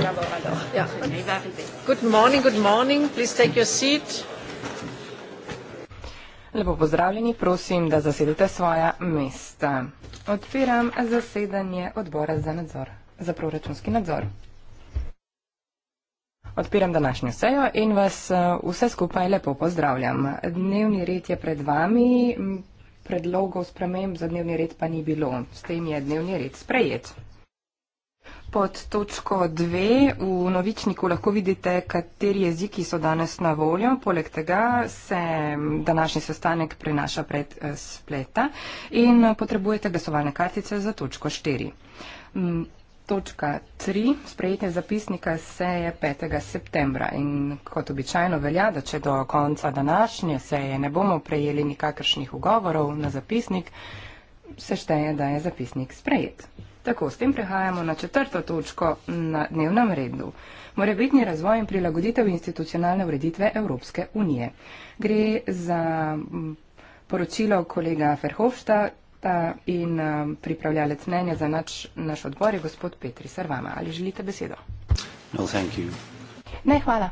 Ja. Good morning, good morning. Lepo pozdravljeni, prosim, da zasedete svoja mesta. Odpiram zasedanje odbora za nadzor, za proračunski nadzor. Odpiram današnjo sejo in vas eh, vse skupaj lepo pozdravljam. Dnevni red je pred vami, predlogov sprememb za dnevni red pa ni bilo. S tem je dnevni red sprejet. Pod točko 2 v novičniku lahko vidite, kateri jeziki so danes na voljo. Poleg tega se današnji sestanek prenaša pred eh, spleta in potrebujete glasovalne kartice za točko 4. Točka 3. Sprejetje zapisnika seje 5. septembra. In kot običajno velja, da če do konca današnje seje ne bomo prejeli nikakršnih ugovorov na zapisnik, se šteje, da je zapisnik sprejet. Tako, s tem prehajamo na četrto točko na dnevnem redu. Morebitni razvoj in prilagoditev institucionalne ureditve Evropske unije. Gre za mm, poročilo kolega Ferhofšta in mm, pripravljalec mnenja za nač, naš odbor je gospod Petri Sarvama. Ali želite besedo? No, thank you. Ne, hvala.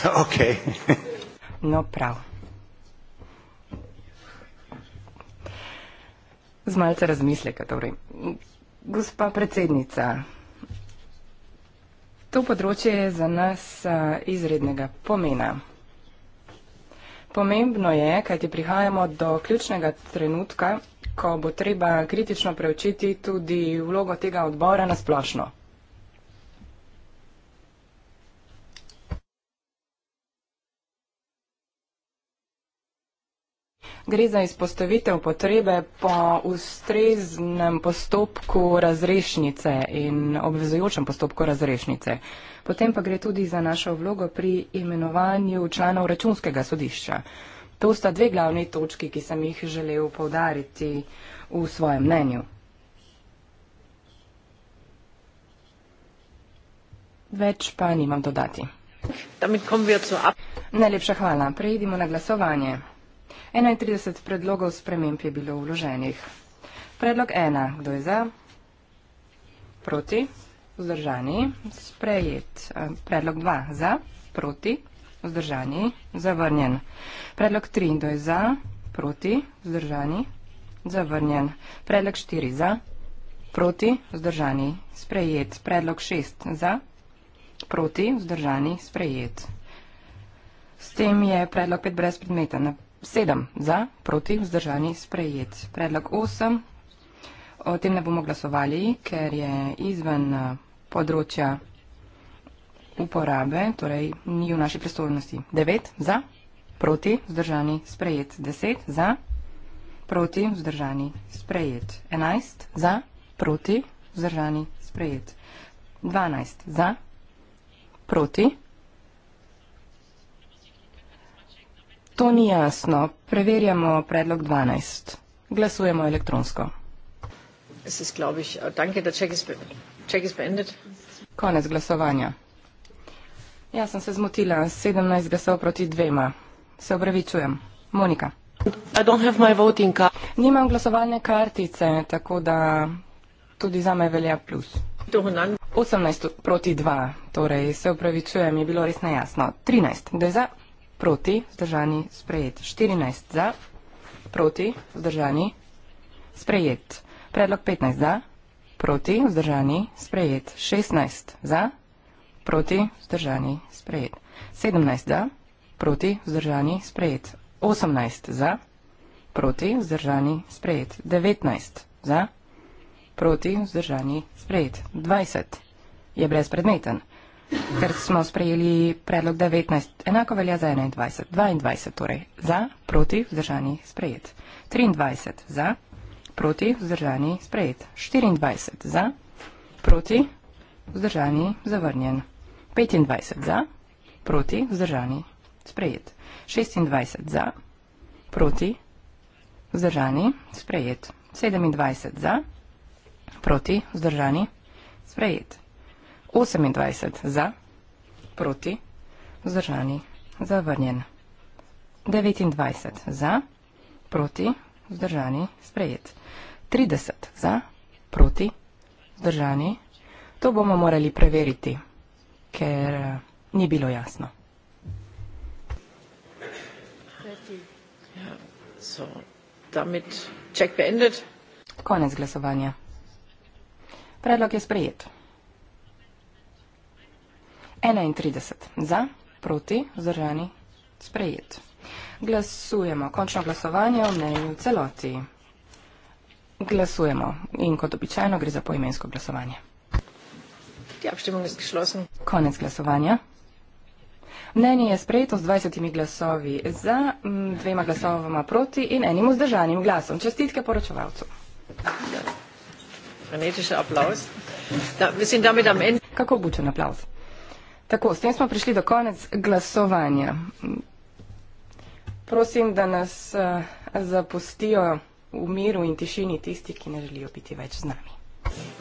Okay. no, prav. Z malce razmisleka, torej. Gospa predsednica, to področje je za nas izrednega pomena. Pomembno je, kajti prihajamo do ključnega trenutka, ko bo treba kritično preučiti tudi vlogo tega odbora na splošno. Gre za izpostavitev potrebe po ustreznem postopku razrešnice in obvezujočem postopku razrešnice. Potem pa gre tudi za našo vlogo pri imenovanju članov računskega sodišča. To sta dve glavni točki, ki sem jih želel povdariti v svojem mnenju. Več pa nimam dodati. Najlepša hvala. Prejdimo na glasovanje. 31 predlogov sprememb je bilo vloženih. Predlog 1. Kdo je za? Proti? Vzdržani? Sprejet. Eh, predlog 2. Za? Proti? Vzdržani? Zavrnjen. Predlog 3. Kdo je za? Proti? Vzdržani? Zavrnjen. Predlog 4. Za? Proti? Vzdržani? Sprejet. Predlog 6. Za? Proti? Vzdržani? Sprejet. S tem je predlog 5 brez predmeta. 7 za, proti, vzdržani, sprejet. Predlog 8. O tem ne bomo glasovali, ker je izven eh, področja uporabe, torej ni v naši pristojnosti. 9 za, proti, vzdržani, sprejet. 10 za, proti, vzdržani, sprejet. 11 za, proti, vzdržani, sprejet. 12 za, proti, vzdržani, sprejet. To ni jasno. Preverjamo predlog 12. Glasujemo elektronsko. Oh, Konec glasovanja. Jaz sem se zmotila. 17 glasov proti dvema. Se upravičujem. Monika. Nimam glasovalne kartice, tako da tudi za me velja plus. 18 proti 2, torej se upravičujem, je bilo res nejasno. 13, da je za proti, vzdržani, sprejet. 14 za, proti, vzdržani, sprejet. Predlog 15 za, proti, vzdržani, sprejet. 16 za, proti, vzdržani, sprejet. 17 za, proti, vzdržani, sprejet. 18 za, proti, vzdržani, sprejet. 19 za, proti, vzdržani, sprejet. 20 je brezpredmeten ker smo sprejeli predlog 19. Enako velja za 21. 22 torej za, proti, vzdržani, sprejet. 23 za, proti, vzdržani, sprejet. 24 za, proti, vzdržani, zavrnjen. 25 za, proti, vzdržani, sprejet. 26 za, proti, vzdržani, sprejet. 27 za, proti, vzdržani, sprejet. 28 za, proti, vzdržani, zavrnjen. 29 za, proti, vzdržani, sprejet. 30 za, proti, vzdržani. To bomo morali preveriti, ker eh, ni bilo jasno. Konec glasovanja. Predlog je sprejet. 31 za, proti, vzdržani, sprejet. Glasujemo. Končno glasovanje o mnenju v celoti. Glasujemo. In kot običajno gre za poimensko glasovanje. Konec glasovanja. Mnenje je sprejeto z 20 glasovi za, dvema glasovoma proti in enim vzdržanim glasom. Čestitke poročevalcu. Frenetičen aplauz. Da, Kako bučen aplauz? Tako, s tem smo prišli do konec glasovanja. Prosim, da nas eh, zapustijo v miru in tišini tisti, ki ne želijo biti več z nami. Thank you.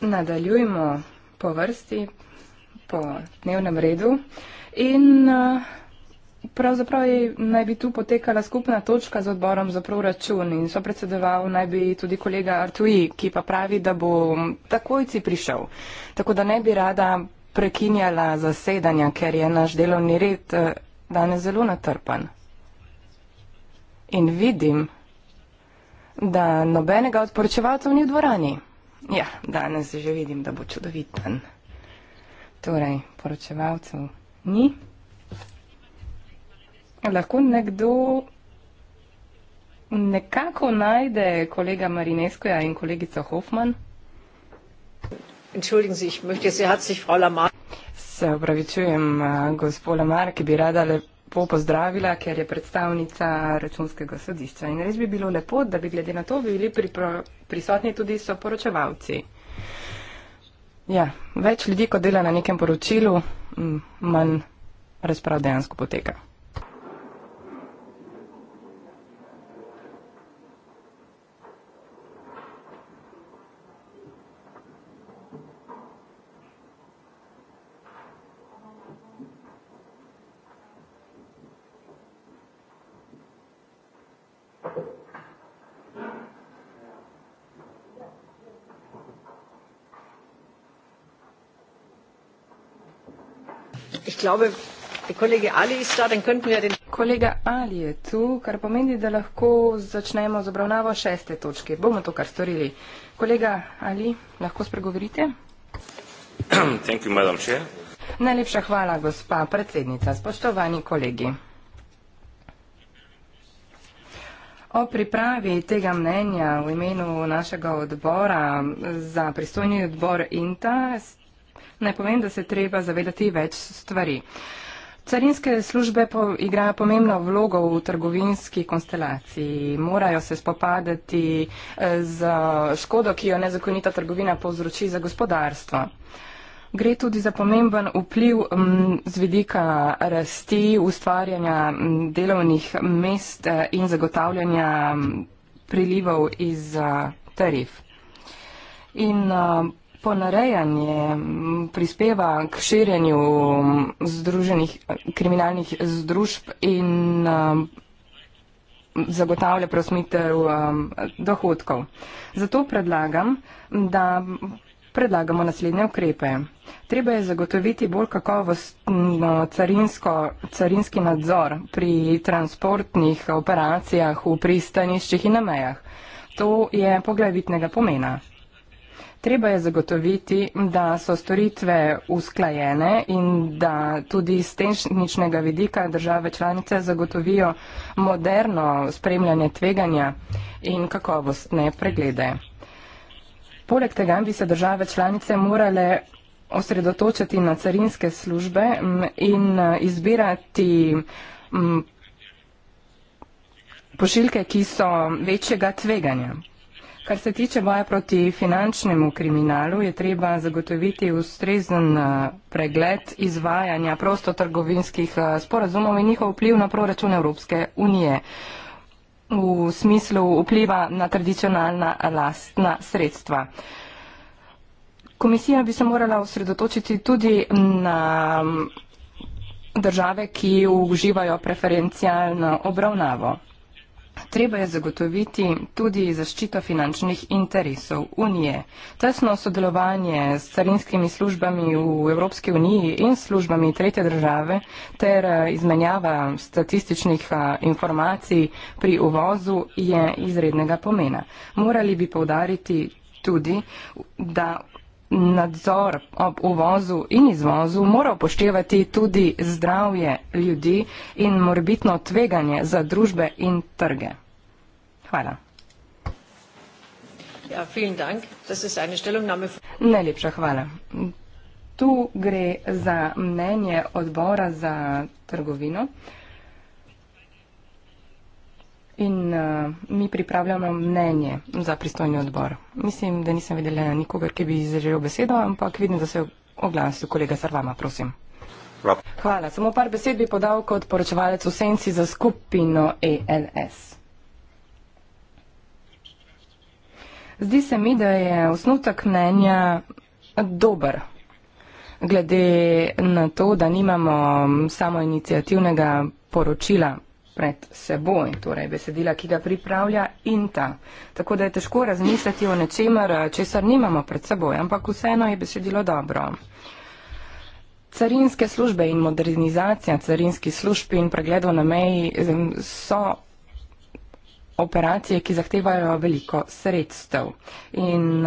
Nadaljujemo po vrsti, po dnevnem redu. In eh, pravzaprav naj bi tu potekala skupna točka z odborom za proračun in so predsedoval naj bi tudi kolega Artui, ki pa pravi, da bo takojci prišel. Tako da ne bi rada prekinjala zasedanja, ker je naš delovni red eh, danes zelo natrpan. In vidim, da nobenega od poročevalcev ni v dvorani. Ja, danes že vidim, da bo čudoviten. Torej, poročevalcev ni. Lahko nekdo nekako najde kolega Marineskoja in kolegico Hoffman. Se opravičujem, eh, gospod Lamar, ki bi rada lepo lepo pozdravila, ker je predstavnica računskega sodišča. In res bi bilo lepo, da bi glede na to bili pripro, prisotni tudi soporočevalci. Ja, več ljudi, ko dela na nekem poročilu, manj razprav dejansko poteka. Kolega Ali je tu, kar pomeni, da lahko začnemo z obravnavo šeste točke. Bomo to kar storili. Kolega Ali, lahko spregovorite? Najlepša hvala, gospa predsednica. Spoštovani kolegi. O pripravi tega mnenja v imenu našega odbora za pristojni odbor INTA naj povem, da se treba zavedati več stvari. Carinske službe po, igrajo pomembno vlogo v trgovinski konstelaciji. Morajo se spopadati eh, z škodo, ki jo nezakonita trgovina povzroči za gospodarstvo. Gre tudi za pomemben vpliv m, z vidika rasti, ustvarjanja m, delovnih mest eh, in zagotavljanja m, prilivov iz a, eh, tarif. In a, ponarejanje prispeva k širjenju združenih kriminalnih združb in zagotavlja prosmitev dohodkov. Zato predlagam, da predlagamo naslednje ukrepe. Treba je zagotoviti bolj kakovostno carinski nadzor pri transportnih operacijah v pristaniščih in na mejah. To je poglavitnega pomena. Treba je zagotoviti, da so storitve usklajene in da tudi z tehničnega vidika države članice zagotovijo moderno spremljanje tveganja in kakovostne preglede. Poleg tega bi se države članice morale osredotočiti na carinske službe in e, izbirati pošiljke, ki so večjega tveganja. Kar se tiče boja proti finančnemu kriminalu, je treba zagotoviti ustrezen eh, pregled izvajanja prostotrgovinskih eh, sporazumov in njihov vpliv na proračun Evropske unije v smislu vpliva na tradicionalna lastna sredstva. Komisija bi se morala osredotočiti tudi na mm, države, ki uživajo preferencialno obravnavo. Treba je zagotoviti tudi zaščito finančnih interesov Unije. Tesno sodelovanje s carinskimi službami v Evropski uniji in službami tretje države ter eh, izmenjava statističnih eh, informacij pri uvozu je izrednega pomena. Morali bi povdariti tudi, da nadzor ob uvozu in izvozu mora upoštevati tudi zdravje ljudi in morbitno tveganje za družbe in trge. Hvala. Ja, dank. Das ist eine Stellungnahme... Najlepša hvala. Tu gre za mnenje odbora za trgovino. Uh, in uh, mi pripravljamo mnenje za pristojni odbor. Mislim, da nisem videla nikogar, ki bi izrežil besedo, ampak vidim, da se je oglasil kolega Sarvama, prosim. Hvala. Hvala. Samo par besed bi podal kot poročevalec v senci za skupino ELS. Zdi se mi, da je osnutek mnenja dober. Glede na to, da nimamo samo inicijativnega poročila pred seboj, torej besedila, ki ga pripravlja in ta. Tako da je težko razmisliti o nečemer, česar nimamo pred seboj, ampak vseeno je besedilo dobro. Carinske službe in modernizacija carinskih služb in pregledov na meji so operacije, ki zahtevajo veliko sredstev. In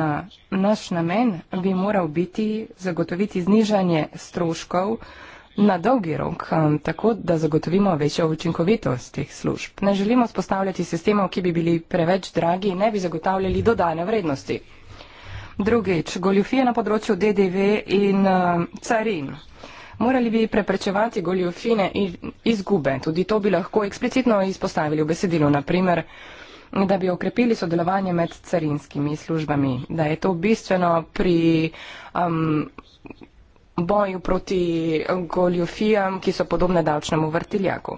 naš namen bi moral biti zagotoviti znižanje stroškov, na dolgi rok, um, tako da zagotovimo večjo učinkovitost teh služb. Ne želimo spostavljati sistemov, ki bi bili preveč dragi in ne bi zagotavljali dodane vrednosti. Drugič, goljufije na področju DDV in uh, carin. Morali bi preprečevati goljufine in izgube. Tudi to bi lahko eksplicitno izpostavili v besedilu, naprimer, da bi okrepili sodelovanje med carinskimi službami, da je to bistveno pri um, boju proti goljofijam, ki so podobne davčnemu vrtiljaku.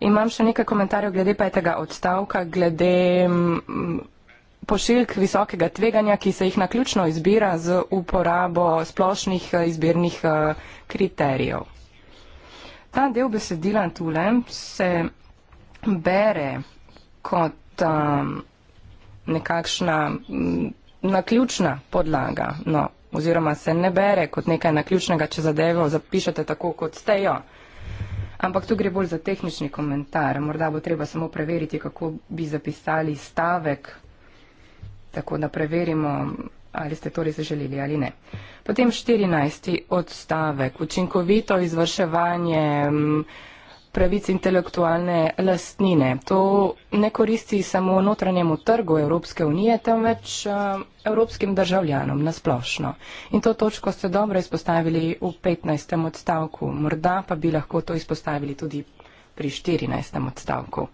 Imam še nekaj komentarjev glede petega odstavka, glede pošiljk visokega tveganja, ki se jih naključno izbira z uporabo splošnih eh, izbirnih eh, kriterijev. Ta del besedila tule se bere kot um, nekakšna m, naključna podlaga. No, oziroma se ne bere kot nekaj naključnega, če zadevo zapišete tako, kot ste jo. Ampak tu gre bolj za tehnični komentar. Morda bo treba samo preveriti, kako bi zapisali stavek, tako da preverimo, ali ste to res želeli ali ne. Potem 14. odstavek. Učinkovito izvrševanje. Mm, pravic intelektualne lastnine. To ne koristi samo notranjemu trgu Evropske unije, temveč eh, evropskim državljanom nasplošno. In to točko ste dobro izpostavili v 15. odstavku, morda pa bi lahko to izpostavili tudi pri 14. odstavku.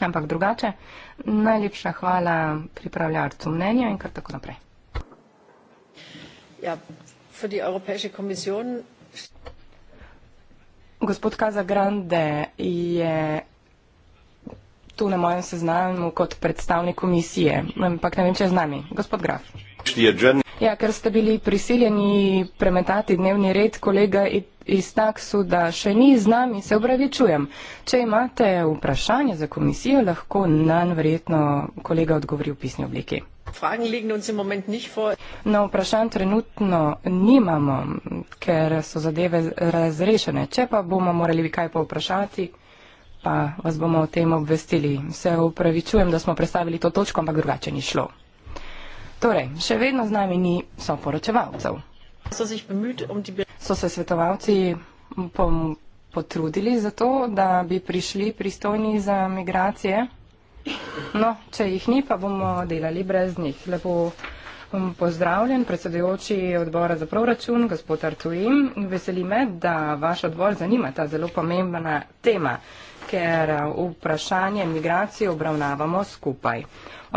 Ampak drugače, najlepša hvala pripravljarcu mnenja in kar tako naprej. Ja, za Evropsko komisijo gospod Kaza Grande je tu na mojem seznamu kot predstavnik komisije, ampak ne vem, če je z nami. Gospod Graf. Ja, ker ste bili prisiljeni premetati dnevni red kolega iz taksu, da še ni z nami, se obravičujem. Če imate vprašanje za komisijo, lahko nam verjetno kolega odgovori v pisni obliki. Na no, vprašanj trenutno nimamo, ker so zadeve razrešene. Če pa bomo morali kaj povprašati, pa vas bomo o tem obvestili. Se upravičujem, da smo predstavili to točko, ampak drugače ni šlo. Torej, še vedno z nami ni soporočevalcev. So um se svetovalci potrudili za to, da bi prišli pristojni za migracije? No, če jih ni, pa bomo delali brez njih. Lepo bom pozdravljen, predsedujoči odbora za proračun, gospod Artuim. Veseli me, da vaš odbor zanima ta zelo pomembna tema, ker vprašanje migracije obravnavamo skupaj.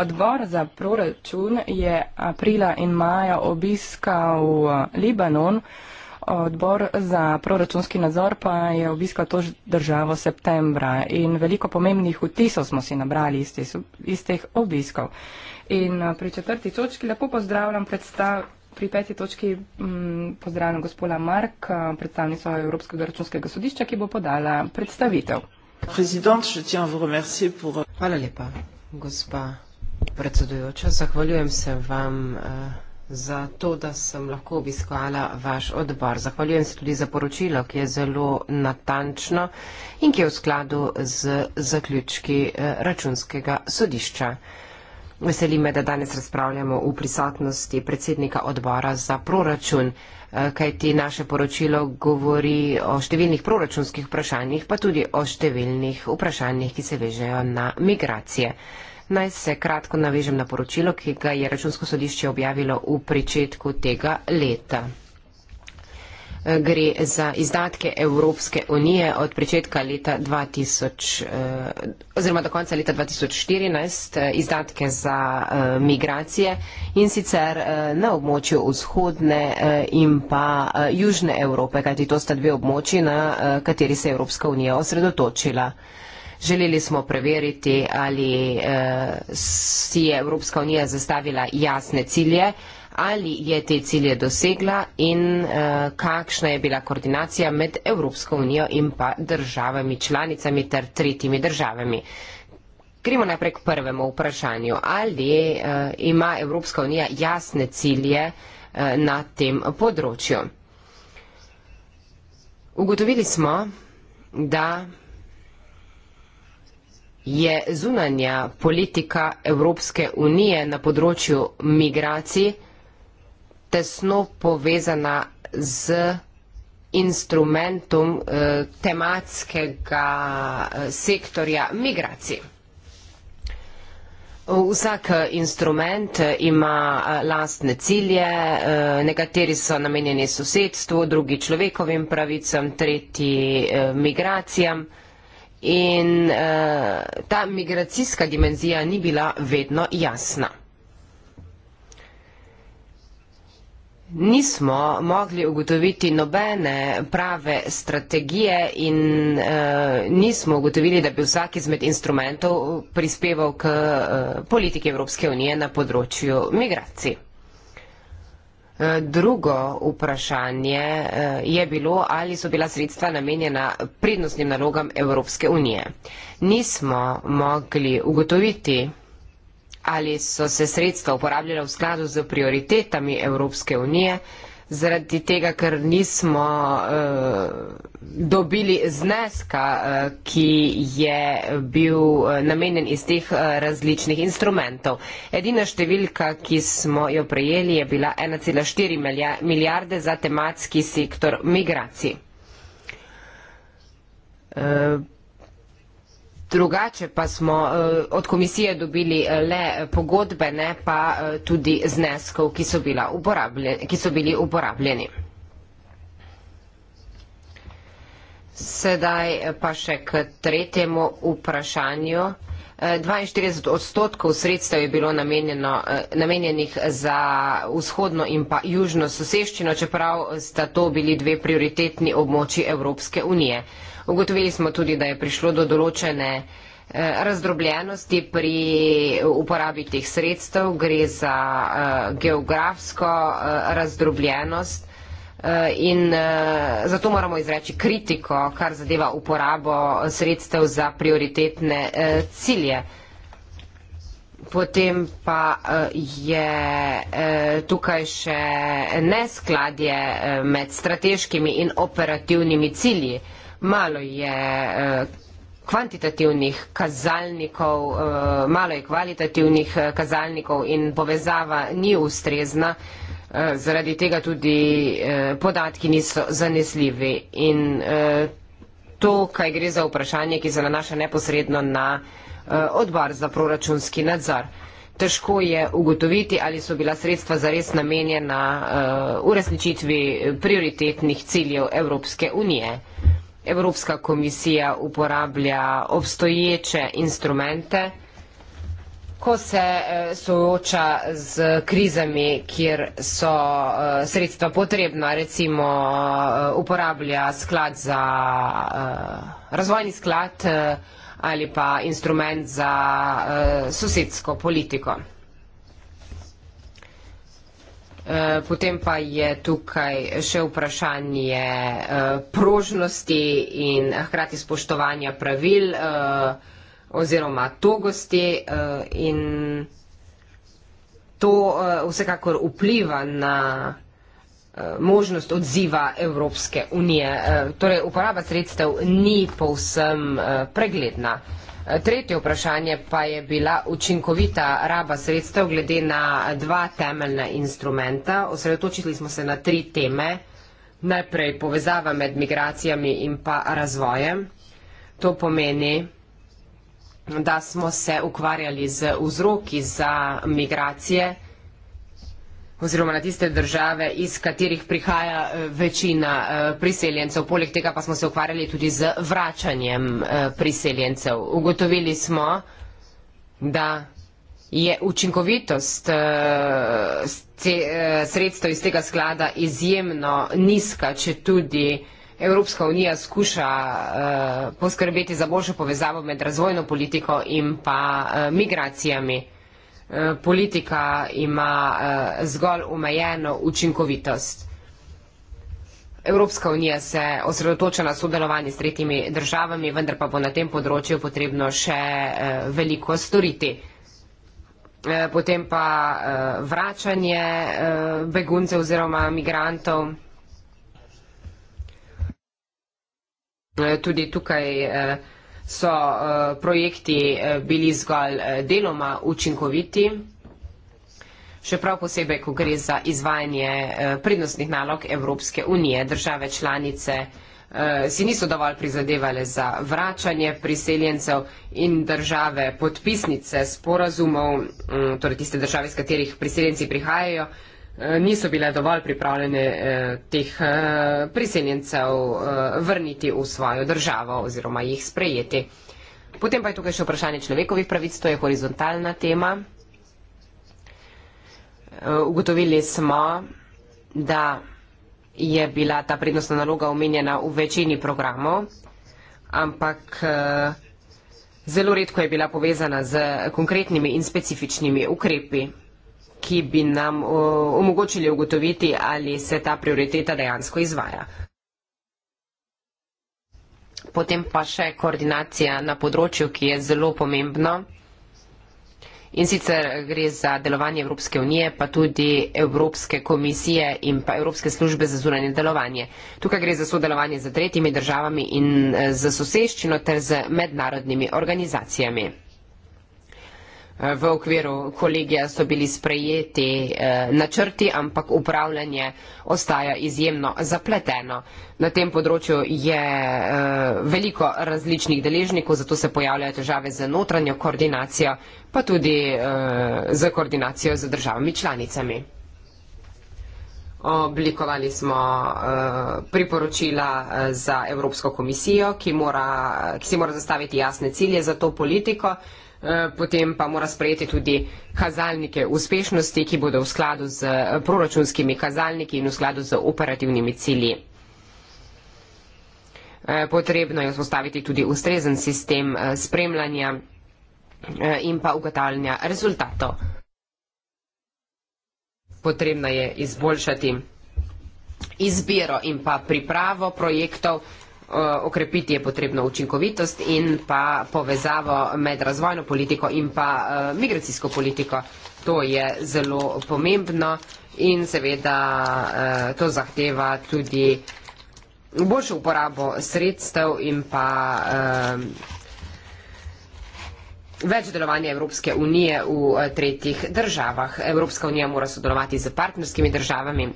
Odbor za proračun je aprila in maja obiskal eh, Libanon. Odbor za proračunski nadzor pa je obiskal to državo septembra in veliko pomembnih vtisov smo si nabrali iz teh, iz teh obiskov. In eh, pri četrti točki lepo pozdravljam predstavljanje. Pri peti točki mm, pozdravljam gospoda Mark, eh, predstavnico Evropskega računskega sodišča, ki bo podala predstavitev. Euh, Hvala lepa, gospa predsedujoča. Zahvaljujem se vam. Uh za to, da sem lahko obiskovala vaš odbor. Zahvaljujem se tudi za poročilo, ki je zelo natančno in ki je v skladu z zaključki eh, računskega sodišča. Veseli me, da danes razpravljamo v prisotnosti predsednika odbora za proračun, eh, kajti naše poročilo govori o številnih proračunskih vprašanjih, pa tudi o številnih vprašanjih, ki se vežejo na migracije naj se kratko navežem na poročilo, ki ga je računsko sodišče objavilo v pričetku tega leta. Gre za izdatke Evropske unije od pričetka leta 2000, eh, oziroma do konca leta 2014, eh, izdatke za eh, migracije in sicer na območju vzhodne in pa južne Evrope, kajti to sta dve območji, na kateri se je Evropska unija osredotočila. Želeli smo preveriti, ali eh, si je Evropska unija zastavila jasne cilje, ali je te cilje dosegla in eh, kakšna je bila koordinacija med Evropsko unijo in pa državami članicami ter tretjimi državami. Gremo naprej k prvemu vprašanju. Ali eh, ima Evropska unija jasne cilje eh, na tem področju? Ugotovili smo, da je zunanja politika Evropske unije na področju migracij tesno povezana z instrumentom eh, tematskega eh, sektorja migracij. Vsak eh, instrument eh, ima eh, lastne cilje, nekateri so namenjeni sosedstvu, drugi človekovim pravicam, tretji migracijam in uh, ta migracijska dimenzija ni bila vedno jasna. Nismo mogli ugotoviti nobene prave strategije in uh, nismo ugotovili, da bi vsak izmed instrumentov prispeval k uh, politiki Evropske unije na področju migracij. Eh, drugo vprašanje eh, je bilo, ali so bila sredstva namenjena prednostnim nalogam Evropske unije. Nismo mogli ugotoviti, ali so se sredstva uporabljala v skladu z prioritetami Evropske unije, zaradi tega, ker nismo uh, dobili zneska, uh, ki je bil uh, namenjen iz teh uh, različnih instrumentov. Edina številka, ki smo jo prejeli, je bila 1,4 milijarde za tematski sektor migracij. Uh, drugače pa smo eh, od komisije dobili eh, le pogodbene, pa eh, tudi zneskov, ki so, bila ki so bili uporabljeni. Sedaj pa še k tretjemu vprašanju. 42 odstotkov sredstev je bilo namenjeno, namenjenih za vzhodno in pa južno soseščino, čeprav sta to bili dve prioritetni območji Evropske unije. Ugotovili smo tudi, da je prišlo do določene eh, razdrobljenosti pri uporabi teh sredstev. Gre za eh, geografsko eh, razdrobljenost in zato moramo izreči kritiko, kar zadeva uporabo sredstev za prioritetne cilje. Potem pa je tukaj še neskladje med strateškimi in operativnimi cilji malo je eh, kvantitativnih kazalnikov, eh, malo je kvalitativnih eh, kazalnikov in povezava ni ustrezna, zaradi tega tudi podatki niso zanesljivi. In to, kaj gre za vprašanje, ki se nanaša neposredno na odbor za proračunski nadzor. Težko je ugotoviti, ali so bila sredstva zares namenjena uresničitvi prioritetnih ciljev Evropske unije. Evropska komisija uporablja obstoječe instrumente, ko se eh, sooča z krizami, kjer so eh, sredstva potrebna, recimo eh, uporablja sklad za razvojni sklad ali pa instrument za sosedsko politiko. Eh, potem pa je tukaj še vprašanje eh, prožnosti in hkrati spoštovanja pravil eh, oziroma togosti in to vsekakor vpliva na možnost odziva Evropske unije. Torej, uporaba sredstev ni povsem pregledna. Eh, tretje vprašanje pa je bila učinkovita raba sredstev glede na dva temeljna instrumenta. Osredotočili smo se na tri teme. Najprej povezava med migracijami in pa razvojem. To pomeni, da smo se ukvarjali z vzroki za migracije oziroma na tiste države, iz katerih prihaja eh, večina eh, priseljencev. Poleg tega pa smo se ukvarjali tudi z vračanjem eh, priseljencev. Ugotovili smo, da je učinkovitost sredstev iz tega sklada izjemno nizka, če tudi Evropska unija skuša poskrbeti za boljšo povezavo med razvojno politiko in pa migracijami. Eh, politika ima eh, zgolj omejeno učinkovitost. Evropska unija se osredotoča na sodelovanje s tretjimi državami, vendar pa bo na tem področju potrebno še eh, veliko storiti. Potem pa vračanje beguncev oziroma migrantov. Tudi tukaj so eh, projekti eh, bili zgolj eh, deloma učinkoviti, še prav posebej, ko gre za izvajanje prednostnih nalog Evropske unije. Države članice si niso dovolj prizadevale za vračanje priseljencev in države podpisnice sporazumov, mm, torej tiste države, iz katerih priseljenci prihajajo, Eh, niso bile dovolj pripravljene eh, teh eh, priseljencev eh, vrniti v svojo državo oziroma jih sprejeti. Potem pa je tukaj še vprašanje človekovih pravic, to je horizontalna tema. Eh, ugotovili smo, da je bila ta prednostna naloga omenjena v večini programov, ampak eh, zelo redko je bila povezana z konkretnimi in specifičnimi ukrepi ki bi nam omogočili ugotoviti, ali se ta prioriteta dejansko izvaja. Potem pa še koordinacija na področju, ki je zelo pomembno. In sicer gre za delovanje Evropske unije, pa tudi Evropske komisije in pa Evropske službe za zunanje delovanje. Tukaj gre za sodelovanje z tretjimi državami in eh, z soseščino ter z mednarodnimi organizacijami v okviru kolegija so bili sprejeti eh, načrti, ampak upravljanje ostaja izjemno zapleteno. Na tem področju je eh, veliko različnih deležnikov, zato se pojavljajo težave z notranjo koordinacijo, pa tudi eh, z koordinacijo z državami članicami. Oblikovali smo priporočila za Evropsko komisijo, ki, mora, ki si mora zastaviti jasne cilje za to politiko. Eh, potem pa mora sprejeti tudi kazalnike uspešnosti, ki bodo v skladu z eh, proračunskimi kazalniki in v skladu z operativnimi cilji. Eh, potrebno je vzpostaviti tudi ustrezen sistem spremljanja in pa ugotavljanja rezultatov. Potrebno je izboljšati izbiro in pa pripravo projektov Eh, okrepiti je potrebno učinkovitost in pa povezavo med razvojno politiko in pa eh, migracijsko politiko. To je zelo pomembno in seveda eh, to zahteva tudi boljšo uporabo sredstev in pa več delovanja Evropske unije v tretjih državah. Evropska unija mora sodelovati z partnerskimi državami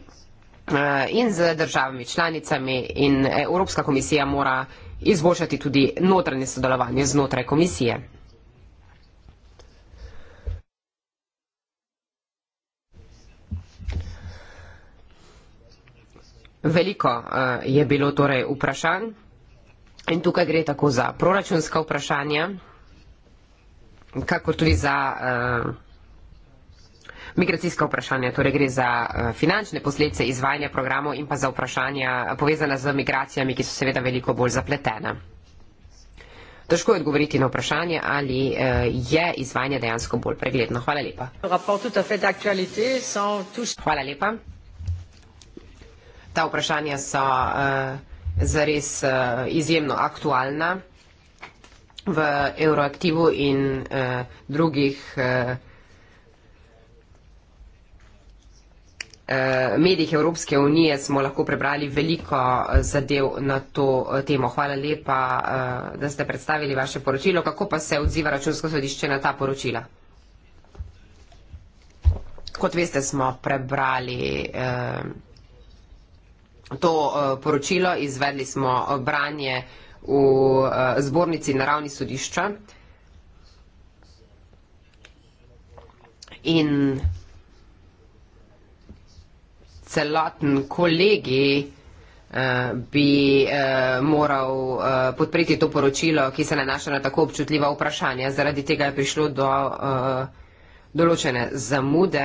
Eh, in z državami članicami in Evropska komisija mora izboljšati tudi notranje sodelovanje znotraj komisije. Veliko uh, je bilo torej vprašanj in tukaj gre tako za proračunska vprašanja, kakor tudi za uh, migracijska vprašanja, torej gre za eh, finančne posledice izvajanja programov in pa za vprašanja povezana z migracijami, ki so seveda veliko bolj zapletena. Težko je odgovoriti na vprašanje, ali eh, je izvajanje dejansko bolj pregledno. Hvala lepa. Hvala lepa. Ta vprašanja so uh, zares uh, izjemno aktualna v Euroaktivu in uh, drugih uh, Eh, medijih Evropske unije smo lahko prebrali veliko eh, zadev na to eh, temo. Hvala lepa, da ste predstavili vaše poročilo. Kako pa se odziva računsko sodišče na ta poročila? Kot veste, smo prebrali to poročilo, izvedli smo branje v zbornici na ravni sodišča. In celoten kolegi eh, bi eh, moral eh, podpreti to poročilo, ki se nanaša na tako občutljiva vprašanja. Zaradi tega je prišlo do določene zamude,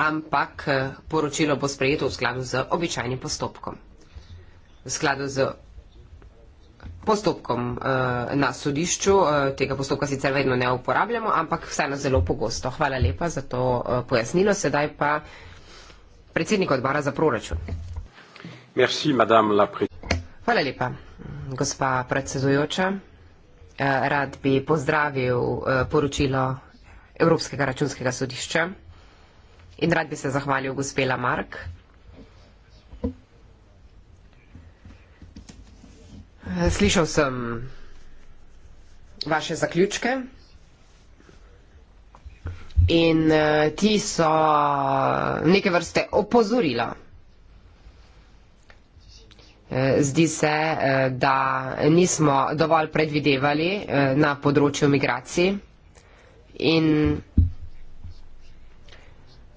ampak poročilo bo sprejeto v skladu z običajnim postopkom. V skladu z postopkom na sodišču, tega postopka sicer vedno ne uporabljamo, ampak vseeno zelo pogosto. Hvala lepa za to pojasnilo. Sedaj pa Predsednik odbora za proračun. Merci, Hvala lepa, gospa predsedujoča. Eh, rad bi pozdravil eh, poročilo Evropskega računskega sodišča in rad bi se zahvalil gospela Mark. Eh, slišal sem vaše zaključke in uh, ti so neke vrste opozorila. Eh, zdi se, eh, da nismo dovolj predvidevali na področju migracij in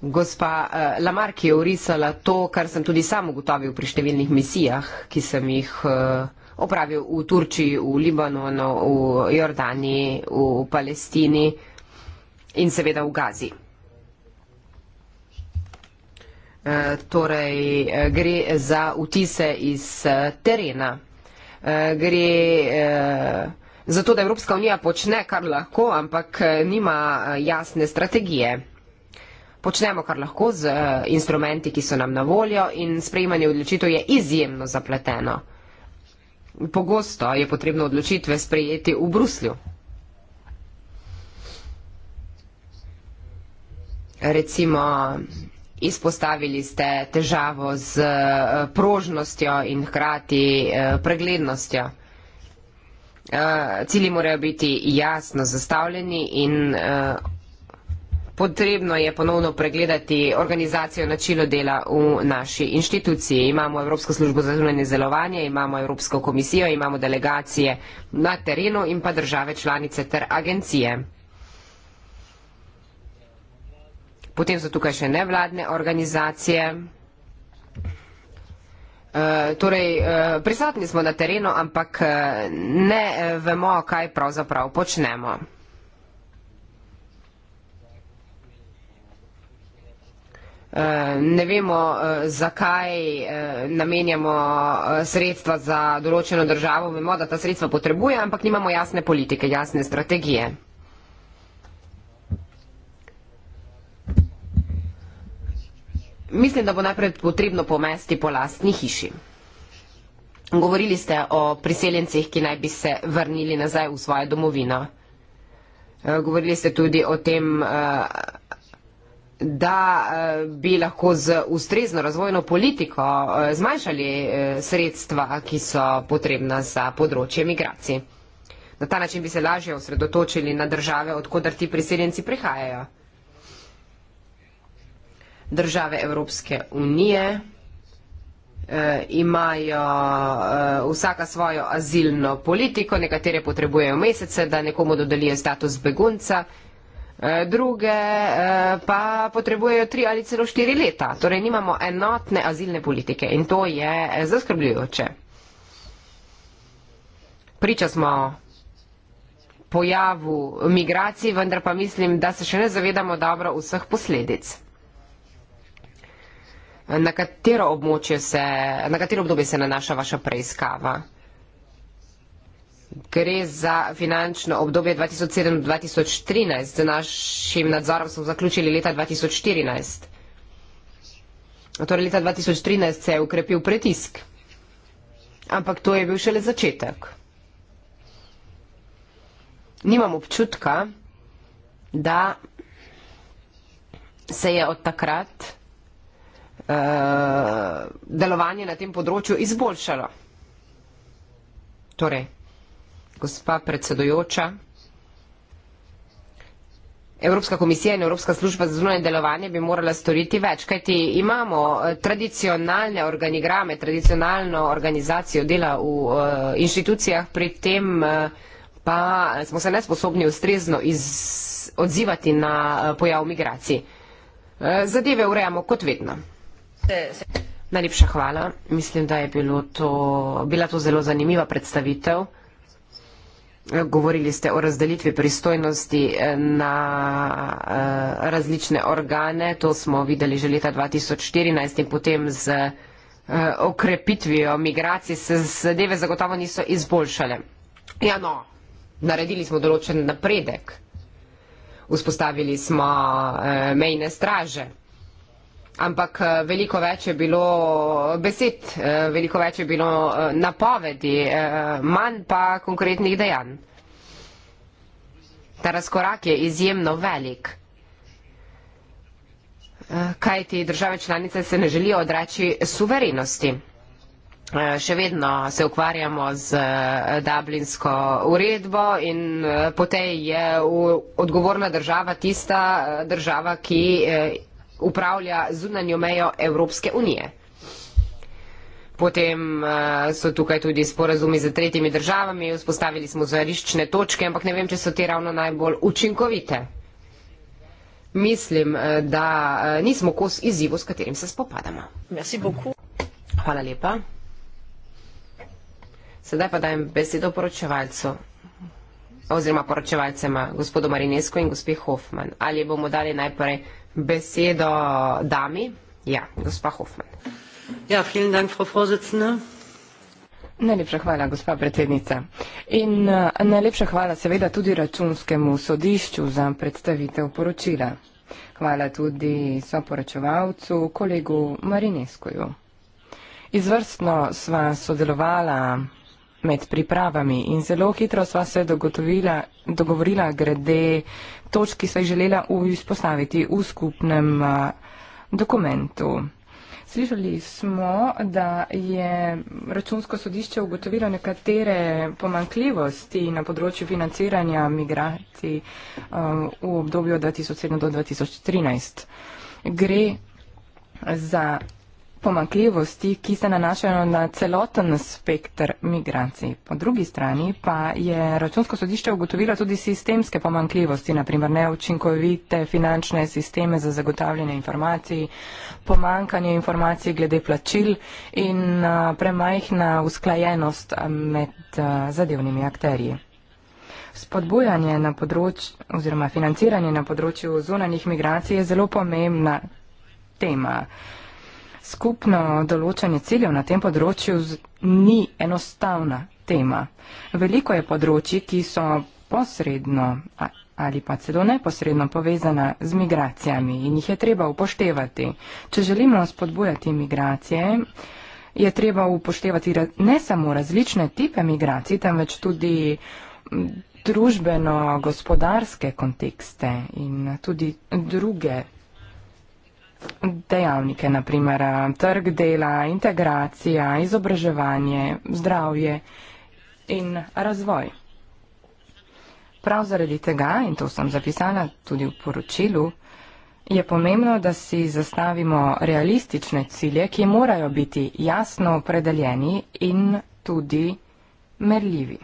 gospa Lamark je urisala to, kar sem tudi sam ugotovil pri številnih misijah, ki sem jih opravil v Turčiji, v Libanonu, v Jordani, v Palestini in seveda v Gazi. E, torej, eh, gre za vtise iz eh, terena. E, gre e, za to, da Evropska unija počne, kar lahko, ampak nima jasne strategije. Počnemo, kar lahko, z instrumenti, ki so nam na voljo in sprejemanje odločitev je izjemno zapleteno. Pogosto je potrebno odločitve sprejeti v Bruslju. recimo izpostavili ste težavo z eh, prožnostjo in hkrati eh, preglednostjo. Eh, Cili morajo biti jasno zastavljeni in potrebno je ponovno pregledati organizacijo načilo dela v naši inštituciji. Imamo Evropsko službo za zunanje zelovanje, imamo Evropsko komisijo, imamo delegacije na terenu in pa države članice ter agencije. Potem so tukaj še nevladne organizacije. Uh, torej, uh, prisotni smo na terenu, ampak uh, ne uh, vemo, kaj pravzaprav počnemo. Uh, ne vemo, uh, zakaj uh, namenjamo uh, sredstva za določeno državo. Vemo, da ta sredstva potrebuje, ampak nimamo jasne politike, jasne strategije. Mislim, da bo najprej potrebno pomesti po lastni hiši. Govorili ste o priseljencih, ki naj bi se vrnili nazaj v svojo domovino. Eh, govorili ste tudi o tem, eh, da eh, bi lahko z ustrezno razvojno politiko zmanjšali sredstva, ki so potrebna za področje migracij. Na ta način bi se lažje osredotočili na države, odkudar ti priseljenci prihajajo države Evropske unije, eh, imajo eh, vsaka svojo azilno politiko, nekatere potrebujejo mesece, da nekomu dodelijo status begunca, eh, druge pa potrebujejo tri ali celo štiri leta. Torej nimamo enotne azilne politike in to je zaskrbljujoče. Priča smo pojavu migracij, vendar pa mislim, da se še ne zavedamo dobro vseh posledic na katero območje se, na katero obdobje se nanaša vaša preiskava? Gre za finančno obdobje 2007-2013. Z našim nadzorom smo zaključili leta 2014. Torej leta 2013 se je ukrepil pretisk. Ampak to je bil šele začetek. Nimam občutka, da se je od takrat uh, delovanje na tem področju izboljšalo. Torej, gospa predsedojoča, Evropska komisija in Evropska služba za zunanje delovanje bi morala storiti več, kajti imamo eh, tradicionalne organigrame, tradicionalno organizacijo dela v uh, inštitucijah, pri tem uh, pa smo se nesposobni ustrezno iz, odzivati na uh, pojav migracij. Uh, zadeve urejamo kot vedno. Najlepša hvala. Mislim, da je bilo to, bila to zelo zanimiva predstavitev. Govorili ste o razdelitvi pristojnosti eh, na eh, različne organe. To smo videli že leta 2014 in potem z eh, okrepitvijo migracij se zadeve zagotovo niso izboljšale. Ja, no, naredili smo določen napredek. Vzpostavili smo mejne straže ampak eh, veliko več je bilo eh, besed, eh, veliko več je bilo napovedi, manj pa konkretnih dejanj. Ta razkorak je izjemno velik. Kaj ti države članice se ne želijo odreči suverenosti? Še vedno se ukvarjamo z Dublinsko uredbo in potem je odgovorna država tista država, ki upravlja zunanjo mejo Evropske unije. Potem uh, so tukaj tudi sporazumi z tretjimi državami, vzpostavili smo zariščne točke, ampak ne vem, če so te ravno najbolj učinkovite. Mislim, eh, da uh, nismo kos izzivu, s katerim se spopadamo. Hvala lepa. Sedaj pa dajem besedo poročevalcu oziroma poročevalcema, gospodu Marinesku in gospe Hoffman. Ali bomo dali najprej besedo dami. Ja, gospa Hofman. Ja, vielen Dank, Frau Vorsitzende. Najlepša hvala, gospa predsednica. In eh, najlepša hvala seveda tudi računskemu sodišču za predstavitev poročila. Hvala tudi soporočevalcu, kolegu Marineskoju. Izvrstno sva sodelovala med pripravami in zelo hitro sva se dogovorila glede točk, ki so jih želela izpostaviti v skupnem dokumentu. Slišali smo, da je računsko sodišče ugotovilo nekatere pomankljivosti na področju financiranja migracij v obdobju 2007 do 2013. Gre za pomankljivosti, ki se nanašajo na celoten spektr migracij. Po drugi strani pa je računsko sodišče ugotovilo tudi sistemske pomankljivosti, naprimer neučinkovite finančne sisteme za zagotavljanje informacij, pomankanje informacij glede plačil in premajhna usklajenost med zadevnimi akterji. Spodbujanje na področju oziroma financiranje na področju zunanjih migracij je zelo pomembna tema skupno določanje ciljev na tem področju ni enostavna tema. Veliko je področji, ki so posredno ali pa celo neposredno povezana z migracijami in jih je treba upoštevati. Če želimo spodbujati migracije, je treba upoštevati ne samo različne tipe migracij, temveč tudi družbeno-gospodarske kontekste in tudi druge dejavnike, naprimer trg dela, integracija, izobraževanje, zdravje in razvoj. Prav zaradi tega, in to sem zapisala tudi v poročilu, je pomembno, da si zastavimo realistične cilje, ki morajo biti jasno opredeljeni in tudi merljivi.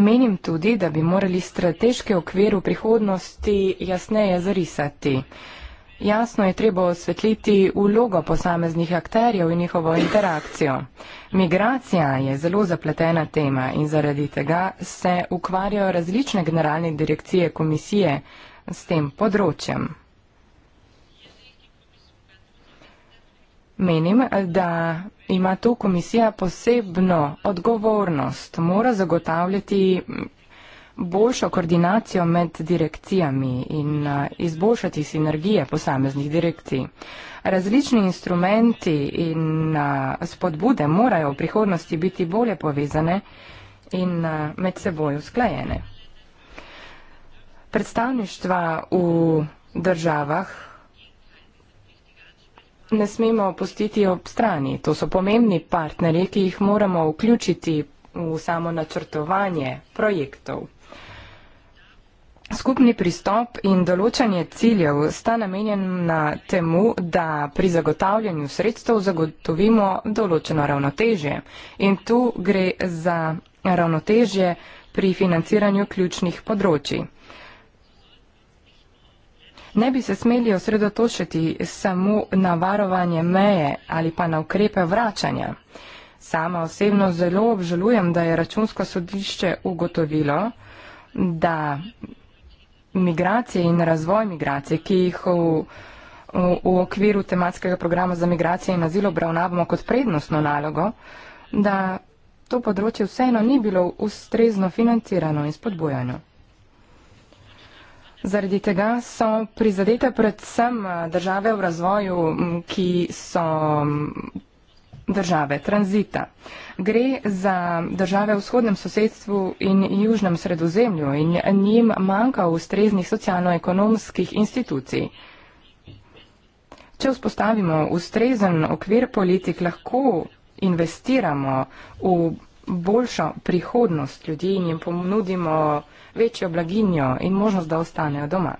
Menim tudi, da bi morali strateški okvir v prihodnosti jasneje zarisati. Jasno je treba osvetliti ulogo posameznih akterjev in njihovo interakcijo. Migracija je zelo zapletena tema in zaradi tega se ukvarjajo različne generalne direkcije komisije s tem področjem. Menim, da ima tu komisija posebno odgovornost, mora zagotavljati boljšo koordinacijo med direkcijami in izboljšati sinergije posameznih direkcij. Različni instrumenti in spodbude morajo v prihodnosti biti bolje povezane in med seboj usklajene. Predstavništva v državah ne smemo pustiti ob strani. To so pomembni partnerji, ki jih moramo vključiti v samo načrtovanje projektov. Skupni pristop in določanje ciljev sta namenjen na temu, da pri zagotavljanju sredstev zagotovimo določeno ravnotežje. In tu gre za ravnotežje pri financiranju ključnih področji ne bi se smeli osredotočiti samo na varovanje meje ali pa na ukrepe vračanja. Sama osebno zelo obžalujem, da je računsko sodišče ugotovilo, da migracije in razvoj migracije, ki jih v, v, v okviru tematskega programa za migracije in azil obravnavamo kot prednostno nalogo, da to področje vseeno ni bilo ustrezno financirano in spodbojano. Zaradi tega so prizadete predvsem eh, države v razvoju, ki so države tranzita. Gre za države v vzhodnem sosedstvu in južnem sredozemlju in njim manjka ustreznih socialno-ekonomskih institucij. Če vzpostavimo ustrezen okvir politik, lahko investiramo v boljšo prihodnost ljudi in jim ponudimo večjo blaginjo in možnost, da ostanejo doma.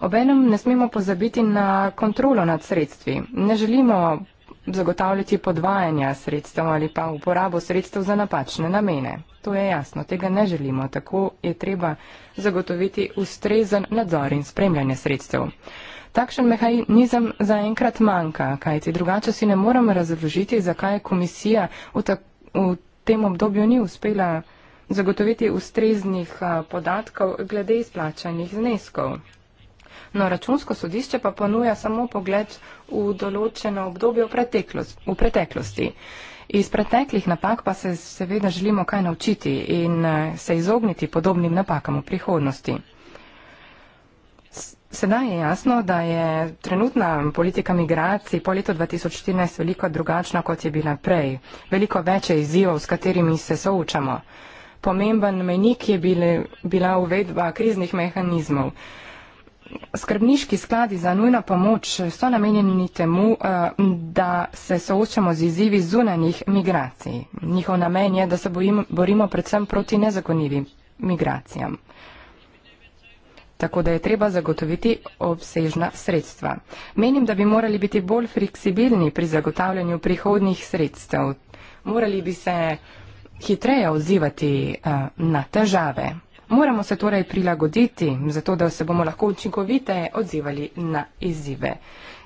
Obenem ne smemo pozabiti na kontrolo nad sredstvi. Ne želimo zagotavljati podvajanja sredstev ali pa uporabo sredstev za napačne namene. To je jasno, tega ne želimo. Tako je treba zagotoviti ustrezen nadzor in spremljanje sredstev. Takšen mehanizem zaenkrat manjka, kajti drugače si ne moram razložiti, zakaj je komisija v, ta, v tem obdobju ni uspela zagotoviti ustreznih podatkov glede izplačanih zneskov. No, računsko sodišče pa ponuja samo pogled v določeno obdobje v, v preteklosti. Iz preteklih napak pa se seveda želimo kaj naučiti in se izogniti podobnim napakam v prihodnosti. Sedaj je jasno, da je trenutna politika migracij po letu 2014 veliko drugačna, kot je bila prej. Veliko več je izzivov, s katerimi se soočamo. Pomemben menik je bile, bila uvedba kriznih mehanizmov. Skrbniški skladi za nujno pomoč so namenjeni temu, eh, da se soočamo z izzivi zunanjih migracij. Njihov namen je, da se bojimo, borimo predvsem proti nezakonivim migracijam tako da je treba zagotoviti obsežna sredstva. Menim, da bi morali biti bolj fleksibilni pri zagotavljanju prihodnih sredstev. Morali bi se hitreje odzivati eh, na težave. Moramo se torej prilagoditi, zato da se bomo lahko učinkoviteje odzivali na izzive.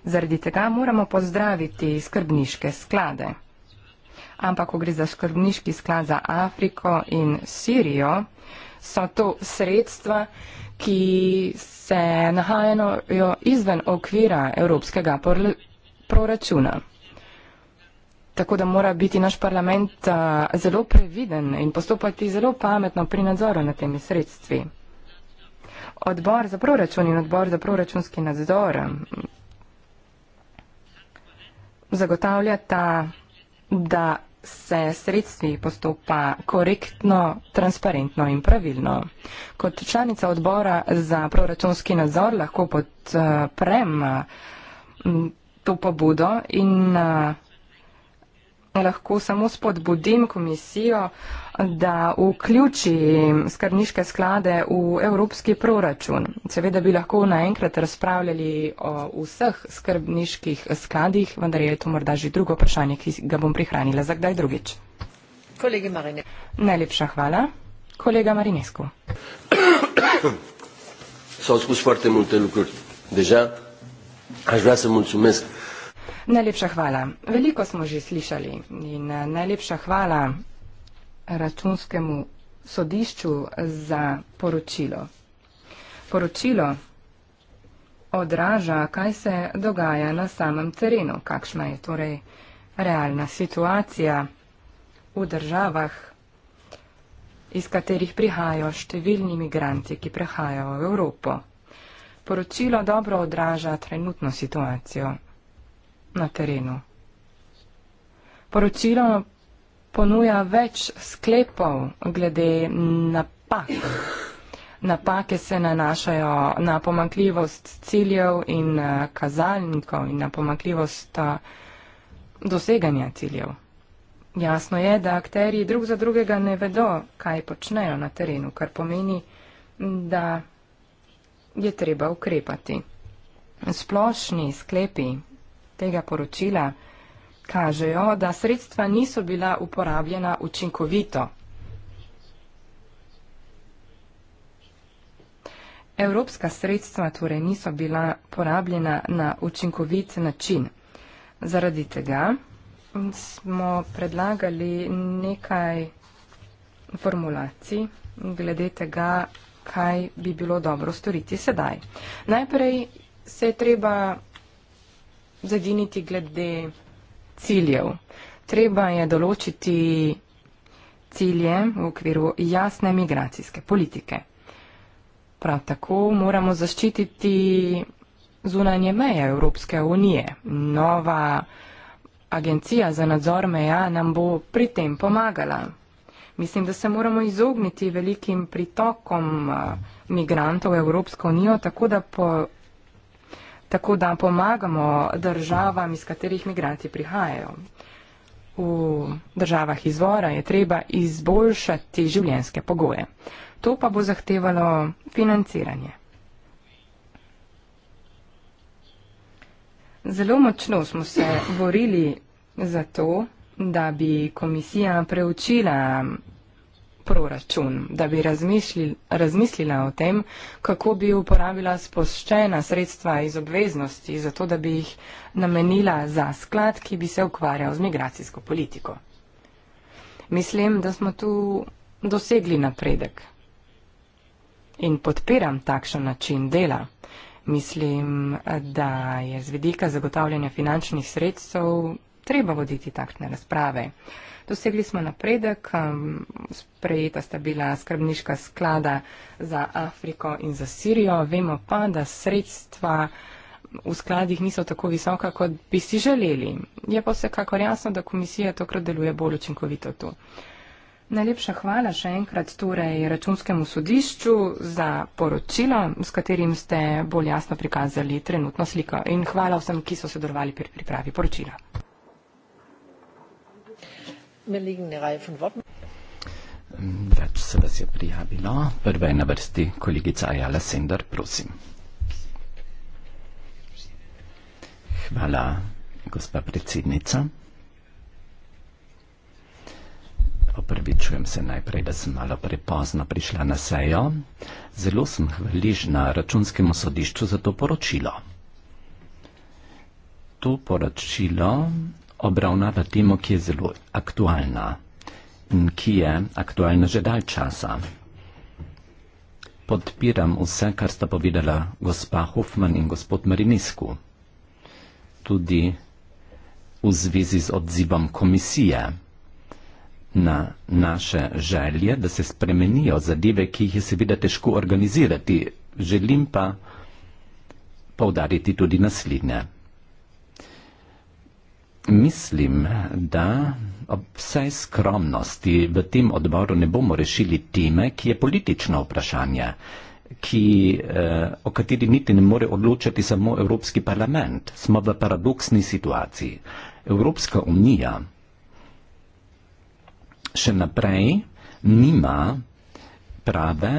Zaradi tega moramo pozdraviti skrbniške sklade. Ampak, ko gre za skrbniški sklad za Afriko in Sirijo, so to sredstva, ki se nahajajo izven okvira evropskega proračuna. Tako da mora biti naš parlament zelo previden in postopati zelo pametno pri nadzoru nad temi sredstvi. Odbor za proračun in odbor za proračunski nadzor zagotavljata, da se sredstvi postopa korektno, transparentno in pravilno. Kot članica odbora za proračunski nadzor lahko podprem mm, to pobudo in lahko samo spodbudim komisijo, da vključi skrbniške sklade v evropski proračun. Seveda bi lahko naenkrat razpravljali o vseh skrbniških skladih, vendar je to morda že drugo vprašanje, ki ga bom prihranila za kdaj drugič. Kolegi Marine. Najlepša hvala. Kolega Marinescu. S-au spus foarte multe lucruri deja. Aș vrea să mulțumesc uh, Najlepša hvala. Veliko smo že slišali in eh, najlepša hvala računskemu sodišču za poročilo. Poročilo odraža, kaj se dogaja na samem terenu, kakšna je torej realna situacija v državah, iz katerih prihajajo številni migranti, ki prihajajo v Evropo. Poročilo dobro odraža trenutno situacijo na terenu. Poročilo ponuja več sklepov glede napak. Napake se nanašajo na pomankljivost ciljev in eh, kazalnikov in na pomankljivost eh, doseganja ciljev. Jasno je, da akteri drug za drugega ne vedo, kaj počnejo na terenu, kar pomeni, da je treba ukrepati. Splošni sklepi tega poročila kažejo, da sredstva niso bila uporabljena učinkovito. Evropska sredstva torej niso bila porabljena na učinkovit način. Zaradi tega smo predlagali nekaj formulacij glede tega, kaj bi bilo dobro storiti sedaj. Najprej se je treba zadiniti glede ciljev. Treba je določiti cilje v okviru jasne migracijske politike. Prav tako moramo zaščititi zunanje meje Evropske unije. Nova agencija za nadzor meja nam bo pri tem pomagala. Mislim, da se moramo izogniti velikim pritokom eh, migrantov v Evropsko unijo, tako da po tako da pomagamo državam, iz katerih migranti prihajajo. V državah izvora je treba izboljšati življenjske pogoje. To pa bo zahtevalo financiranje. Zelo močno smo se borili za to, da bi komisija preučila proračun, da bi razmislila o tem, kako bi uporabila spoščena sredstva iz obveznosti, zato da bi jih namenila za sklad, ki bi se ukvarjal z migracijsko politiko. Mislim, da smo tu dosegli napredek in podpiram takšen način dela. Mislim, da je z vidika zagotavljanja finančnih sredstev treba voditi takšne razprave. Dosegli smo napredek, um, sprejeta sta bila skrbniška sklada za Afriko in za Sirijo, vemo pa, da sredstva v skladih niso tako visoka, kot bi si želeli. Je pa vsekakor jasno, da komisija tokrat deluje bolj učinkovito tu. Najlepša hvala še enkrat torej računskemu sodišču za poročilo, s katerim ste bolj jasno prikazali trenutno sliko in hvala vsem, ki so sodelovali pri pripravi poročila mi ligne eine Reihe von Worten. Več se vas je prijavilo. Prva je na vrsti kolegica Ajala Sender, prosim. Hvala, gospa predsednica. Opravičujem se najprej, da sem malo prepozno prišla na sejo. Zelo sem hvaležna računskemu sodišču za to poročilo. To poročilo obravnava temo, ki je zelo aktualna in ki je aktualna že dalj časa. Podpiram vse, kar sta povedala gospa Hofman in gospod Marinisku, tudi v zvezi z odzivom komisije na naše želje, da se spremenijo zadeve, ki jih je seveda težko organizirati. Želim pa povdariti tudi naslednje. Mislim, da ob vsej skromnosti v tem odboru ne bomo rešili teme, ki je politično vprašanje, ki, eh, o kateri niti ne more odločati samo Evropski parlament. Smo v paradoksni situaciji. Evropska unija še naprej nima prave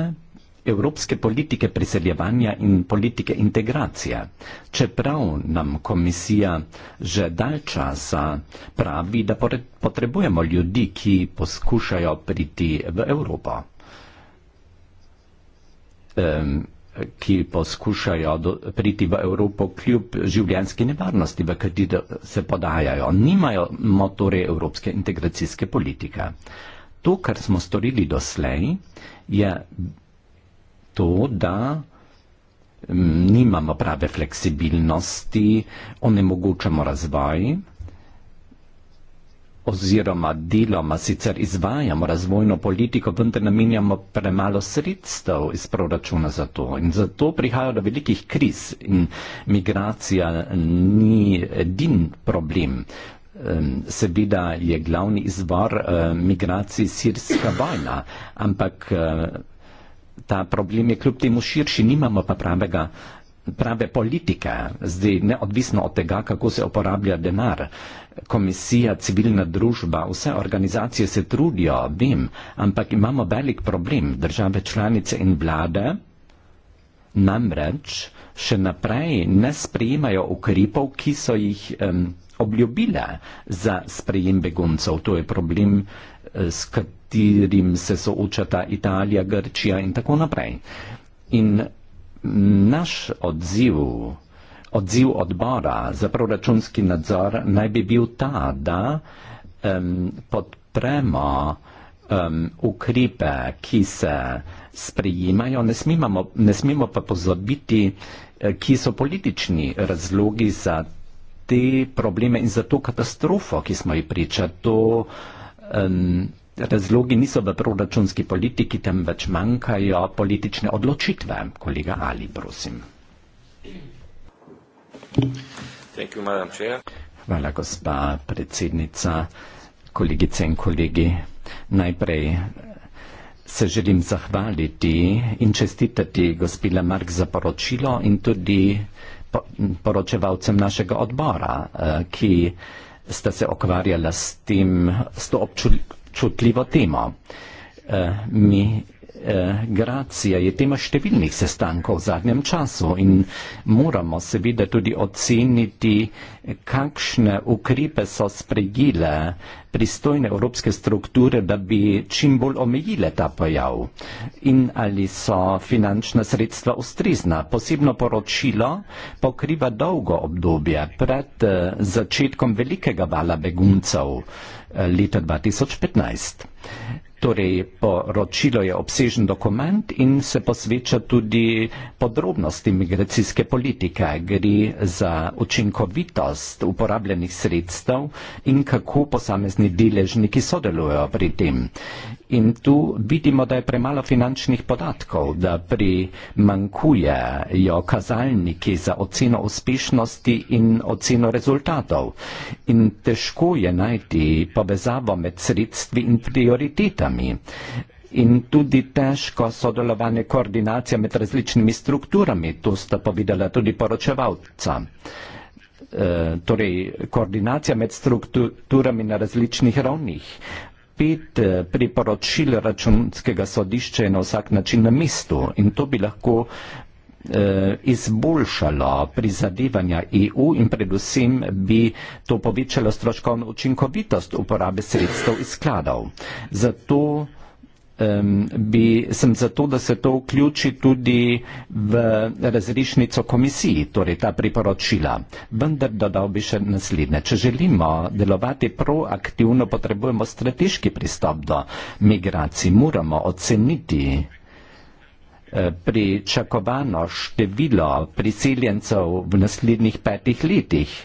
evropske politike priseljevanja in politike integracije. Čeprav nam komisija že dal časa pravi, da potrebujemo ljudi, ki poskušajo priti v Evropo, ehm, ki poskušajo do, priti v Evropo kljub življenjski nevarnosti, v kateri se podajajo, nimajo motore evropske integracijske politike. To, kar smo storili doslej, je to, da mm, nimamo prave fleksibilnosti, onemogočamo razvoj oziroma deloma sicer izvajamo razvojno politiko, vendar namenjamo premalo sredstev iz proračuna za to. In zato prihaja do velikih kriz in migracija ni edin problem. Seveda je glavni izvor eh, migracij sirska vojna, ampak eh, ta problem je kljub temu širši, nimamo pa pravega, prave politike, zdaj neodvisno od tega, kako se uporablja denar. Komisija, civilna družba, vse organizacije se trudijo, vem, ampak imamo velik problem. Države članice in vlade namreč še naprej ne sprejemajo ukrepov, ki so jih um, obljubile za sprejem beguncev. To je problem, eh, s katerim katerim se soočata Italija, Grčija in tako naprej. In naš odziv, odziv odbora za proračunski nadzor naj bi bil ta, da um, podpremo um, ukripe, ki se sprejimajo, ne, smimamo, ne smemo pa pozabiti, eh, ki so politični razlogi za te probleme in za to katastrofo, ki smo ji priča. To, um, Razlogi niso v proračunski politiki, temveč manjkajo politične odločitve. Kolega Ali, prosim. You, Hvala, gospa predsednica, kolegice in kolegi. Najprej se želim zahvaliti in čestitati gospila Mark za poročilo in tudi poročevalcem našega odbora, eh, ki sta se okvarjala s tem, s to občutljivostjo občutljivo temo. Eh, mi Eh, gracija je tema številnih sestankov v zadnjem času in moramo seveda tudi oceniti, kakšne ukrepe so spregile pristojne evropske strukture, da bi čim bolj omejile ta pojav in ali so finančna sredstva ustrezna. Posebno poročilo pokriva dolgo obdobje pred eh, začetkom velikega vala beguncev eh, leta 2015. Torej, poročilo je obsežen dokument in se posveča tudi podrobnosti migracijske politike. Gre za učinkovitost uporabljenih sredstev in kako posamezni deležniki sodelujo pri tem. In tu vidimo, da je premalo finančnih podatkov, da primankujejo kazalniki za oceno uspešnosti in oceno rezultatov. In težko je najti povezavo med sredstvi in prioritetami. In tudi težko sodelovanje koordinacija med različnimi strukturami, to sta povedala tudi poročevalca. E, torej, koordinacija med strukturami na različnih ravnih pet eh, priporočil računskega sodišča je na vsak način na mestu in to bi lahko eh, izboljšalo prizadevanja EU in predvsem bi to povečalo stroškovno učinkovitost uporabe sredstev iz skladov. Zato um, bi sem zato, da se to vključi tudi v razrišnico komisiji, torej ta priporočila. Vendar dodal bi še naslednje. Če želimo delovati proaktivno, potrebujemo strateški pristop do migracij. Moramo oceniti eh, pričakovano število priseljencev v naslednjih petih letih.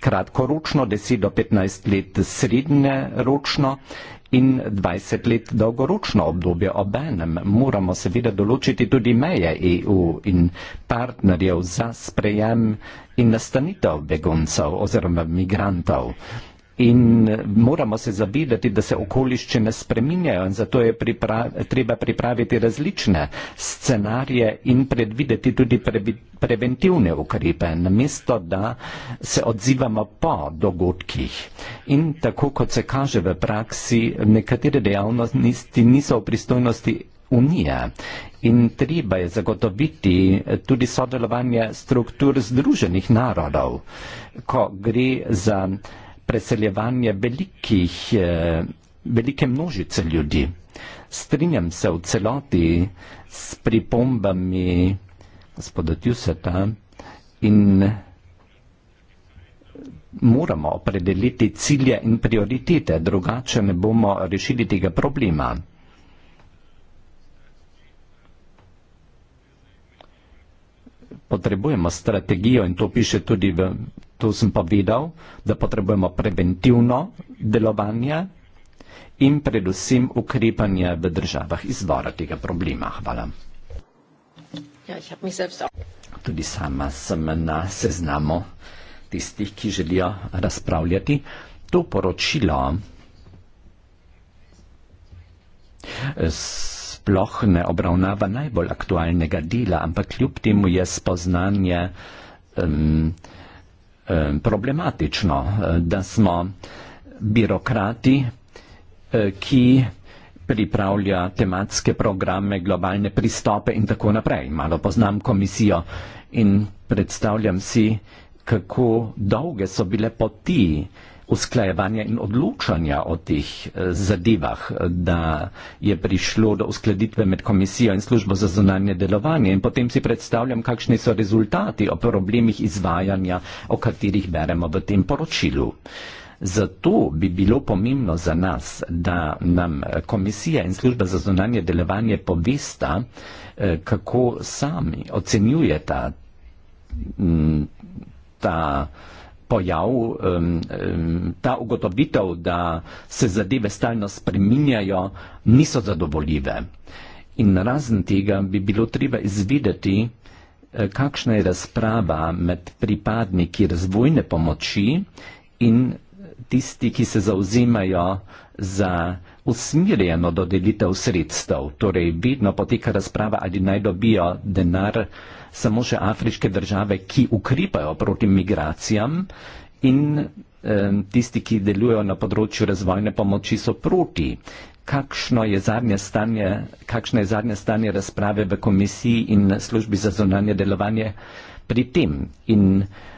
Kratkoročno, 10 do 15 let srednje ročno in 20 let dolgoročno obdobje obenem. Moramo seveda določiti tudi meje EU in partnerjev za sprejem in nastanitev beguncev oziroma migrantov. In eh, moramo se zavedati, da se okoliščine spreminjajo in zato je pripra treba pripraviti različne scenarije in predvideti tudi pre preventivne ukrepe, namesto da se odzivamo po dogodkih. In tako kot se kaže v praksi, nekatere dejavnosti niso v pristojnosti unije. In treba je zagotoviti eh, tudi sodelovanje struktur združenih narodov, ko gre za preseljevanje velikih, eh, velike množice ljudi. Strinjam se v celoti s pripombami gospoda Tjuseta in moramo opredeliti cilje in prioritete, drugače ne bomo rešili tega problema. Potrebujemo strategijo in to piše tudi v tu sem povedal, da potrebujemo preventivno delovanje in predvsem ukrepanje v državah izvora tega problema. Hvala. Ja, Tudi sama sem na seznamu tistih, ki želijo razpravljati. To poročilo sploh ne obravnava najbolj aktualnega dela, ampak kljub temu je spoznanje um, Eh, problematično, eh, da smo birokrati, eh, ki pripravlja tematske programe, globalne pristope in tako naprej. Malo poznam komisijo in predstavljam si, kako dolge so bile poti usklajevanja in odločanja o teh eh, zadevah, da je prišlo do uskladitve med komisijo in službo za zunanje delovanje in potem si predstavljam, kakšni so rezultati o problemih izvajanja, o katerih beremo v tem poročilu. Zato bi bilo pomembno za nas, da nam eh, komisija in služba za zunanje delovanje povesta, eh, kako sami ocenjujeta mm, ta, ta pojav, um, um, ta ugotovitev, da se zadeve stalno spreminjajo, niso zadovoljive. In razen tega bi bilo treba izvedeti, eh, kakšna je razprava med pripadniki razvojne pomoči in eh, tisti, ki se zauzemajo za usmirjeno dodelitev sredstev. Torej, vedno poteka razprava, ali naj dobijo denar samo še afriške države, ki ukripajo proti migracijam in eh, tisti, ki delujejo na področju razvojne pomoči, so proti. Kakšno je zadnje stanje, kakšno je zadnje stanje razprave v komisiji in službi za zonanje delovanje pri tem? In, eh,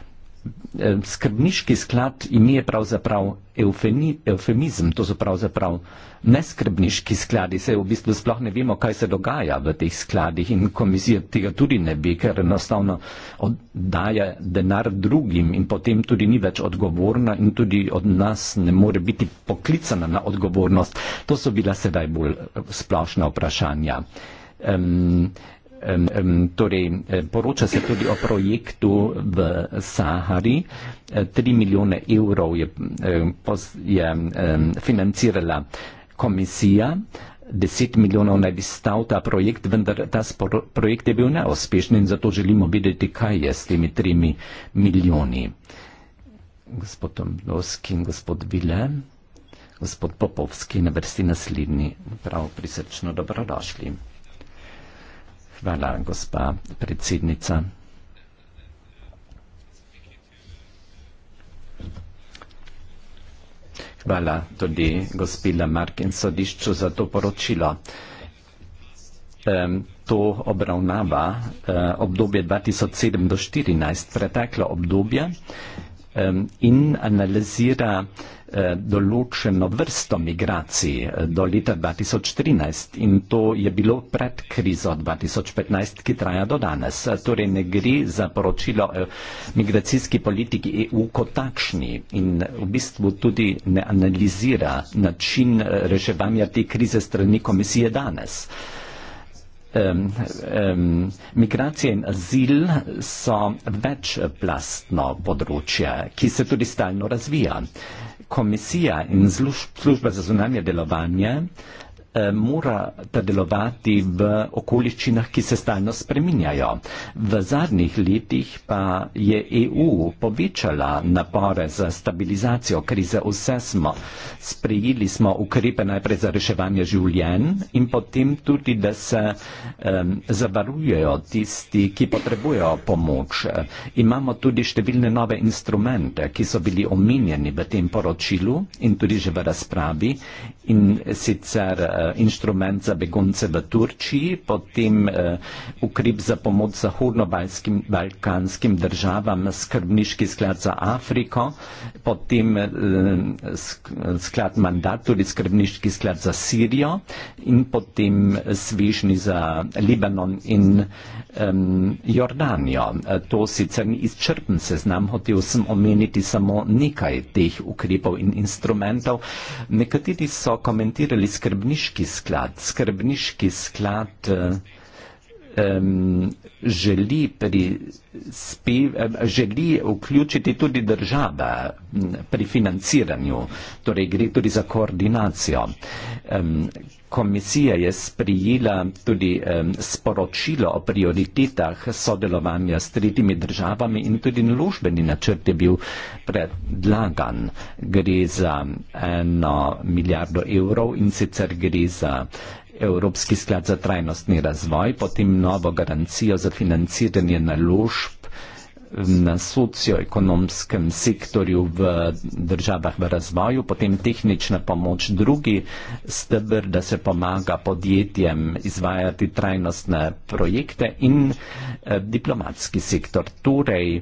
Eh, skrbniški sklad imeje pravzaprav eufeni, eufemizem, to so pravzaprav neskrbniški skladi, se v bistvu sploh ne vemo, kaj se dogaja v teh skladih in komisija tega tudi ne ve, ker enostavno oddaja denar drugim in potem tudi ni več odgovorna in tudi od nas ne more biti poklicana na odgovornost. To so bila sedaj bolj splošna vprašanja. Um, Torej, e, poroča se tudi o projektu v Sahari. 3 e, milijone evrov je, e, je financirala komisija, 10 milijonov naj bi stal ta projekt, vendar ta projekt je bil neuspešen in zato želimo videti, kaj je s temi 3 milijoni. Gospod Tomlowski in gospod Vile, gospod Popovski na vrsti naslednji, prav prisrčno dobrodošli. Hvala, gospa predsednica. Hvala tudi gospi Lamark in sodišču za to poročilo. Um, to obravnava uh, obdobje 2007 do 2014, preteklo obdobje, um, in analizira uh, Eh, določeno vrsto migracij eh, do leta 2013 in to je bilo pred krizo 2015, ki traja do danes. Eh, torej ne gre za poročilo migracijski politiki EU kot takšni in v bistvu tudi ne analizira način reševanja te krize strani komisije danes. Um, um, migracije in azil so večplastno področje, ki se tudi stalno razvija. Komisija in služ, služba za zunanje delovanje Eh, mora predelovati v okoliščinah, ki se stalno spreminjajo. V zadnjih letih pa je EU povečala napore za stabilizacijo krize. Vse smo sprejeli, smo ukrepe najprej za reševanje življenj in potem tudi, da se um, zavarujejo tisti, ki potrebujejo pomoč. Imamo tudi številne nove instrumente, ki so bili omenjeni v tem poročilu in tudi že v razpravi in sicer Eh, inštrument za begunce v Turčiji, potem uh, ukrep za pomoč zahodno-balkanskim balkanskim državam, skrbniški sklad za Afriko, potem uh, sklad mandat, tudi skrbniški sklad za Sirijo in potem svežni za Libanon in um, Jordanijo. To sicer ni izčrpen seznam, hotel sem omeniti samo nekaj teh ukrepov in instrumentov. Nekateri so komentirali skrbniški skrbniški sklad, skrbniški sklad eh, um, želi, prispe, želi vključiti tudi država pri financiranju, torej gre tudi za koordinacijo. Um, komisija je sprijela tudi um, sporočilo o prioritetah sodelovanja s tretjimi državami in tudi naložbeni načrt je bil predlagan. Gre za eno milijardo evrov in sicer gre za Evropski sklad za trajnostni razvoj, potem novo garancijo za financiranje naložb na socioekonomskem sektorju v državah v razvoju, potem tehnična pomoč, drugi stebr, da se pomaga podjetjem izvajati trajnostne projekte in eh, diplomatski sektor. Torej,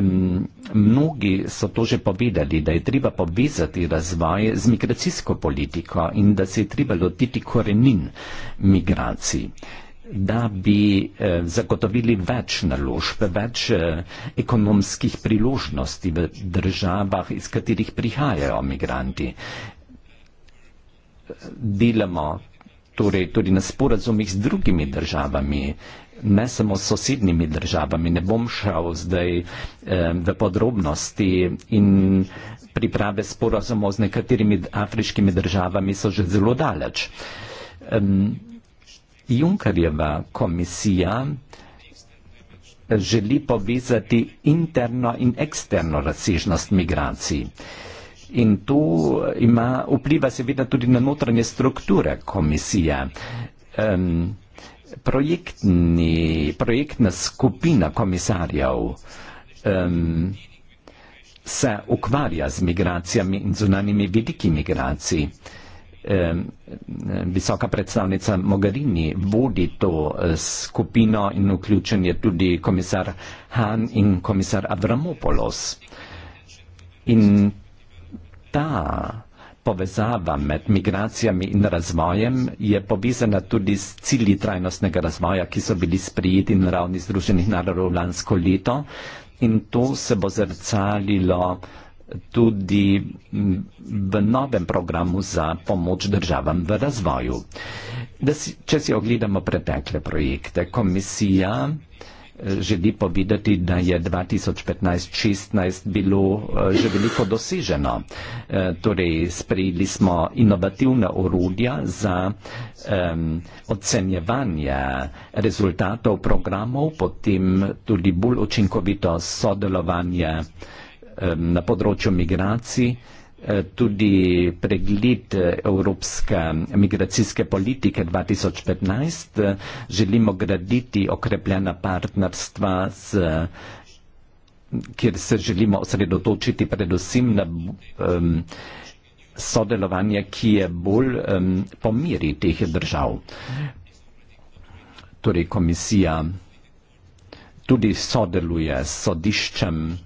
Mnogi so to že povedali, da je treba povezati razvoj z migracijsko politiko in da se je treba lotiti korenin migracij da bi eh, zagotovili več naložb, več eh, ekonomskih priložnosti v državah, iz katerih prihajajo migranti. Delamo torej, tudi na sporazumih z drugimi državami, ne samo s sosednjimi državami, ne bom šel zdaj eh, v podrobnosti in priprave sporazumov z nekaterimi afriškimi državami so že zelo daleč. Eh, Junkarjeva komisija želi povezati interno in eksterno razsežnost migracij. In to ima, vpliva seveda tudi na notranje strukture komisije. Eh, projektni, projektna skupina komisarjev um, se ukvarja z migracijami in zunanimi vidiki migracij. Um, visoka predstavnica Mogarini vodi to eh, skupino in vključen je tudi komisar Han in komisar Avramopoulos. In ta povezava med migracijami in razvojem je povezana tudi s cilji trajnostnega razvoja, ki so bili sprijeti na ravni Združenih narodov lansko leto in to se bo zrcalilo tudi v novem programu za pomoč državam v razvoju. Si, če si ogledamo pretekle projekte, komisija uh, Eh, želi povedati, da je 2015-2016 bilo eh, že veliko doseženo. Eh, torej, sprejeli smo inovativna orodja za um, ocenjevanje rezultatov programov, potem tudi bolj učinkovito sodelovanje um, na področju migracij. Eh, tudi pregled eh, Evropske migracijske politike 2015, eh, želimo graditi okrepljena partnerstva, z, kjer se želimo osredotočiti predvsem na um, sodelovanje, ki je bolj um, po miri teh držav. Torej komisija tudi sodeluje s sodiščem,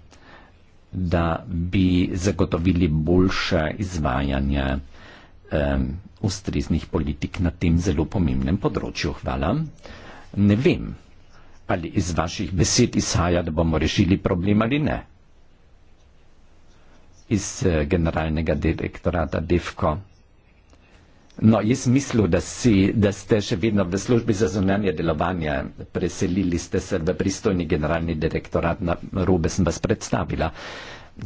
da bi zagotovili boljše izvajanje um, ustreznih politik na tem zelo pomembnem področju. Hvala. Ne vem, ali iz vaših besed izhaja, da bomo rešili problem ali ne. Iz uh, generalnega direktorata DEFCO. No, jaz mislim, da, da ste še vedno v službi za zunanje delovanje, preselili ste se v pristojni generalni direktorat, na robe sem vas predstavila.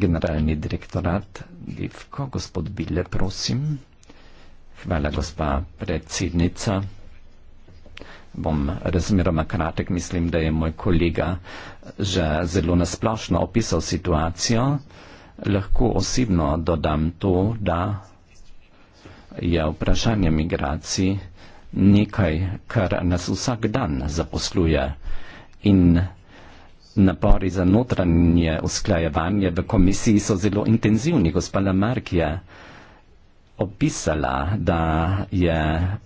Generalni direktorat, Divko, gospod Bile, prosim. Hvala, gospa predsednica. Bom razmeroma kratek, mislim, da je moj kolega že zelo nasplošno opisal situacijo. Lahko osebno dodam to, da je vprašanje migracij nekaj, kar nas vsak dan zaposluje in napori za notranje usklajevanje v komisiji so zelo intenzivni. Gospa Lamark je opisala, da je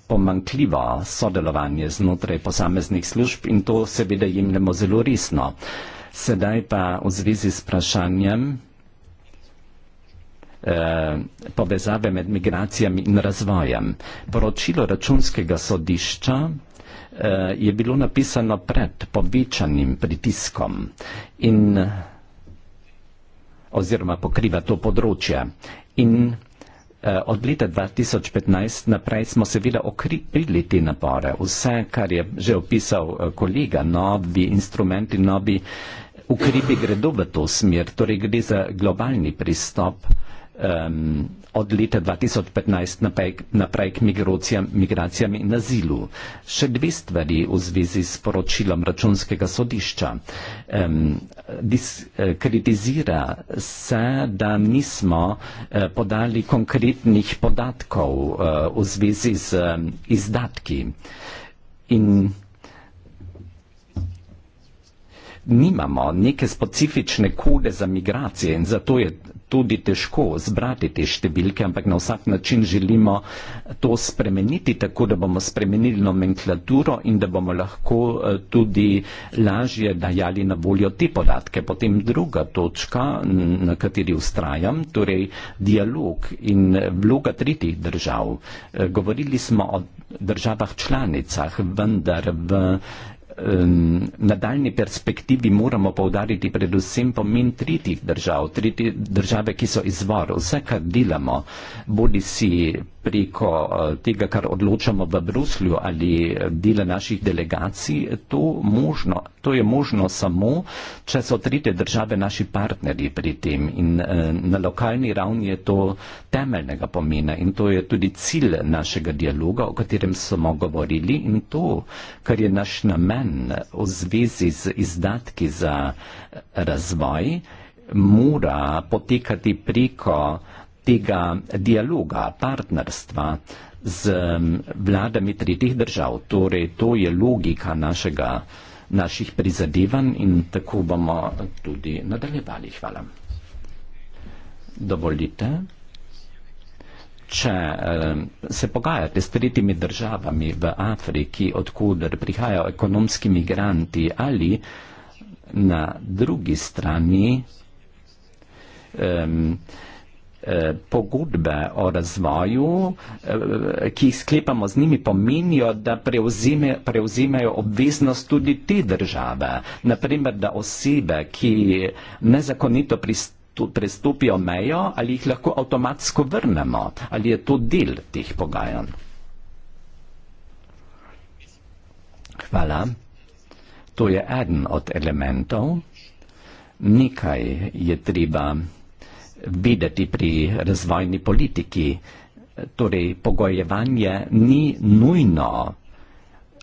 pomankljivo sodelovanje znotraj posameznih služb in to seveda jemljemo zelo resno. Sedaj pa v zvezi s vprašanjem. Eh, povezave med migracijami in razvojem. Poročilo računskega sodišča eh, je bilo napisano pred povečanim pritiskom in oziroma pokriva to področje. In eh, od leta 2015 naprej smo seveda okrepili te napore. Vse, kar je že opisal kolega, novi instrumenti, novi ukrepi gredo v to smer, torej gre za globalni pristop. Uh, um, od leta 2015 naprej, naprej k migracijam, migracijam in azilu. Še dve stvari v zvezi s poročilom računskega sodišča. Um, dis, eh, kritizira se, da nismo uh, podali konkretnih podatkov uh, v zvezi z um, izdatki. In nimamo neke specifične kode za migracije in zato je tudi težko zbrati te številke, ampak na vsak način želimo to spremeniti, tako da bomo spremenili nomenklaturo in da bomo lahko eh, tudi lažje dajali na voljo te podatke. Potem druga točka, na kateri ustrajam, torej dialog in eh, vloga tretjih držav. Eh, govorili smo o državah članicah, vendar v nadaljni perspektivi moramo povdariti predvsem pomen tretjih držav, tretjih držav, ki so izvor. Vse, kar delamo, bodi si preko eh, tega, kar odločamo v Bruslju ali eh, dela naših delegacij, to, možno, to je možno samo, če so tretje države naši partnerji pri tem. In eh, na lokalni ravni je to temeljnega pomena in to je tudi cilj našega dialoga, o katerem smo govorili in to, kar je naš namen v zvezi z izdatki za razvoj, mora potekati preko tega dialoga, partnerstva z vladami tretjih držav. Torej, to je logika našega, naših prizadevanj in tako bomo tudi nadaljevali. Hvala. Dovolite. Če se pogajate s tretjimi državami v Afriki, odkuder prihajajo ekonomski migranti ali na drugi strani, um, Eh, pogodbe o razvoju, eh, ki jih sklepamo z njimi, pomenijo, da preuzime, preuzimejo obveznost tudi te države. Naprimer, da osebe, ki nezakonito prestopijo mejo, ali jih lahko avtomatsko vrnemo, ali je to del teh pogajanj. Hvala. To je eden od elementov. Nekaj je treba videti pri razvojni politiki. Torej, pogojevanje ni nujno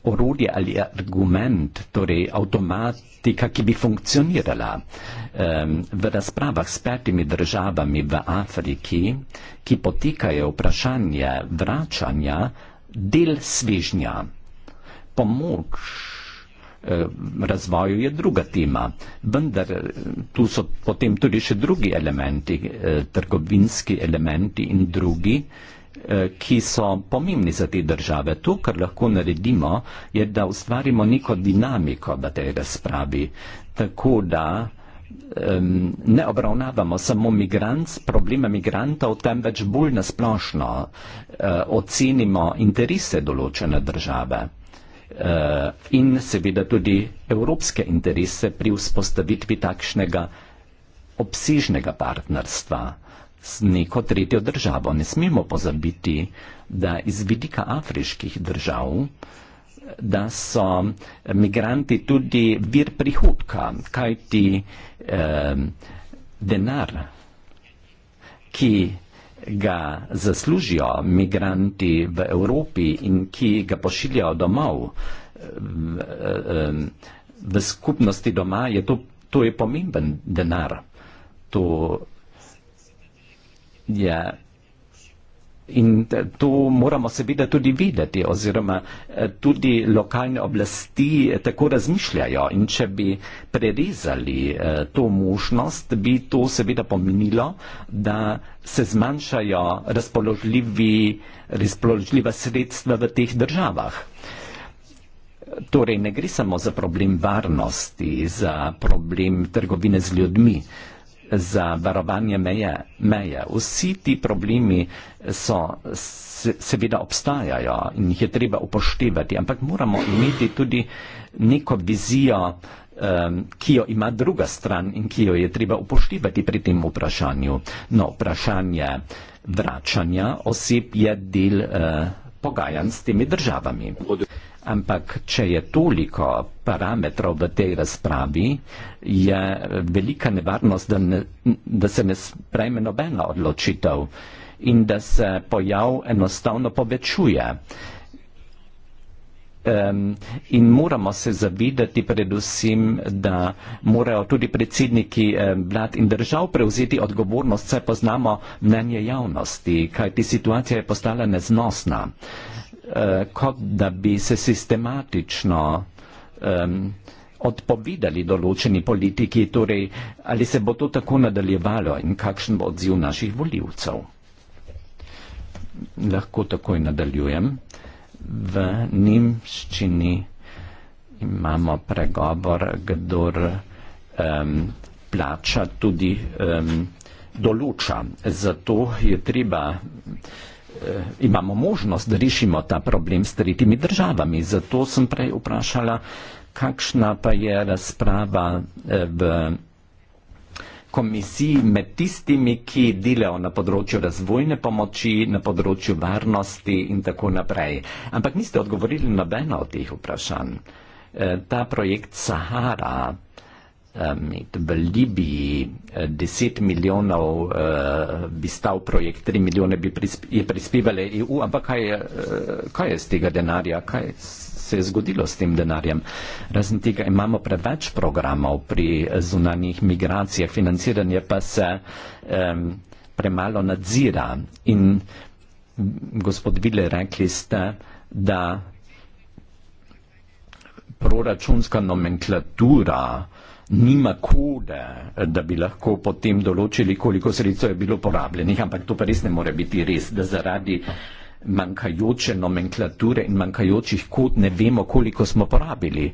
orodje ali argument, torej avtomatika, ki bi funkcionirala. Um, v razpravah s petimi državami v Afriki, ki potikajo vprašanje vračanja, del svežnja, pomoč Eh, razvoju je druga tema. Vendar eh, tu so potem tudi še drugi elementi, eh, trgovinski elementi in drugi, ki so pomembni za te države. To, kar lahko naredimo, je, da ustvarimo neko dinamiko v tej razpravi, tako da um, ne obravnavamo samo migranc, probleme migrantov, temveč bolj nasplošno uh, ocenimo interese določene države. Eh, in seveda tudi evropske interese pri vzpostavitvi takšnega obsižnega partnerstva s neko tretjo državo. Ne smemo pozabiti, da iz vidika afriških držav, da so migranti tudi vir prihodka, kajti eh, denar, ki ga zaslužijo migranti v Evropi in ki ga pošiljajo domov v, v skupnosti doma, je to, to je pomemben denar. To je In to moramo seveda tudi videti, oziroma eh, tudi lokalne oblasti eh, tako razmišljajo. In če bi prerezali eh, to možnost, bi to seveda pomenilo, da se zmanjšajo razpoložljiva sredstva v teh državah. Torej, ne gre samo za problem varnosti, za problem trgovine z ljudmi za varovanje meje, meje. Vsi ti problemi so, se, seveda obstajajo in jih je treba upoštevati, ampak moramo imeti tudi neko vizijo, um, ki jo ima druga stran in ki jo je treba upoštevati pri tem vprašanju. No, vprašanje vračanja oseb je del uh, pogajanj s temi državami. Odlično. Ampak, če je toliko parametrov v tej razpravi, je velika nevarnost, da, ne, da se ne sprejme nobena odločitev in da se pojav enostavno povečuje. Um, in moramo se zavidati predvsem, da morajo tudi predsedniki um, vlad in držav prevzeti odgovornost, saj poznamo mnenje javnosti, kajti situacija je postala neznosna eh, kot da bi se sistematično eh, odpovedali določeni politiki, torej ali se bo to tako nadaljevalo in kakšen bo odziv naših voljivcev. Lahko takoj nadaljujem. V nemščini imamo pregovor, kdor um, plača tudi um, določa. Zato je treba Eh, imamo možnost, da rešimo ta problem s tretjimi državami. Zato sem prej vprašala, kakšna pa je razprava eh, v komisiji med tistimi, ki delajo na področju razvojne pomoči, na področju varnosti in tako naprej. Ampak niste odgovorili na eno od teh vprašanj. Eh, ta projekt Sahara, Um, v Libiji 10 milijonov uh, bi stal projekt, 3 milijone bi prispe, prispevali EU, ampak kaj je, uh, kaj je z tega denarja, kaj se je zgodilo s tem denarjem. Razen tega imamo preveč programov pri zunanjih migracijah, financiranje pa se um, premalo nadzira. In gospod Vile, rekli ste, da proračunska nomenklatura, nima kode, da bi lahko potem določili, koliko sredstev je bilo porabljenih, ampak to pa res ne more biti res, da zaradi manjkajoče nomenklature in manjkajočih kod ne vemo, koliko smo porabili.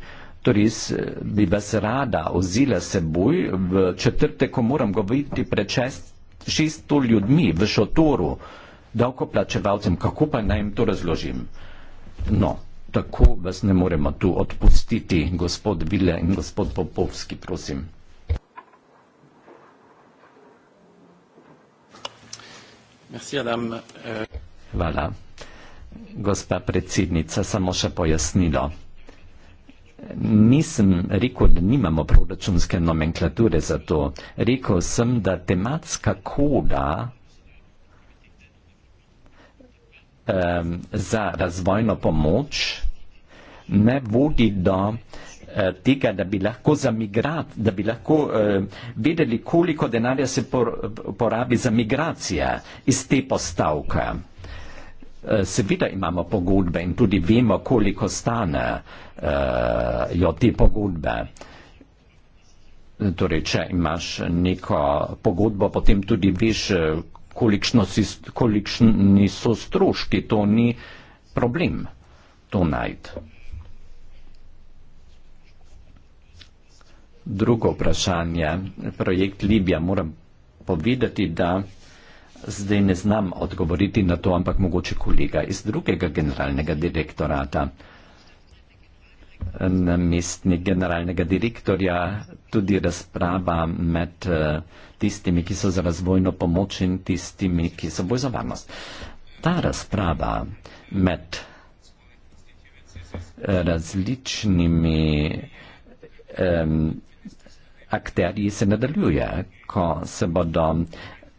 Torej, eh, bi vas rada ozila seboj v četrtek, ko moram govoriti pred šeststo ljudmi v šotoru, davkoplačevalcem, kako pa naj jim to razložim. No tako vas ne moremo tu odpustiti, gospod Bile in gospod Popovski, prosim. Euh, Hvala. Gospa predsednica, samo še pojasnilo. Nisem rekel, da nimamo proračunske nomenklature za to. Rekel sem, da tematska koda Um, za razvojno pomoč, ne vodi do uh, tega, da bi lahko za migrat, da bi lahko eh, vedeli, koliko denarja se por, porabi za migracije iz te postavke. Eh, seveda imamo pogodbe in tudi vemo, koliko stanejo eh, te pogodbe. Torej, če imaš neko pogodbo, potem tudi veš, kolikšno si, kolikšni so stroški, to ni problem, to najti. Drugo vprašanje, projekt Libija, moram povedati, da zdaj ne znam odgovoriti na to, ampak mogoče kolega iz drugega generalnega direktorata, namestnik generalnega direktorja, tudi razprava med eh, tistimi, ki so za razvojno pomoč in tistimi, ki so boj za varnost. Ta razprava med eh, različnimi um, akterji se nadaljuje, ko se bodo um,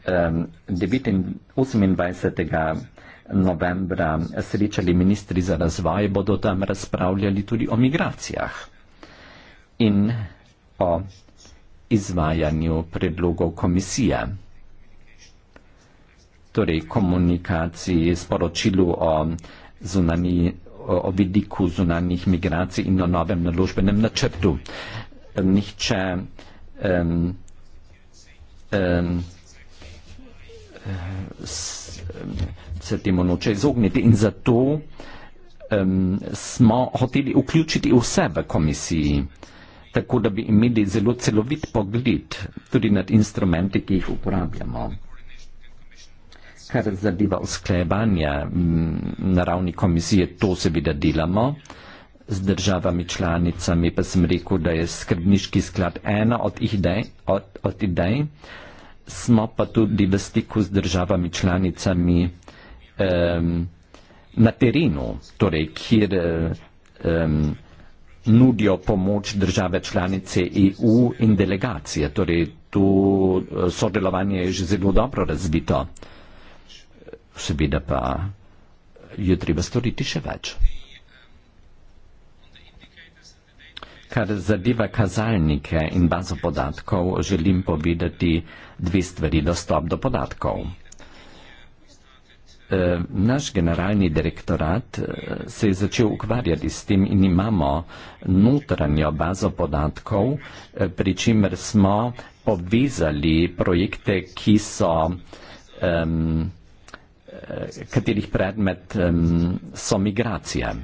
28. novembra srečali ministri za razvoj, bodo tam razpravljali tudi o migracijah in o izvajanju predlogov komisije. Torej, komunikaciji, sporočilu o, zunani, o, o vidiku zunanjih migracij in o novem naložbenem načrtu. Nihče um, um, s, se temu noče izogniti in zato um, smo hoteli vključiti vse v komisiji tako da bi imeli zelo celovit pogled tudi nad instrumenti, ki jih uporabljamo. Kar zadeva usklajevanja mm, na ravni komisije, to seveda delamo. Z državami članicami pa sem rekel, da je skrbniški sklad ena od, idej, od, od idej. Smo pa tudi v stiku z državami članicami um, na terenu, torej kjer um, nudijo pomoč države članice EU in delegacije. Torej, tu eh, sodelovanje je že zelo dobro razbito. Seveda pa je treba storiti še več. Kar zadeva kazalnike in bazo podatkov, želim povedati dve stvari. Dostop do podatkov. Eh, naš generalni direktorat eh, se je začel ukvarjati s tem in imamo notranjo bazo podatkov, eh, pri čimer smo povezali projekte, ki so um, katerih predmet um, so migracije.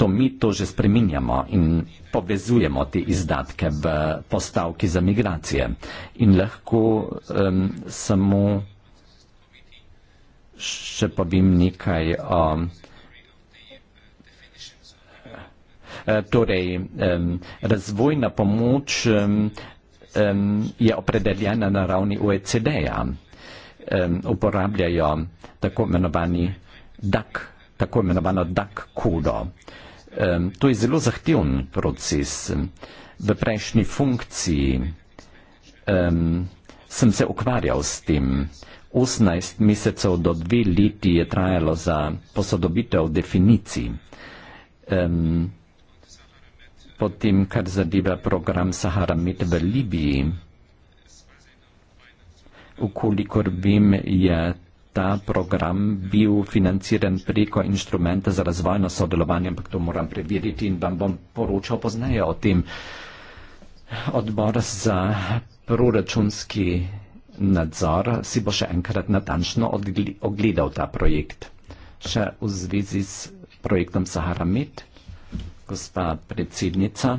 To mi to že spreminjamo in povezujemo te izdatke v postavki za migracije. In lahko um, samo še pa bi nekaj. Um, torej, um, razvojna pomoč um, um, je opredeljena na ravni OECD-ja. Um, uporabljajo tako imenovani DAK, tako imenovano DAK kodo. Um, to je zelo zahteven proces. V prejšnji funkciji um, sem se ukvarjal s tem. 18 mesecev do dve leti je trajalo za posodobitev definicij. Um, potem, kar zadeva program Sahara Med v Libiji, ukolikor vem, je ta program bil financiran preko inštrumenta za razvojno sodelovanje, ampak to moram preveriti in vam bom poročal pozneje o tem. Odbor za proračunski nadzor, si bo še enkrat natančno ogledal ta projekt. Še v zvezi s projektom Sahara Med, gospa predsednica,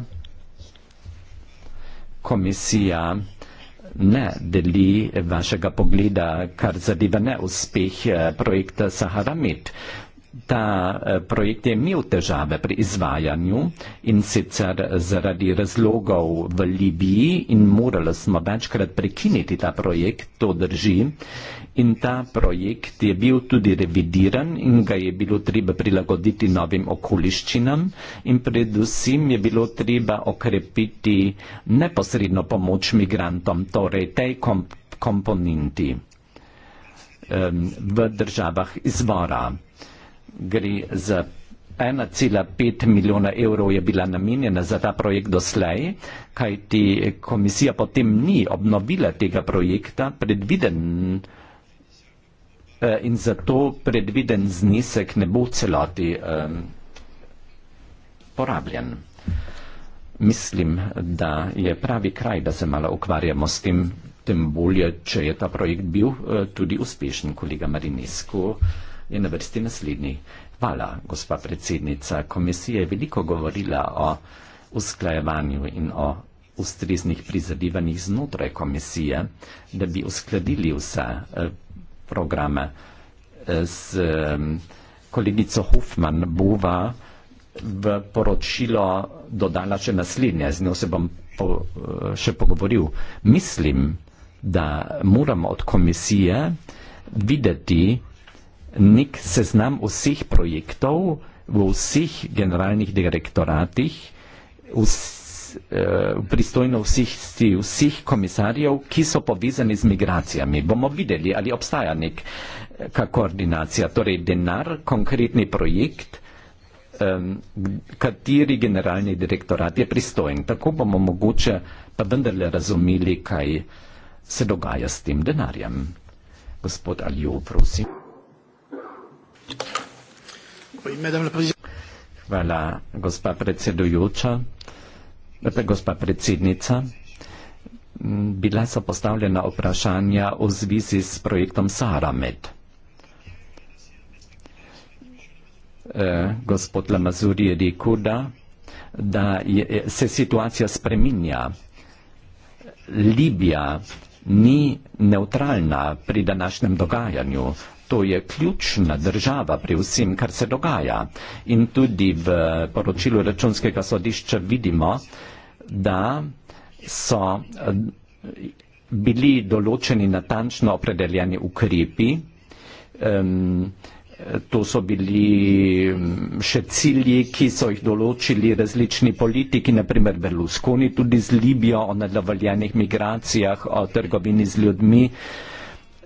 komisija ne deli vašega pogleda, kar zadeva neuspeh projekta Sahara Med ta eh, projekt je imel težave pri izvajanju in sicer zaradi razlogov v Libiji in morali smo večkrat prekiniti ta projekt, to drži. In ta projekt je bil tudi revidiran in ga je bilo treba prilagoditi novim okoliščinam in predvsem je bilo treba okrepiti neposredno pomoč migrantom, torej tej komp komponenti ehm, v državah izvora gre za 1,5 milijona evrov je bila namenjena za ta projekt doslej, kajti komisija potem ni obnovila tega projekta, predviden eh, in zato predviden znesek ne bo celoti ehm, porabljen. Mislim, da je pravi kraj, da se malo ukvarjamo s tem, tem bolje, če je ta projekt bil eh, tudi uspešen, kolega Marinesko je na vrsti naslednji. Hvala, gospa predsednica. Komisija je veliko govorila o usklajevanju in o ustreznih prizadevanjih znotraj komisije, da bi uskladili vse eh, programe eh, s kolegico Hofman Bova v poročilo dodala še naslednje, z njo se bom po, eh, še pogovoril. Mislim, da moramo od komisije videti, nek seznam vseh projektov v vseh generalnih direktoratih, v eh, pristojnosti vseh komisarjev, ki so povezani z migracijami. Bomo videli, ali obstaja neka eh, koordinacija, torej denar, konkretni projekt, kateri generalni direktorat je pristojen. Tako bomo mogoče pa vendarle razumeli, kaj se dogaja s tem denarjem. Gospod Aljo, prosim. Hvala, gospa predsedujoča, gospa predsednica. Bila so postavljena vprašanja v zvizi s projektom Saramed. Eh, gospod Lamazuri je rekel, da se situacija spreminja. Libija ni neutralna pri današnjem dogajanju to je ključna država pri vsem, kar se dogaja. In tudi v poročilu računskega sodišča vidimo, da so eh, bili določeni natančno opredeljeni ukrepi. Um, To so bili mm, še cilji, ki so jih določili različni politiki, naprimer Berlusconi tudi z Libijo o nedovoljenih migracijah, o trgovini z ljudmi. Uh,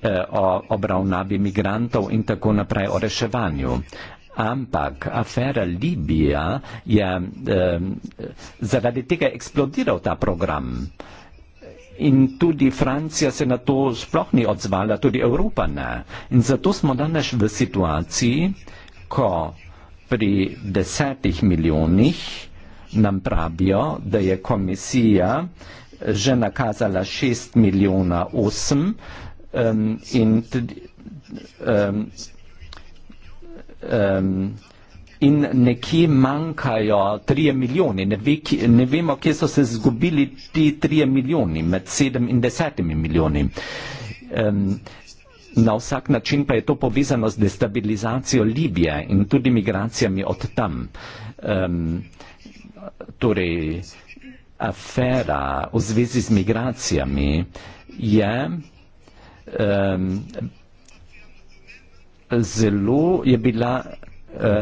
Eh, o obravnavi migrantov in tako naprej, o reševanju. Ampak afera Libija je eh, zaradi tega eksplodiral ta program. In tudi Francija se na to sploh ni odzvala, tudi Evropa ne. In zato smo danes v situaciji, ko pri desetih milijonih nam pravijo, da je komisija že nakazala šest milijona osem. Um, um, um, in nekje manjkajo 3 milijoni, ne, ve, ki, ne vemo, kje so se zgubili ti 3 milijoni, med 7 in 10 milijoni. Um, na vsak način pa je to povezano z destabilizacijo Libije in tudi migracijami od tam. Um, torej, afera v zvezi z migracijami je um, zelo je bila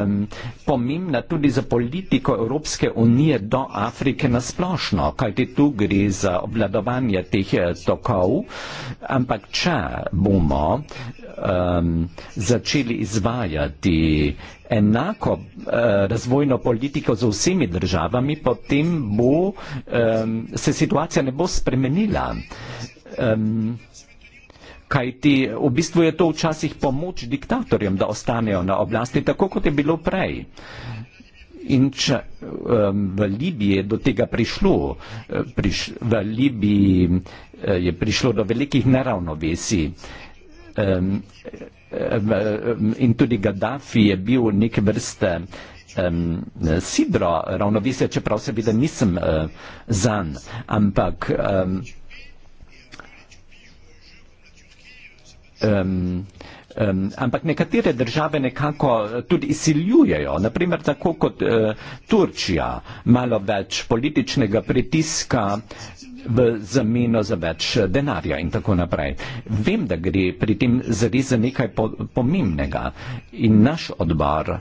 um, pomembna tudi za politiko Evropske unije do Afrike nasplošno, kajti tu gre za obladovanje teh eh, tokov, ampak če bomo um, začeli izvajati enako uh, razvojno politiko z vsemi državami, potem bo, um, se situacija ne bo spremenila. Um, kajti v bistvu je to včasih pomoč diktatorjem, da ostanejo na oblasti, tako kot je bilo prej. In če um, v Libiji je do tega prišlo, eh, priš, v Libiji eh, je prišlo do velikih neravnovesij um, in tudi Gaddafi je bil neke vrste um, sidro ravnovesja, čeprav seveda nisem uh, eh, zan, ampak um, Um, um, ampak nekatere države nekako eh, tudi izsiljujejo, naprimer tako kot uh, Turčija, malo več političnega pritiska v zameno za več eh, denarja in tako naprej. Vem, da gre pri tem zares za nekaj po pomembnega in naš odbor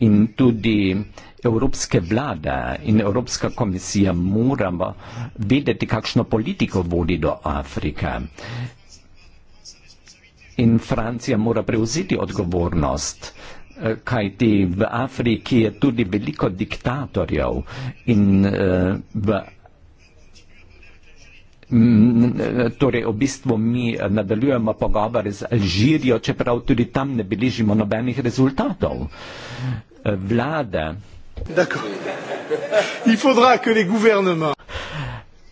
in tudi Evropske vlade in Evropska komisija moramo vedeti, kakšno politiko vodi do Afrike in Francija mora prevzeti odgovornost, eh, kajti v Afriki je tudi veliko diktatorjev in eh, v eh, Torej, v bistvu mi nadaljujemo pogovor z Alžirijo, čeprav tudi tam ne beležimo nobenih rezultatov. Vlade.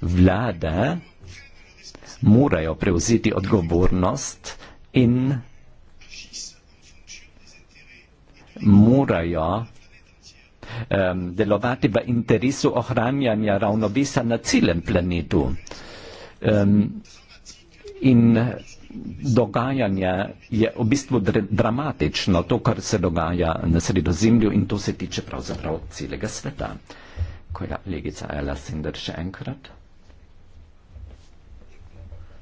Vlade morajo prevzeti odgovornost, in morajo um, delovati v interesu ohranjanja ravnovesa na celem planetu. Um, in dogajanje je v bistvu dramatično, to, kar se dogaja na sredozemlju in to se tiče pravzaprav celega sveta. Koja legica Ela Sinder še enkrat?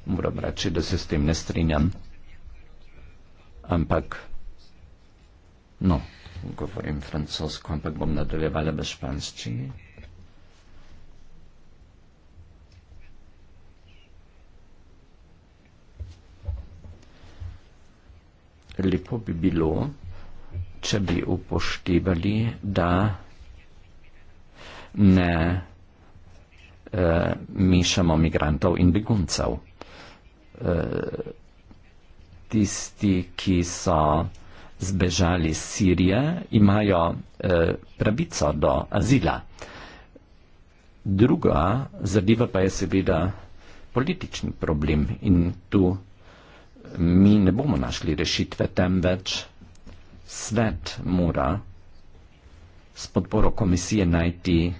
Moram reči, da se s tem ne strinjam ampak no, govorim francosko, ampak bom nadaljevala v španščini. Lepo bi bilo, če bi upoštevali, da ne eh, mešamo migrantov in beguncev. Eh, tisti, ki so zbežali iz Sirije, imajo eh, pravico do azila. Druga zadeva pa je seveda politični problem in tu mi ne bomo našli rešitve, temveč svet mora s podporo komisije najti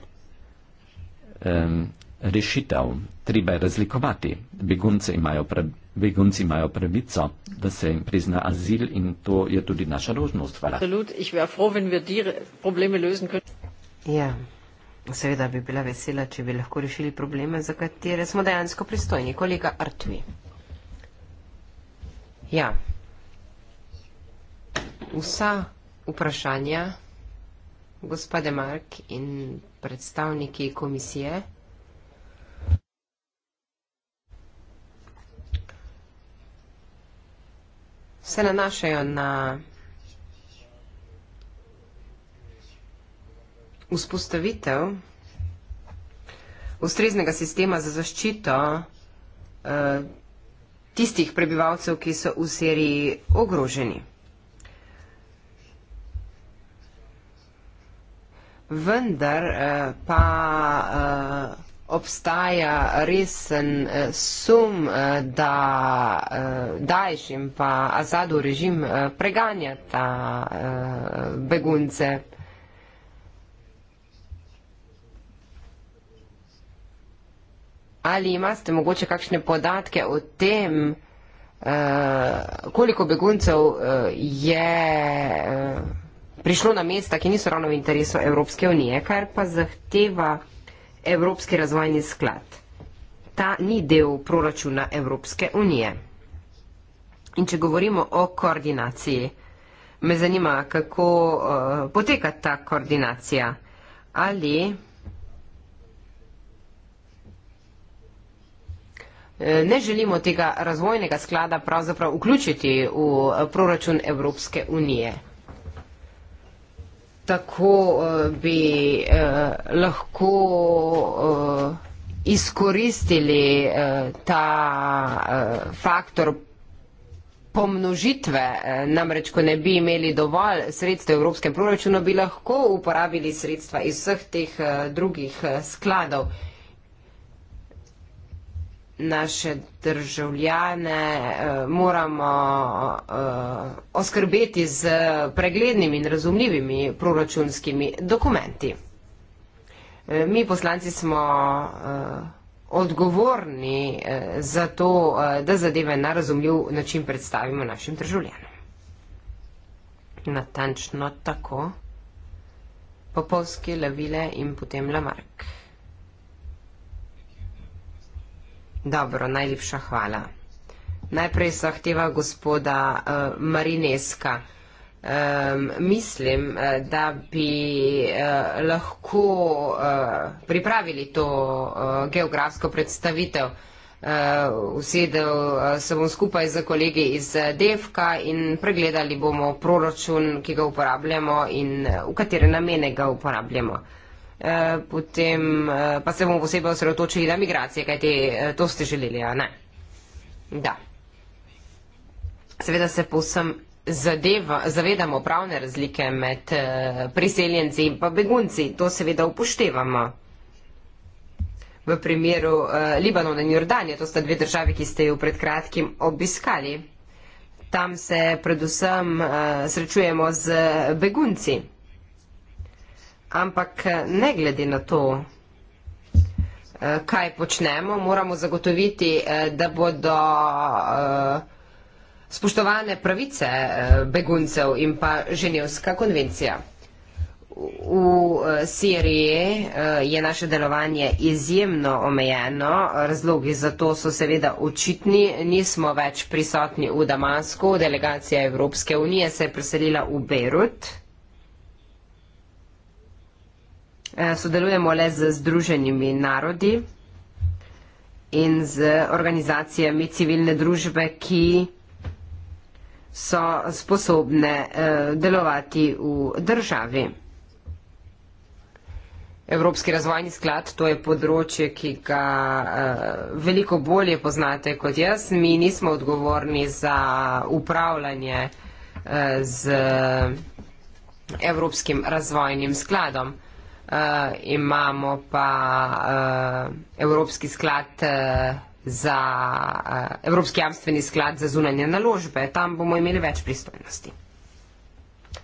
eh, rešitev. Treba je razlikovati. Begunce imajo pravico Begunci imajo pravico, da se jim prizna azil in to je tudi naša dožnost. Hvala. Ja, seveda bi bila vesela, če bi lahko rešili probleme, za katere smo dejansko pristojni. Kolega Artvi. Ja. Vsa vprašanja, gospode Mark in predstavniki komisije. se nanašajo na vzpostavitev ustreznega sistema za zaščito eh, tistih prebivalcev, ki so v Siriji ogroženi. Vendar eh, pa vzpostavitev eh, obstaja resen eh, sum, eh, da eh, Daješ in pa Azadu režim preganjata begunce. Ali imate mogoče kakšne podatke o tem, koliko beguncev je prišlo na mesta, ki niso ravno v interesu Evropske unije, kar pa zahteva Evropski razvojni sklad. Ta ni del proračuna Evropske unije. In če govorimo o koordinaciji, me zanima, kako uh, poteka ta koordinacija. Ali eh, ne želimo tega razvojnega sklada pravzaprav vključiti v eh, proračun Evropske unije? tako eh, bi eh, lahko eh, izkoristili eh, ta eh, faktor pomnožitve, eh, namreč ko ne bi imeli dovolj sredstev v evropskem proračunu, bi lahko uporabili sredstva iz vseh teh eh, drugih eh, skladov naše državljane eh, moramo eh, oskrbeti z preglednimi in razumljivimi proračunskimi dokumenti. Eh, mi poslanci smo odgovorni za to, da zadeve na razumljiv način predstavimo našim državljanom. Natančno tako. Popovski, Lavile in potem Lamarck. Dobro, najlepša hvala. Najprej zahteva gospoda uh, Marineska. Um, mislim, eh, da bi uh, lahko uh, pripravili to uh, geografsko predstavitev. Uh, usedel uh, se bom skupaj z kolegi iz DEFK in pregledali bomo proračun, ki ga uporabljamo in uh, v katere namene ga uporabljamo. Uh, Eh, potem eh, pa se bomo posebej osredotočili na migracije, kajti eh, to ste želeli, a ne? Da. Seveda se povsem zavedamo pravne razlike med priseljenci in pa begunci. To seveda upoštevamo. V primeru Libanon in Jordanija, to sta dve države, ki ste jo pred kratkim obiskali. Tam se predvsem srečujemo z begunci ampak eh, ne glede na to, eh, kaj počnemo, moramo zagotoviti, eh, da bodo spoštovane pravice beguncev in pa Ženevska konvencija. V Siriji je naše delovanje izjemno omejeno, razlogi za to so seveda očitni, nismo več prisotni v Damasku, delegacija Evropske unije se je preselila v Beirut. Eh, sodelujemo le z Združenimi narodi in z organizacijami civilne družbe, ki so sposobne eh, delovati v državi. Evropski razvojni sklad, to je področje, ki ga uh, veliko bolje poznate kot jaz. Mi nismo odgovorni za upravljanje uh, z Evropskim razvojnim skladom uh, imamo pa uh, Evropski sklad uh, za uh, Evropski jamstveni sklad za zunanje naložbe. Tam bomo imeli več pristojnosti.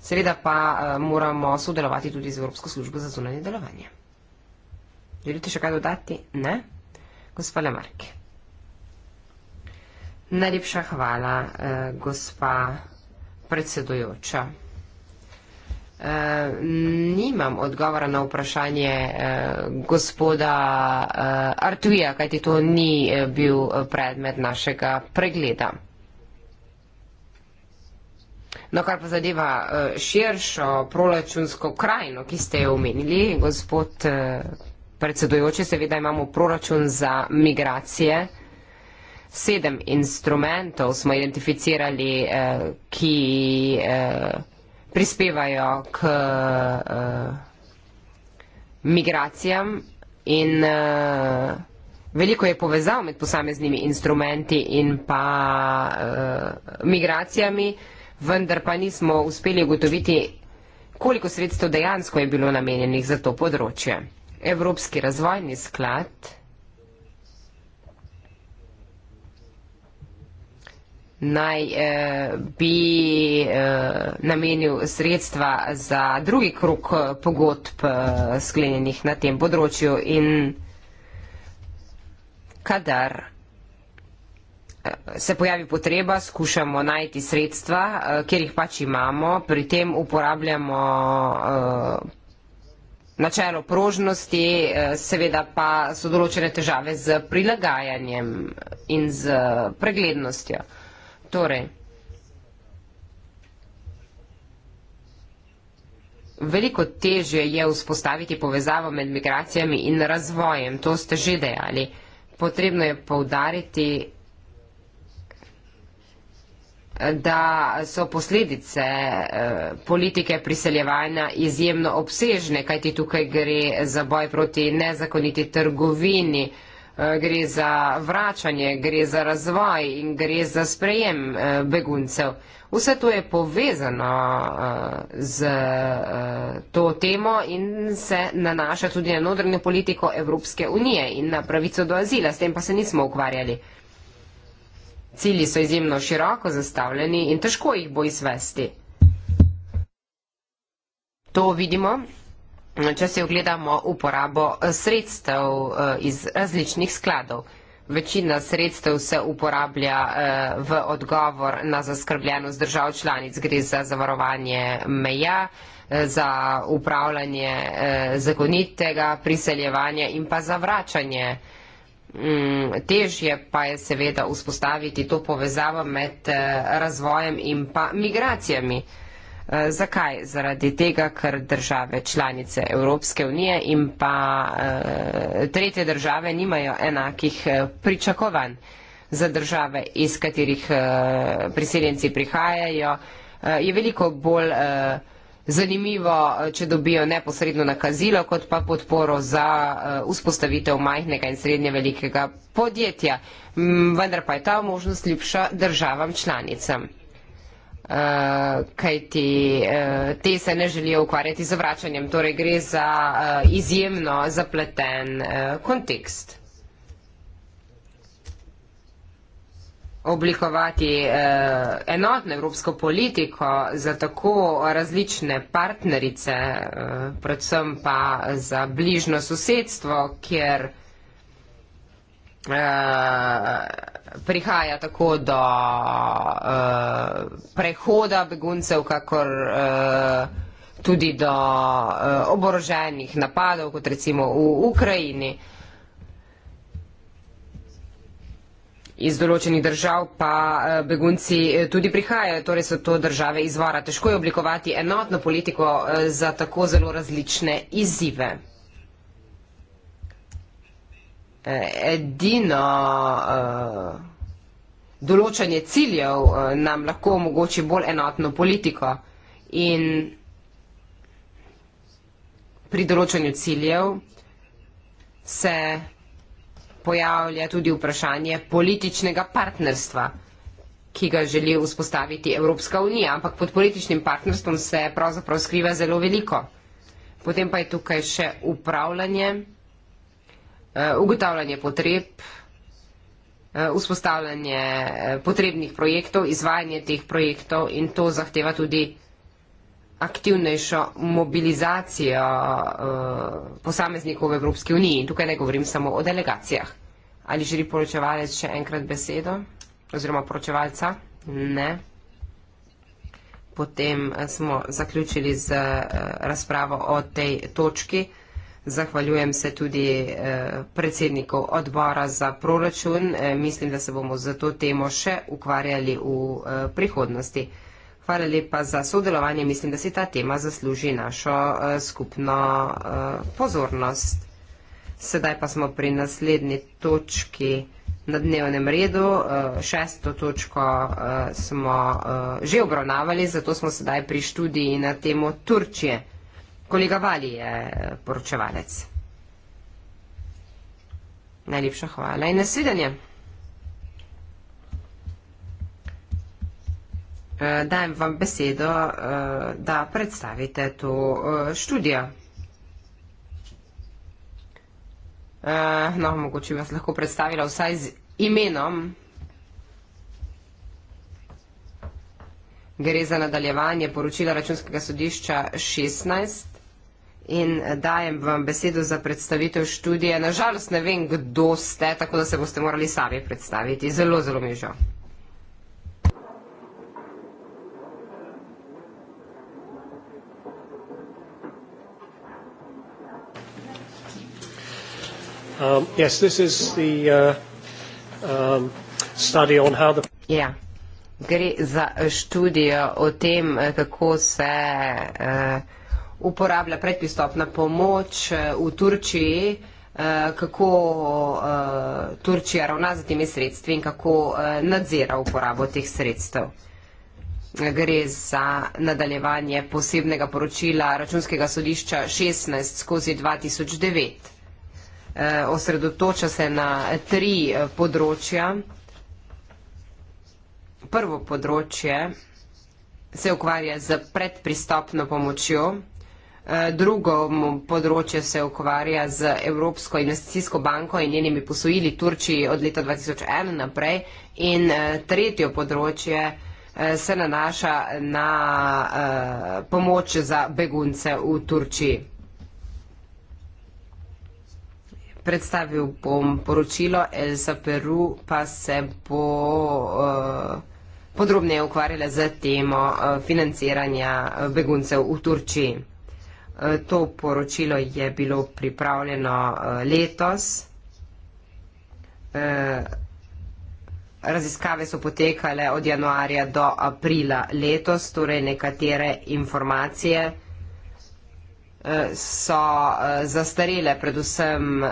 Seveda pa uh, moramo sodelovati tudi z Evropsko službo za zunanje delovanje. Želite še kaj dodati? Ne? Gospa Lemark. Najlepša hvala, uh, gospa predsedujoča. Eh, nimam odgovora na vprašanje uh, gospoda uh, Artuija, kajti to ni uh, bil predmet našega pregleda. No, kar pa zadeva uh, širšo proračunsko krajino, ki ste jo omenili, gospod uh, predsedujoči, seveda imamo proračun za migracije. Sedem instrumentov smo identificirali, uh, ki. Uh, prispevajo k uh, migracijam in uh, veliko je povezal med posameznimi instrumenti in pa uh, migracijami, vendar pa nismo uspeli ugotoviti, koliko sredstev dejansko je bilo namenjenih za to področje. Evropski razvojni sklad naj eh, bi eh, namenil sredstva za drugi krok eh, pogodb eh, sklenjenih na tem področju in kadar eh, se pojavi potreba, skušamo najti sredstva, eh, kjer jih pač imamo, pri tem uporabljamo eh, Načelo prožnosti, eh, seveda pa so določene težave z prilagajanjem in z preglednostjo. Torej, veliko težje je vzpostaviti povezavo med migracijami in razvojem, to ste že dejali. Potrebno je povdariti, da so posledice eh, politike priseljevanja izjemno obsežne, kajti tukaj gre za boj proti nezakoniti trgovini, Eh, gre za vračanje, gre za razvoj in gre za sprejem eh, beguncev. Vse to je povezano eh, z to temo in se nanaša tudi na notranjo politiko Evropske unije in na pravico do azila. S tem pa se nismo ukvarjali. Cili so izjemno široko zastavljeni in težko jih bo izvesti. To vidimo če se ogledamo uporabo eh, sredstev eh, iz različnih skladov. Večina sredstev se uporablja eh, v odgovor na zaskrbljenost držav članic, gre za zavarovanje meja, za upravljanje zakonitega priseljevanja in pa za vračanje. Mm, težje pa je seveda vzpostaviti to povezavo med razvojem in pa migracijami. Eh, zakaj? Zaradi tega, ker države članice Evropske unije in pa eh, tretje države nimajo enakih eh, pričakovanj za države, iz katerih priseljenci prihajajo. Je veliko bolj zanimivo, če dobijo neposredno nakazilo, kot pa podporo za vzpostavitev majhnega in srednje velikega podjetja. Mm, vendar pa je ta možnost ljubša državam članicam. Eh, kajti eh, te se ne želijo ukvarjati z vračanjem. Torej gre za eh, izjemno zapleten kontekst. Oblikovati enotno evropsko politiko za tako različne partnerice, predvsem pa za bližno sosedstvo, kjer vsega Eh, prihaja tako do uh, prehoda beguncev, kakor uh, tudi do uh, oboroženih napadov, kot recimo v Ukrajini. Iz določenih držav pa begunci tudi prihajajo, torej so to države izvora. Težko je oblikovati enotno politiko za tako zelo različne izzive edino uh, določanje ciljev uh, nam lahko omogoči bolj enotno politiko. In pri določanju ciljev se pojavlja tudi vprašanje političnega partnerstva, ki ga želi vzpostaviti Evropska unija, ampak pod političnim partnerstvom se pravzaprav skriva zelo veliko. Potem pa je tukaj še upravljanje. Eh, ugotavljanje potreb, eh, vzpostavljanje eh, potrebnih projektov, izvajanje teh projektov in to zahteva tudi aktivnejšo mobilizacijo posameznikov v Evropski uniji. Tukaj ne govorim samo o delegacijah. Ali želi poročevalec še enkrat besedo oziroma poročevalca? Ne. Potem smo zaključili z razpravo o tej točki. Zahvaljujem se tudi eh, predsedniku odbora za proračun. Eh, mislim, da se bomo za to temo še ukvarjali v eh, prihodnosti. Hvala lepa za sodelovanje. Mislim, da si ta tema zasluži našo skupno pozornost. Sedaj pa smo pri naslednji točki na dnevnem redu. Šesto točko smo že obravnavali, zato smo sedaj pri študiji na temo Turčije. Kolega Vali je eh, poročevalec. Najlepša hvala in nasvidenje. Eh, dajem vam besedo, eh, da predstavite to študijo. No, mogoče bi vas lahko predstavila vsaj z imenom. Gre za nadaljevanje poročila računskega sodišča 16 in dajem vam besedo za predstavitev študije. Nažalost ne vem, kdo ste, tako da se boste morali sami predstaviti. Zelo, zelo mi je žal. Um, yes, this is the uh, um, study on how the. Yeah. Ja. Gre za študijo o tem, kako se. Uh, uporablja predpristopna pomoč eh, v Turčiji, eh, kako eh, Turčija ravna z temi sredstvi in kako nadzira uporabo teh sredstev. Gre za nadaljevanje posebnega poročila računskega sodišča 16 skozi 2009. Osredotoča se na tri področja. Prvo področje se ukvarja z predpristopno pomočjo. Eh, drugo področje se ukvarja z Evropsko investicijsko banko in njenimi posojili Turčiji od leta 2001 naprej. In eh, tretje področje eh, se nanaša na pomoč za begunce v Turčiji. Predstavil bom poročilo Elsa Peru, pa se bo podrobneje ukvarjala z temo financiranja beguncev v Turčiji. To poročilo je bilo pripravljeno eh, letos. Eh, raziskave so potekale od januarja do aprila letos, torej nekatere informacije eh, so zastarele predvsem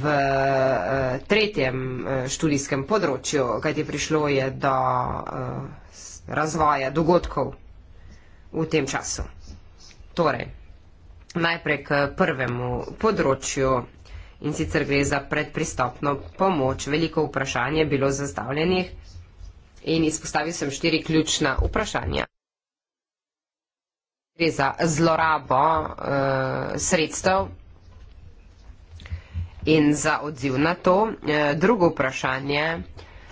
v tretjem študijskem področju, kajti prišlo je do razvoja dogodkov v tem času. Torej, najprej k prvemu področju in sicer gre za predpristopno pomoč. Veliko vprašanje je bilo zastavljenih in izpostavil sem štiri ključna vprašanja. Gre za zlorabo uh, sredstev in za odziv na to. Uh, drugo vprašanje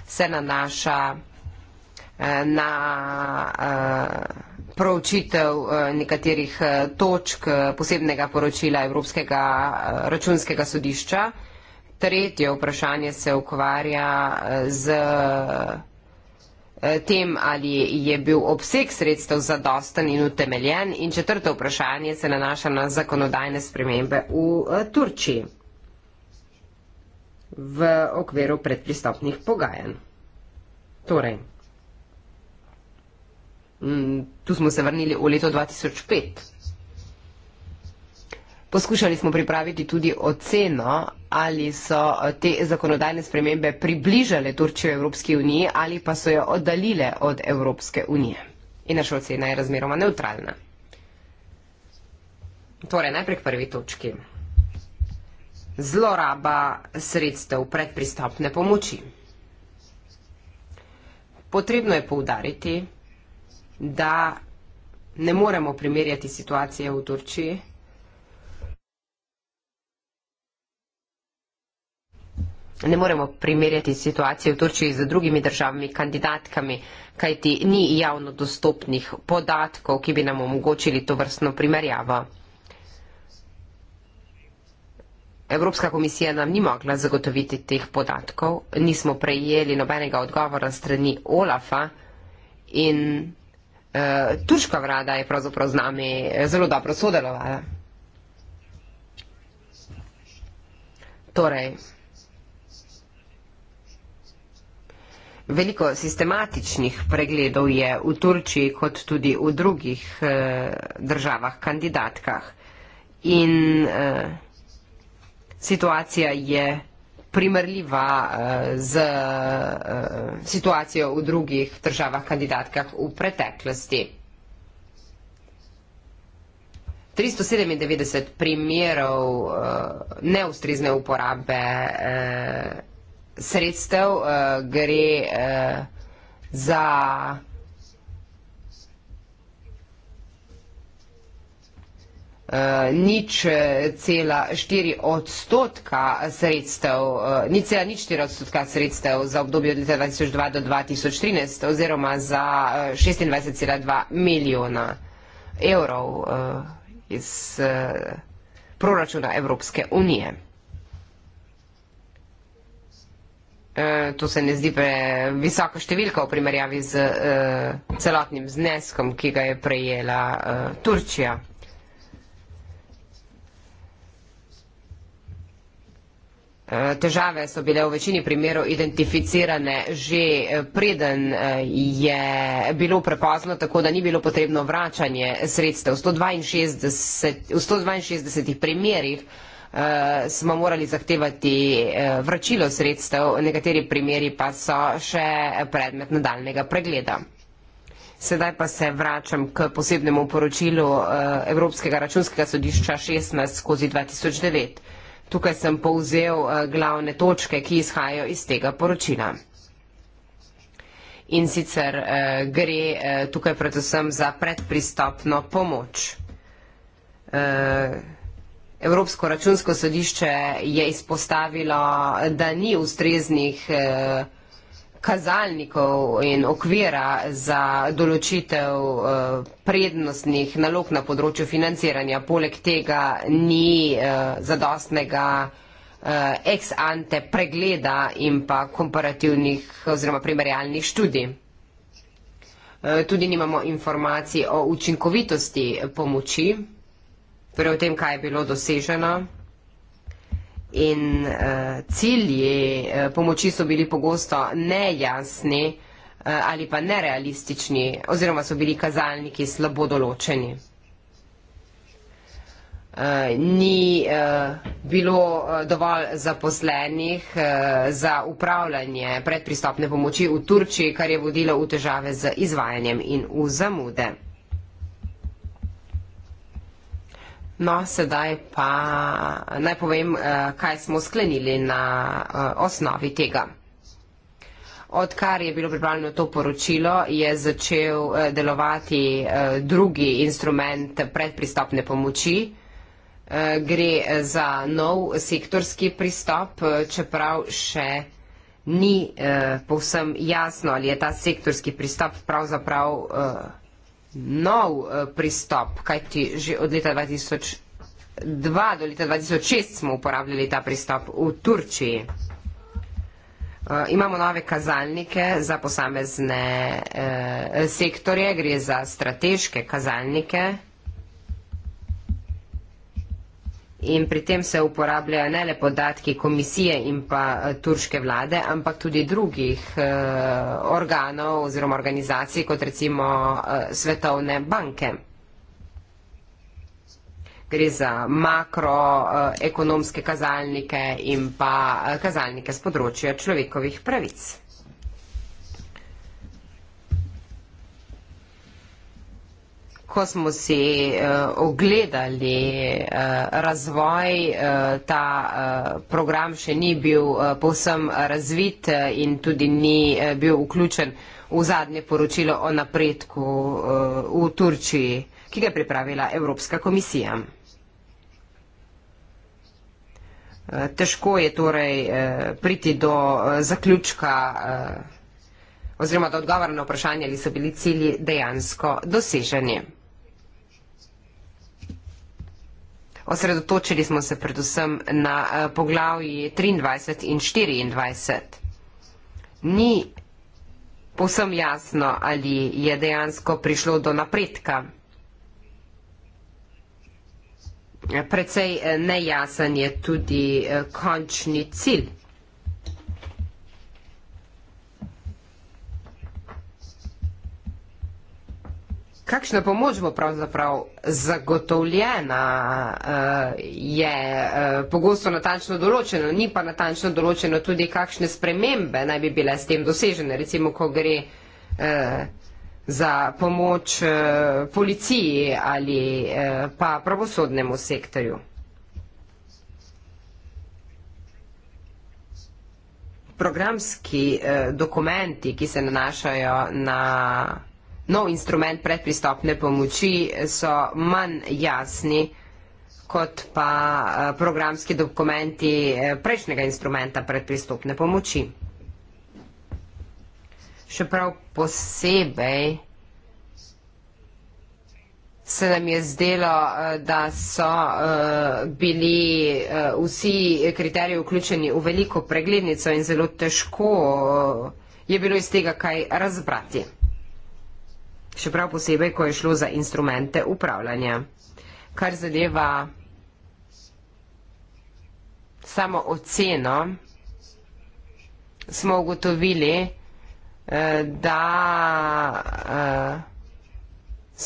se nanaša uh, na. Uh, proučitev eh, nekaterih eh, točk eh, posebnega poročila Evropskega računskega sodišča. Tretje vprašanje se ukvarja z tem, ali je bil obseg sredstev zadosten in utemeljen. In četrto vprašanje se nanaša na zakonodajne spremembe v Turčiji v okviru predpristopnih pogajanj. Torej. Mm, tu smo se vrnili v leto 2005. Poskušali smo pripraviti tudi oceno, ali so eh, te zakonodajne spremembe približale Turčijo Evropski uniji ali pa so jo oddaljile od Evropske unije. In naša ocena je razmeroma neutralna. Torej, najprej k prvi točki. Zloraba sredstev predpristopne pomoči. Potrebno je poudariti, da ne moremo primerjati situacije v Turčiji. Ne moremo primerjati situacije v Turčiji z drugimi državami, kandidatkami, kajti ni javno dostopnih podatkov, ki bi nam omogočili to vrstno primerjavo. Evropska komisija nam ni mogla zagotoviti teh podatkov, nismo prejeli nobenega odgovora strani OLAFA in uh, turška vlada je pravzaprav z nami eh, zelo dobro sodelovala. Torej, veliko sistematičnih pregledov je v Turčiji kot tudi v drugih e, državah, kandidatkah. In e, situacija je primerljiva eh, z eh, situacijo v drugih državah kandidatkah v preteklosti. 397 primerov eh, neustrizne uporabe sredstev gre za vsega, Eh, nič eh, cela štiri odstotka sredstev, eh, nič cela nič štiri odstotka sredstev za obdobje od leta 2002 do 2013 oziroma za 26,2 milijona evrov iz proračuna Evropske unije. To se ne zdi previsoka številka v primerjavi z celotnim zneskom, ki ga je prejela Turčija. Eh, težave so bile v večini primerov identificirane že eh, preden eh, je bilo prepozno, tako da ni bilo potrebno vračanje sredstev. V 162, v 162 primerih smo morali zahtevati vračilo sredstev, nekateri primeri pa so še predmet nadaljnega pregleda. Sedaj pa se vračam k posebnemu poročilu Evropskega računskega sodišča 16 skozi 2009. Tukaj sem povzel eh, glavne točke, ki izhajajo iz tega poročila. In sicer eh, gre eh, tukaj predvsem za predpristopno pomoč. Evropsko računsko sodišče je izpostavilo, da ni ustreznih pomoč, kazalnikov in okvira za določitev eh, prednostnih nalog na področju financiranja. Poleg tega ni eh, zadostnega eh, ex ante pregleda in pa komparativnih oziroma primerjalnih študij. Tudi nimamo informacij o učinkovitosti pomoči, torej o tem, kaj je bilo doseženo in uh, cilji uh, pomoči so bili pogosto nejasni uh, ali pa nerealistični oziroma so bili kazalniki slabo določeni. Uh, ni uh, bilo uh, dovolj zaposlenih uh, za upravljanje predpristopne pomoči v Turčiji, kar je vodilo v težave z izvajanjem in v zamude. No, sedaj pa naj povem, eh, kaj smo sklenili na eh, osnovi tega. Odkar je bilo pripravljeno to poročilo, je začel eh, delovati drugi instrument predpristopne pomoči. Gre za nov sektorski pristop, čeprav še ni povsem jasno, ali je ta sektorski pristop pravzaprav. Prav nov uh, pristop, kajti že od leta 2002 do leta 2006 smo uporabljali ta pristop v Turčiji. Uh, imamo nove kazalnike za posamezne uh, sektorje, gre za strateške kazalnike. in pri tem se uporabljajo ne le podatki komisije in pa eh, turške vlade, ampak tudi drugih eh, organov oziroma organizacij, kot recimo eh, Svetovne banke. Gre za makroekonomske kazalnike in pa kazalnike z področja človekovih pravic. ko smo si uh, ogledali uh, razvoj, uh, ta uh, program še ni bil uh, povsem razvit uh, in tudi ni uh, bil vključen v zadnje poročilo o napredku uh, v Turčiji, ki ga je pripravila Evropska komisija. Težko je torej priti do zaključka oziroma do odgovora na vprašanje, ali so bili cilji dejansko doseženi. Osredotočili smo se predvsem na eh, poglavji 23 in 24. Ni povsem jasno, ali je dejansko prišlo do napredka. Precej eh, nejasen je tudi eh, končni cilj. Kakšna pomoč bo pravzaprav zagotovljena, eh, je eh, pogosto natančno določeno, ni pa natančno določeno tudi, kakšne spremembe naj bi bile s tem dosežene, recimo, ko gre eh, za pomoč policiji ali pa pravosodnemu sektorju. Programski dokumenti, ki se nanašajo na nov instrument predpristopne pomoči so manj jasni kot pa eh, programski dokumenti eh, prejšnjega instrumenta predpristopne pomoči. Še prav posebej se nam je zdelo, eh, da so bili vsi kriteriji vključeni v veliko preglednico in zelo težko je bilo iz tega kaj razbrati še prav posebej, ko je šlo za instrumente upravljanja. Kar zadeva samo oceno, smo ugotovili, eh, da eh,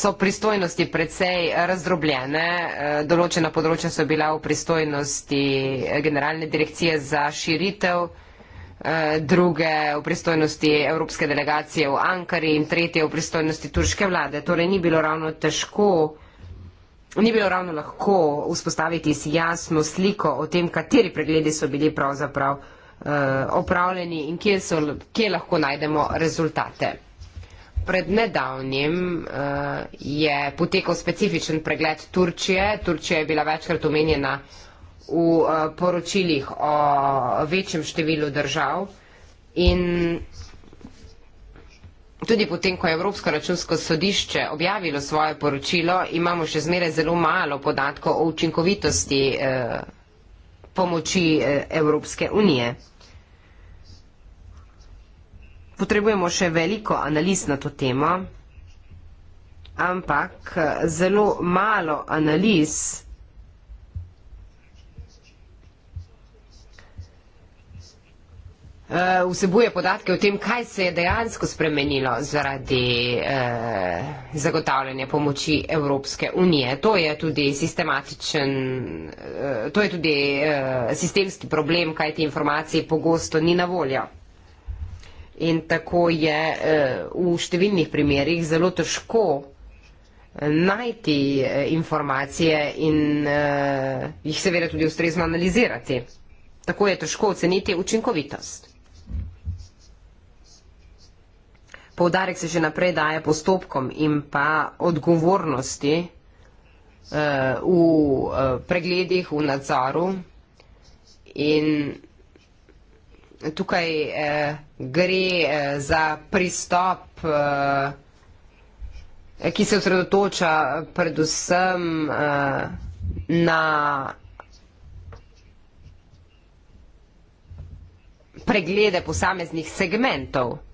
so pristojnosti precej razdrobljene. Eh, določena področja so bila v pristojnosti Generalne direkcije za širitev Eh, druge v pristojnosti evropske delegacije v Ankari in tretje v pristojnosti turške vlade. Torej ni bilo ravno težko, ni bilo ravno lahko vzpostaviti si jasno sliko o tem, kateri pregledi so bili pravzaprav eh, opravljeni in kje, so, kje lahko najdemo rezultate. Pred nedavnim uh, je potekal specifičen pregled Turčije. Turčija je bila večkrat omenjena uh, v eh, poročilih o večjem številu držav in tudi potem, ko je Evropsko računsko sodišče objavilo svoje poročilo, imamo še zmeraj zelo malo podatkov o učinkovitosti eh, pomoči eh, Evropske unije. Potrebujemo še veliko analiz na to temo, ampak zelo malo analiz uh, vsebuje podatke o tem, kaj se je dejansko spremenilo zaradi uh, zagotavljanja pomoči Evropske unije. To je tudi sistematičen, uh, to je tudi uh, sistemski problem, kaj ti informacije pogosto ni na voljo. In tako je uh, v številnih primerjih zelo težko najti informacije in uh, jih seveda tudi ustrezno analizirati. Tako je težko oceniti učinkovitost. Poudarek se že naprej daje postopkom in pa odgovornosti uh, v uh, pregledih, v nadzoru. In tukaj uh, gre uh, za pristop, uh, ki se osredotoča predvsem uh, na preglede posameznih segmentov.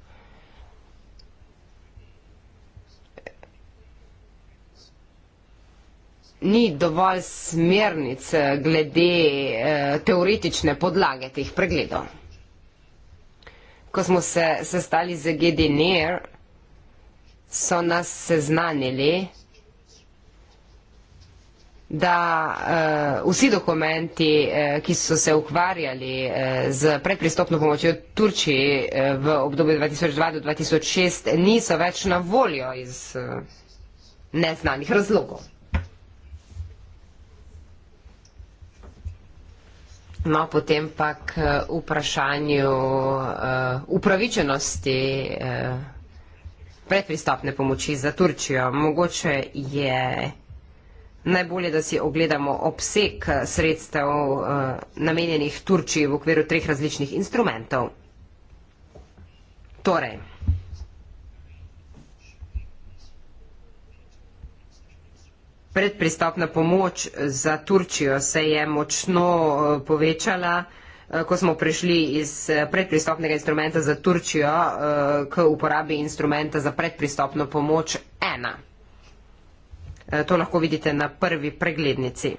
ni dovolj smernic glede eh, teoretične podlage teh pregledov. Ko smo se sestali z GDNR, so nas seznanili, da uh, vsi dokumenti, uh, ki so se ukvarjali uh, z predpristopno pomočjo Turčiji uh, v obdobju 2002 do 2006, niso več na voljo iz uh, neznanih razlogov. No, potem pa k eh, vprašanju uh, upravičenosti uh, predpristopne pomoči za Turčijo. Mogoče je najbolje, da si ogledamo obseg sredstev uh, namenjenih Turčiji v okviru treh različnih instrumentov. Torej, predpristopna pomoč za Turčijo se je močno eh, povečala, eh, ko smo prišli iz eh, predpristopnega instrumenta za Turčijo k uporabi instrumenta za predpristopno pomoč ena. To lahko vidite na prvi preglednici.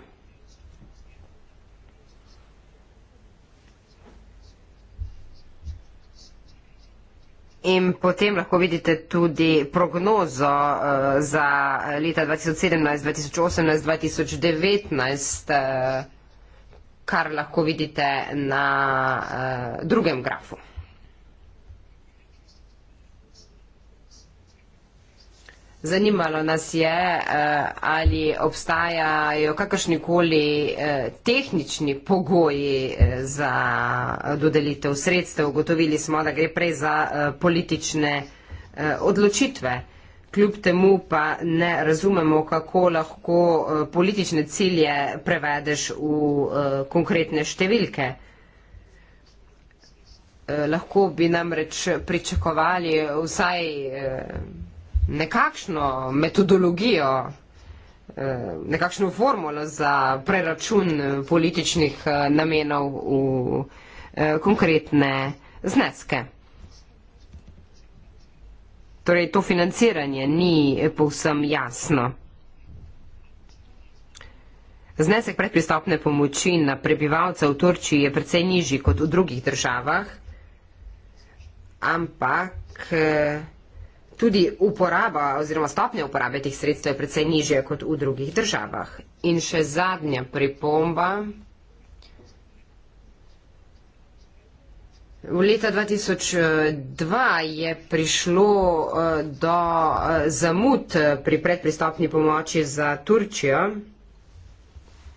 In potem lahko vidite tudi prognozo uh, za eh, leta 2017, 2018, 2019, uh, kar lahko vidite na uh, drugem grafu. Zanimalo nas je, eh, ali obstajajo kakršnikoli eh, tehnični pogoji eh, za dodelitev sredstev. Ugotovili smo, da gre prej za politične odločitve. Kljub temu pa ne razumemo, kako lahko politične cilje prevedeš v konkretne številke. Lahko bi namreč pričakovali vsaj nekakšno metodologijo, eh, nekakšno formulo za preračun političnih eh, namenov v eh, konkretne zneske. Torej, to financiranje ni povsem jasno. Znesek predpristopne pomoči na prebivalca v Turčiji je precej nižji kot v drugih državah, ampak Tudi uporaba oziroma stopnja uporabe teh sredstev je precej nižja kot v drugih državah. In še zadnja pripomba. V leta 2002 je prišlo eh, do eh, zamud pri predpristopni pomoči za Turčijo,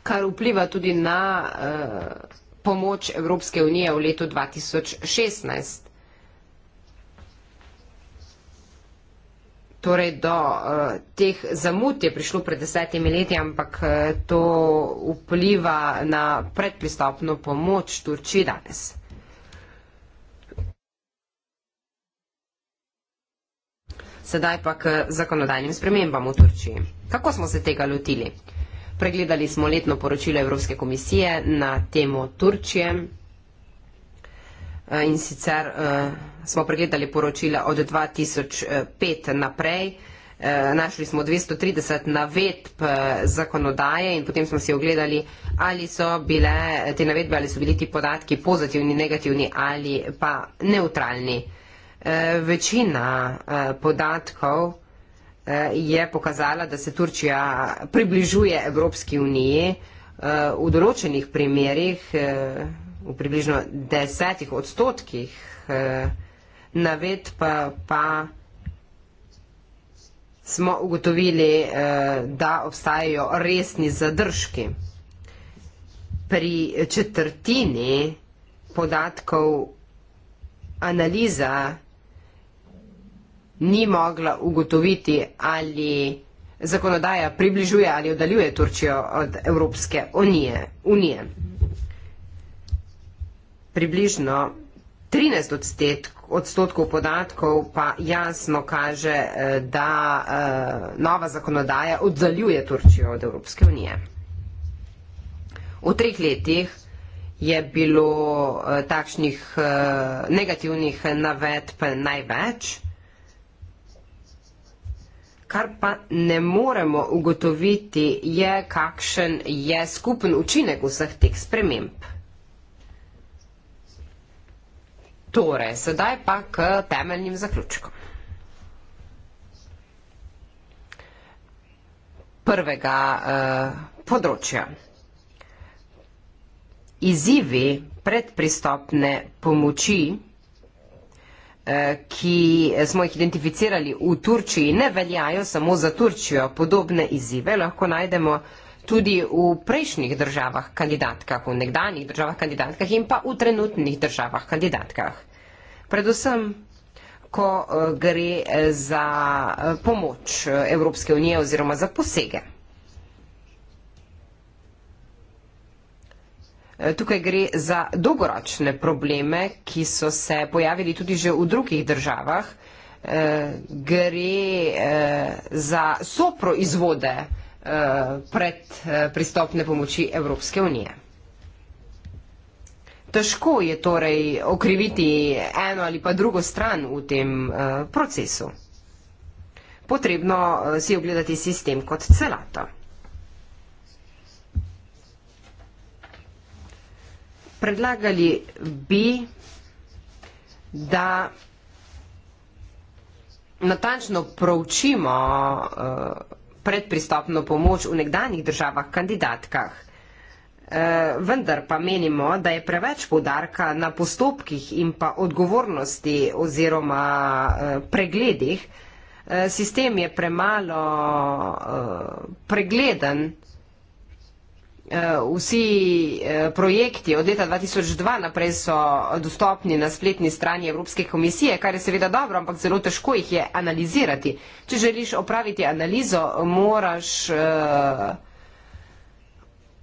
kar vpliva tudi na eh, pomoč Evropske unije v letu 2016. torej do uh, teh zamud je prišlo pred desetimi leti, ampak uh, to vpliva na predpristopno pomoč Turčiji danes. Sedaj pa k zakonodajnim spremembam v Turčiji. Kako smo se tega lotili? Pregledali smo letno poročilo Evropske komisije na temo Turčije, Eh, in sicer eh, smo pregledali poročila od 2005 naprej, eh, našli smo 230 navedb zakonodaje in potem smo si ogledali, ali so bile te navedbe, ali so bili ti podatki pozitivni, negativni ali pa neutralni. Večina podatkov je pokazala, da se Turčija približuje Evropski uniji v določenih primerjih v približno desetih odstotkih eh, navet pa, pa smo ugotovili, eh, da obstajajo resni zadržki. Pri četrtini podatkov analiza ni mogla ugotoviti, ali zakonodaja približuje ali oddaljuje Turčijo od Evropske unije. unije približno 13 odstotkov podatkov pa jasno kaže, eh, da eh, nova zakonodaja oddaljuje Turčijo od Evropske unije. V treh letih je bilo eh, takšnih negativnih navedb največ, kar pa ne moremo ugotoviti je, kakšen je skupen učinek vseh teh sprememb. Torej, sedaj pa k temeljnim zaključkom. Prvega eh, področja. Izzivi predpristopne pomoči, eh, ki smo jih identificirali v Turčiji, ne veljajo samo za Turčijo. Podobne izzive lahko najdemo tudi v prejšnjih državah kandidatkah, v nekdanjih državah kandidatkah in pa v trenutnih državah kandidatkah predvsem ko eh, gre eh, za eh, pomoč Evropske unije oziroma za posege. Tukaj gre za dolgoročne probleme, ki so se pojavili tudi že v drugih državah. Gre za soproizvode pred pristopne pomoči Evropske unije. Težko je torej okriviti eno ali pa drugo stran v tem eh, procesu. Potrebno eh, si ogledati sistem kot celata. Predlagali bi, da natančno proučimo eh, predpristopno pomoč v nekdanjih državah kandidatkah. Eh, vendar pa menimo, da je preveč podarka na postopkih in pa odgovornosti oziroma eh, pregledih. Eh, sistem je premalo pregleden. Vsi projekti od leta 2002 naprej so dostopni na spletni strani Evropske komisije, kar je seveda dobro, ampak zelo težko jih je analizirati. Če želiš opraviti analizo, moraš. Uh,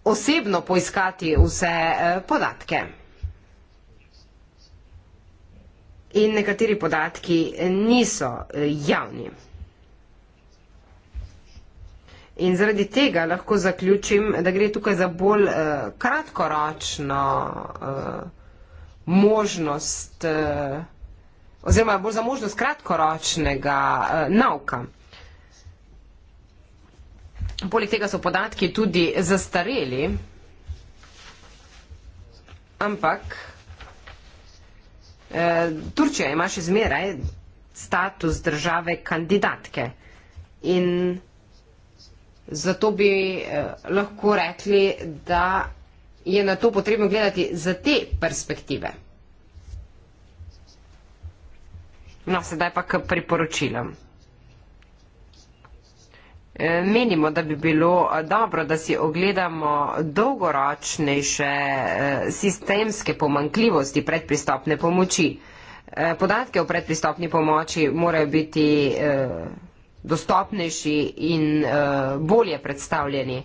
osebno poiskati vse eh, podatke. In nekateri podatki eh, niso eh, javni. In zaradi tega lahko zaključim, da gre tukaj za bolj kratkoročno možnost oziroma bolj za možnost kratkoročnega nauka. Poleg tega so podatki tudi zastareli, ampak eh, Turčija ima še zmeraj status države kandidatke in zato bi eh, lahko rekli, da je na to potrebno gledati za te perspektive. No, sedaj pa k priporočilom. Eh, menimo, da bi bilo eh, dobro, da si ogledamo dolgoročnejše eh, sistemske pomankljivosti predpristopne pomoči. Podatke o predpristopni pomoči morajo biti dostopnejši in bolje predstavljeni.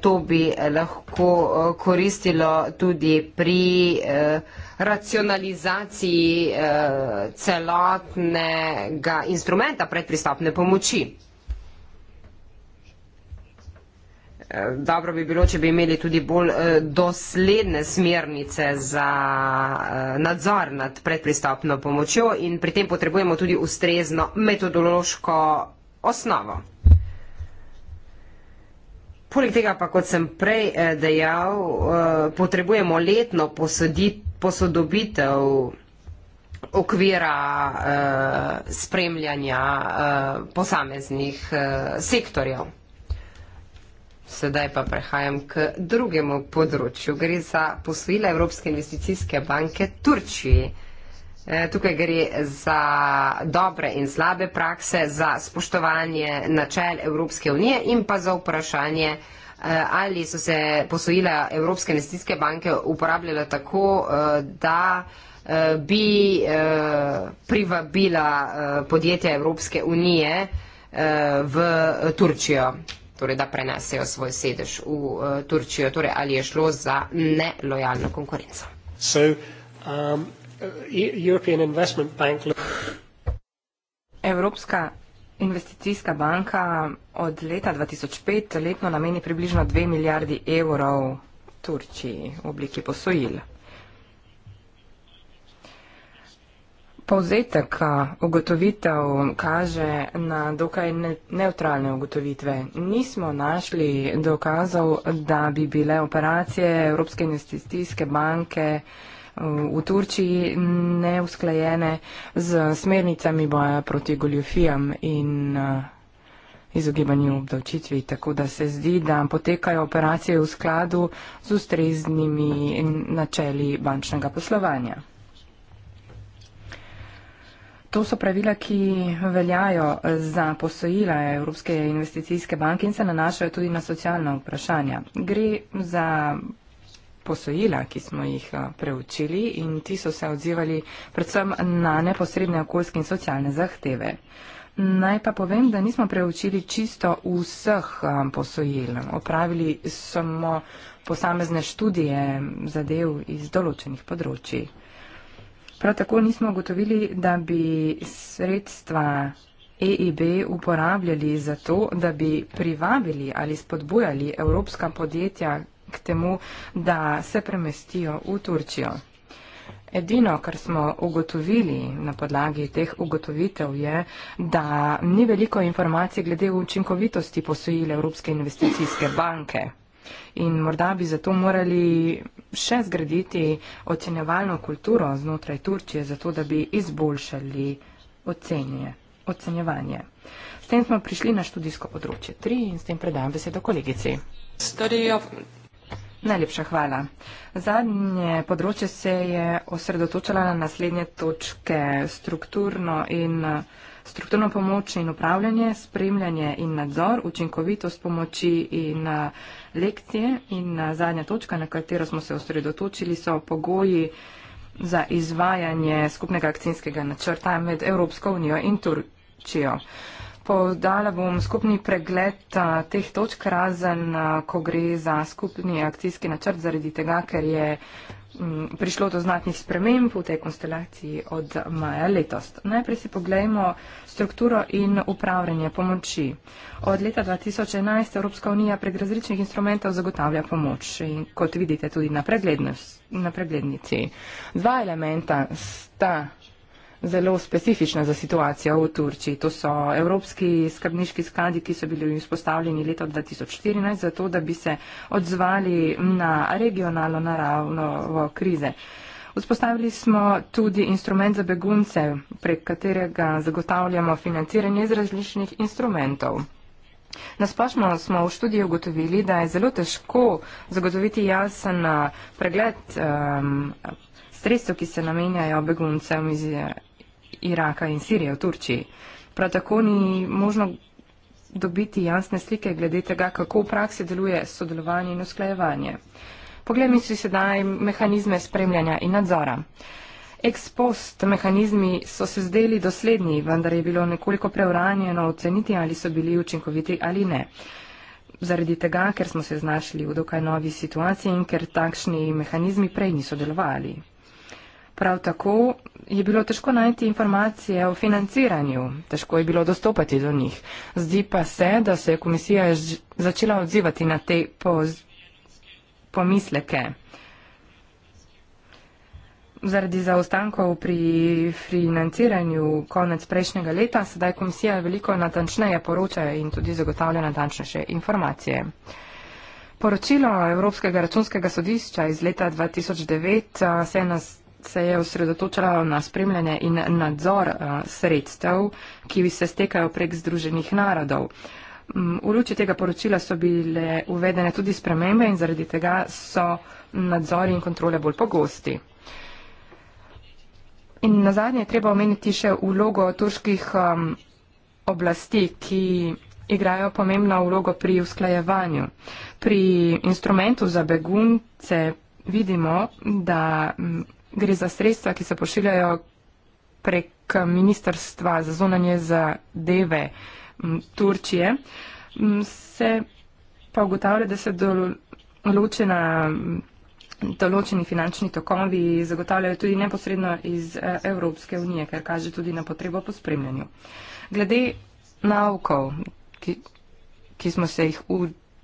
To bi lahko koristilo tudi pri racionalizaciji celotnega instrumenta predpristopne pomoči. Eh, dobro bi bilo, če bi imeli tudi bolj eh, dosledne smernice za eh, nadzor nad predpristopno pomočjo in pri tem potrebujemo tudi ustrezno metodološko osnovo. Poleg tega pa, kot sem prej dejal, potrebujemo letno posodobitev okvira spremljanja posameznih sektorjev. Sedaj pa prehajam k drugemu področju. Gre za posojila Evropske investicijske banke Turčiji. E, tukaj gre za dobre in slabe prakse, za spoštovanje načel Evropske unije in pa za vprašanje, e, ali so se posojila Evropske investicijske banke uporabljala tako, e, da bi privabila podjetja Evropske unije v Turčijo torej da prenesejo svoj sedež v uh, Turčijo, torej ali je šlo za nelojalno konkurenco. So, um, e-, European Investment Bank. Evropska investicijska banka od leta 2005 letno nameni približno 2 milijardi evrov Turčiji v obliki posojila. Povzetek ugotovitev kaže na dokaj neutralne ugotovitve. Nismo našli dokazov, da bi bile operacije Evropske investicijske banke v Turčiji neusklajene z smernicami boja proti goljofijam in izogibanju obdavčitvi, tako da se zdi, da potekajo operacije v skladu z ustreznimi načeli bančnega poslovanja. To so pravila, ki veljajo za posojila Evropske investicijske banke in se nanašajo tudi na socialna vprašanja. Gre za posojila, ki smo jih eh, preučili in ti so se odzivali predvsem na neposredne okoljske in socialne zahteve. Naj pa povem, da nismo preučili čisto vseh eh, posojil. Opravili smo posamezne študije zadev iz določenih področji. Prav tako nismo ugotovili, da bi sredstva EIB uporabljali za to, da bi privabili ali spodbujali evropska podjetja k temu, da se premestijo v Turčijo. Edino, kar smo ugotovili na podlagi teh ugotovitev, je, da ni veliko informacij glede učinkovitosti posojil Evropske investicijske banke. In morda bi zato morali še zgraditi ocenjevalno kulturo znotraj Turčije, zato da bi izboljšali ocenje, ocenjevanje. S tem smo prišli na študijsko področje 3 in s tem predajam besedo kolegici. Najlepša hvala. Zadnje področje se je osredotočala na naslednje točke strukturno in strukturno pomoč in upravljanje, spremljanje in nadzor, učinkovitost pomoči in uh, lekcije. In eh, zadnja točka, na katero smo se osredotočili, so pogoji za izvajanje skupnega akcijskega načrta med Evropsko unijo in Turčijo. Povdala bom skupni pregled eh, teh točk, razen eh, ko gre za skupni akcijski načrt, zaradi tega, ker je Mm, prišlo do znatnih sprememb v tej konstelaciji od maja letos. Najprej si poglejmo strukturo in upravljanje pomoči. Od leta 2011 Evropska unija prek različnih instrumentov zagotavlja pomoč in kot vidite tudi na, na preglednici. Dva elementa sta zelo specifična za situacijo v Turčiji. To so evropski skrbniški skladi, ki so bili vzpostavljeni leta 2014, zato da bi se odzvali na regionalno naravno krize. Vzpostavili smo tudi instrument za begunce, prek katerega zagotavljamo financiranje iz različnih instrumentov. Nasplošno smo v študiji ugotovili, da je zelo težko zagotoviti jasen eh, pregled um, sredstev, ki se namenjajo beguncem iz Iraka in Sirije v Turčiji. Prav tako ni možno dobiti jasne slike glede tega, kako v praksi deluje sodelovanje in usklajevanje. Poglejmo si sedaj mehanizme spremljanja in nadzora. Ex post mehanizmi so se zdeli dosledni, vendar je bilo nekoliko preuranjeno oceniti, ali so bili učinkoviti ali ne. Zaradi tega, ker smo se znašli v dokaj novi situaciji in ker takšni mehanizmi prej niso delovali. Prav tako je bilo težko najti informacije o financiranju, težko je bilo dostopati do njih. Zdi pa se, da se je komisija začela odzivati na te poz, pomisleke. Zaradi zaostankov pri financiranju konec prejšnjega leta, sedaj komisija veliko natančneje poroča in tudi zagotavlja natančnejše informacije. Poročilo Evropskega računskega sodišča iz leta 2009 se je nas se je osredotočala na spremljanje in nadzor eh, sredstev, ki se stekajo prek Združenih narodov. Mm, v luči tega poročila so bile uvedene tudi spremembe in zaradi tega so nadzori in kontrole bolj pogosti. In na zadnje je treba omeniti še vlogo turških um, oblasti, ki igrajo pomembno vlogo pri usklajevanju. Pri instrumentu za begunce vidimo, da mm, gre za sredstva, ki se pošiljajo prek ministrstva za zunanje zadeve Turčije, se pa ugotavlja, da se določena, določeni finančni tokovi zagotavljajo tudi neposredno iz e, Evropske unije, ker kaže tudi na potrebo po spremljanju. Glede naukov, ki, ki smo se jih u,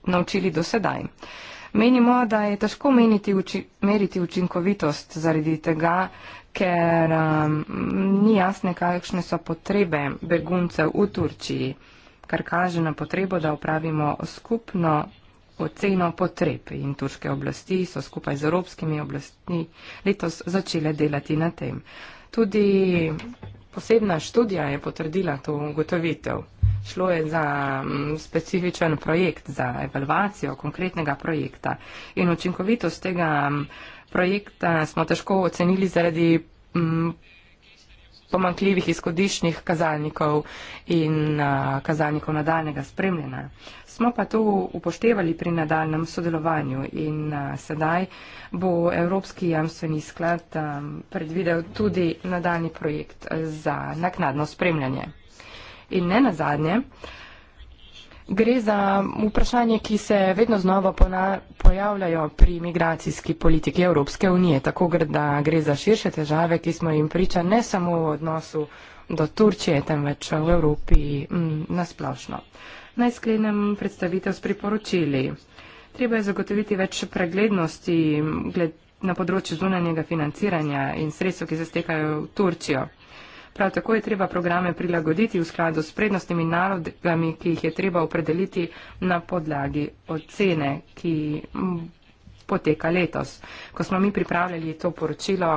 naučili do sedaj. Uh, Menimo, da je težko meniti uči, meriti učinkovitost zaradi tega, ker um, ni jasne, kakšne so potrebe beguncev v Turčiji, kar kaže na potrebo, da upravimo skupno oceno potreb. In turške oblasti so skupaj z evropskimi oblastmi letos začele delati na tem. Tudi Posebna študija je potrdila to ugotovitev. Šlo je za mm, specifičen projekt, za evalvacijo konkretnega projekta. In učinkovitost tega mm, projekta smo težko ocenili zaradi mm, pomankljivih izhodišnih kazalnikov in uh, kazalnikov nadaljnega spremljanja. Smo pa to upoštevali pri nadaljnem sodelovanju in uh, sedaj bo Evropski jamstveni sklad um, predvidel tudi nadaljni projekt za naknadno spremljanje. In ne nazadnje, uh, Gre za vprašanje, ki se vedno znova pojavljajo pri migracijski politiki Evropske unije, tako da gre za širše težave, ki smo jim priča ne samo v odnosu do Turčije, temveč v Evropi mm, nasplošno. Naj sklenem predstavitev s priporočili. Treba je zagotoviti več preglednosti na področju zunanjega financiranja in sredstev, ki se stekajo v Turčijo. Prav tako je treba programe prilagoditi v skladu s prednostnimi nalogami, ki jih je treba opredeliti na podlagi ocene, ki poteka letos. Ko smo mi pripravljali to poročilo,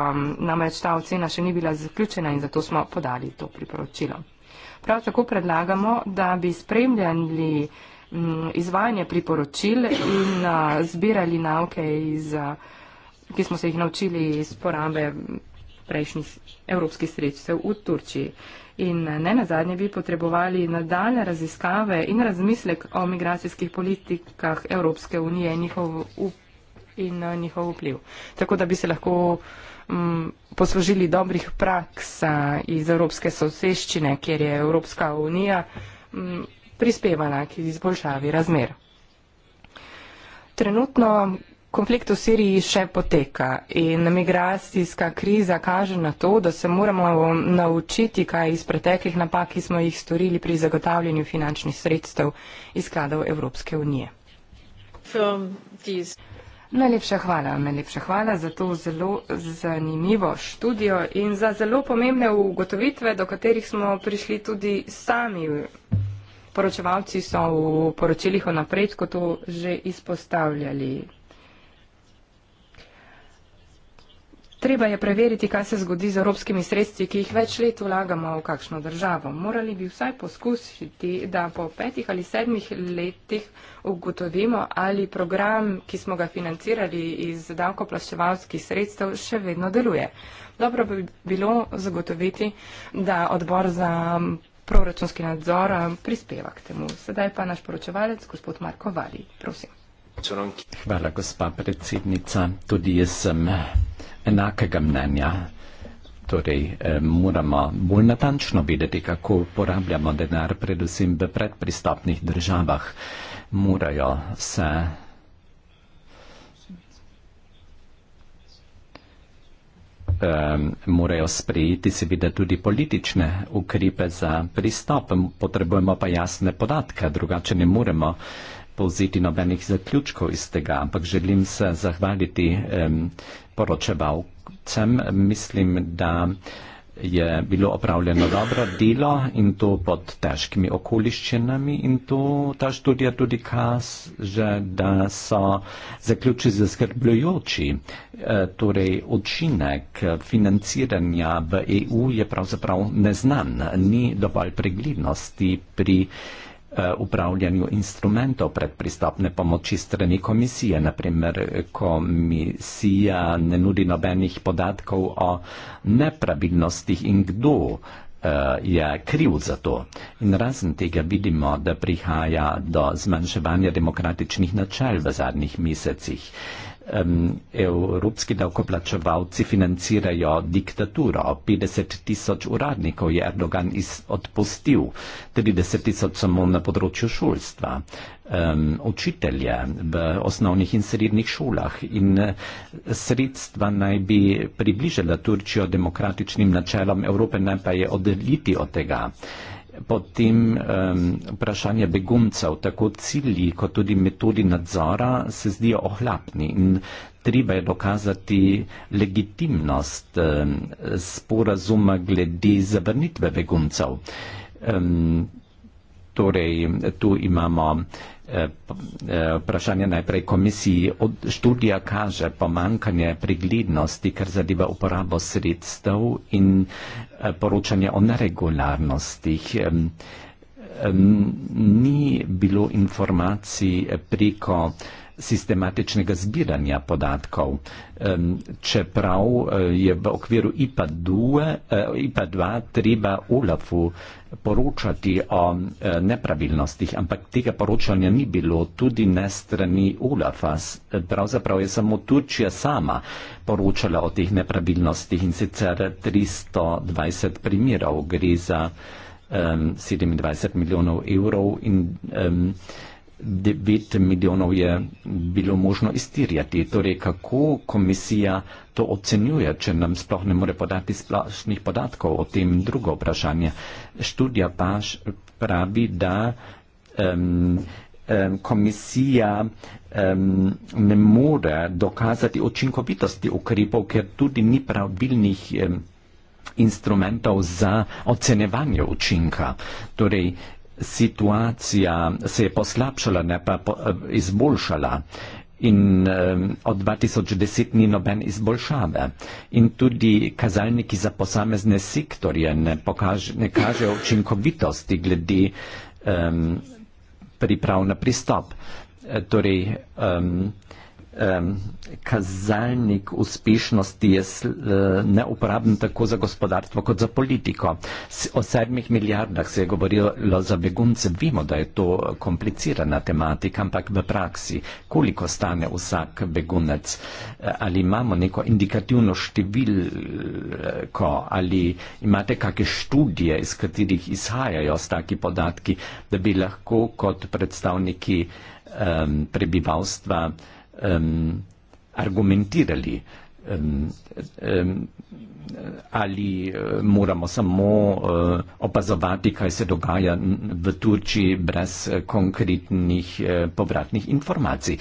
namreč ta ocena še ni bila zaključena in zato smo podali to priporočilo. Prav tako predlagamo, da bi spremljali mm, izvajanje priporočil in zbirali nauke, iz, ki smo se jih naučili iz porabe prejšnjih evropskih sredstev v Turčiji. In eh, ne na zadnje bi potrebovali nadaljne raziskave in razmislek o migracijskih politikah Evropske unije in njihov, up in eh, njihov vpliv. Tako da bi se lahko m, mm, poslužili dobrih praksa eh, iz Evropske soseščine, kjer je Evropska unija m, mm, prispevala k izboljšavi razmer. Trenutno Konflikt v Siriji še poteka in migracijska kriza kaže na to, da se moramo naučiti, kaj iz preteklih napak, ki smo jih storili pri zagotavljanju finančnih sredstev iz skladov Evropske unije. Najlepša hvala, najlepša hvala za to zelo zanimivo študijo in za zelo pomembne ugotovitve, do katerih smo prišli tudi sami. Poročevalci so v poročilih o napredku to že izpostavljali. Treba je preveriti, kaj se zgodi z evropskimi sredstvi, ki jih več let vlagamo v kakšno državo. Morali bi vsaj poskusiti, da po petih ali sedmih letih ugotovimo, ali program, ki smo ga financirali iz davkoplaševalskih sredstev, še vedno deluje. Dobro bi bilo zagotoviti, da odbor za proračunski nadzor prispeva k temu. Sedaj pa naš poročevalec, gospod Marko Vali. Prosim. Hvala, gospa predsednica. Tudi jaz sem enakega mnenja. Torej, eh, moramo bolj natančno videti, kako porabljamo denar, predvsem v predpristopnih državah. Morajo se eh, morajo sprejeti seveda tudi politične ukrepe za pristop. Potrebujemo pa jasne podatke, drugače ne moremo povzeti nobenih zaključkov iz tega, ampak želim se zahvaliti um, poročevalcem. Mislim, da je bilo opravljeno dobro delo in to pod težkimi okoliščinami in to ta študija tudi kaže, da so zaključki zaskrbljujoči. E, torej, učinek financiranja v EU je pravzaprav neznan, ni dovolj preglednosti pri Eh, upravljanju instrumentov predpristopne pomoči strani komisije. Naprimer, komisija ne nudi nobenih podatkov o nepravilnostih in kdo eh, je kriv za to. In razen tega vidimo, da prihaja do zmanjševanja demokratičnih načel v zadnjih mesecih um, evropski davkoplačevalci financirajo diktaturo. 50 tisoč uradnikov je Erdogan odpustil, 30 tisoč samo na področju šolstva, um, učitelje v osnovnih in srednjih šolah in eh, sredstva naj bi približala Turčijo demokratičnim načelom Evrope, ne pa je oddaljiti od tega. Potem um, vprašanje beguncev, tako cilji kot tudi metodi nadzora se zdijo ohlapni in treba je dokazati legitimnost um, sporazuma glede zavrnitve beguncev. Um, torej, tu imamo. Eh, eh, vprašanje najprej komisiji. Od študija kaže pomankanje preglednosti, ker zadeva uporabo sredstev in eh, poročanje o neregularnostih. Ni bilo informacij preko sistematičnega zbiranja podatkov. Čeprav e, je v okviru IPA2, e, IPA2 treba ULAFu poročati o e, nepravilnostih, ampak tega poročanja ni bilo tudi ne strani ULAFA. Pravzaprav je samo Turčija sama poročala o teh nepravilnostih in sicer 320 primerov gre za 27 milijonov evrov. In, um, 9 milijonov je bilo možno iztirjati. Torej, kako komisija to ocenjuje, če nam sploh ne more podati splošnih podatkov o tem drugo vprašanje. Študija paž pravi, da um, um, komisija um, ne more dokazati učinkovitosti ukrepov, ker tudi ni pravilnih um, instrumentov za ocenevanje učinka. Torej, situacija se je poslabšala, ne pa po, eh, izboljšala. In eh, od 2010 ni noben izboljšave. In tudi kazalniki za posamezne sektorje ne, ne kažejo učinkovitosti glede eh, priprav na pristop. Eh, torej, eh, um, kazalnik uspešnosti je sl, uh, neuporaben tako za gospodarstvo kot za politiko. S, o sedmih milijardah se je govorilo za begunce. Vemo, da je to komplicirana tematika, ampak v praksi, koliko stane vsak begunec? E, ali imamo neko indikativno številko? Ali imate kakšne študije, iz katerih izhajajo s taki podatki, da bi lahko kot predstavniki um, prebivalstva um, argumentirali, um, um, ali eh, moramo samo uh, opazovati, kaj se dogaja v Turčiji, brez eh, konkretnih uh, povratnih informacij.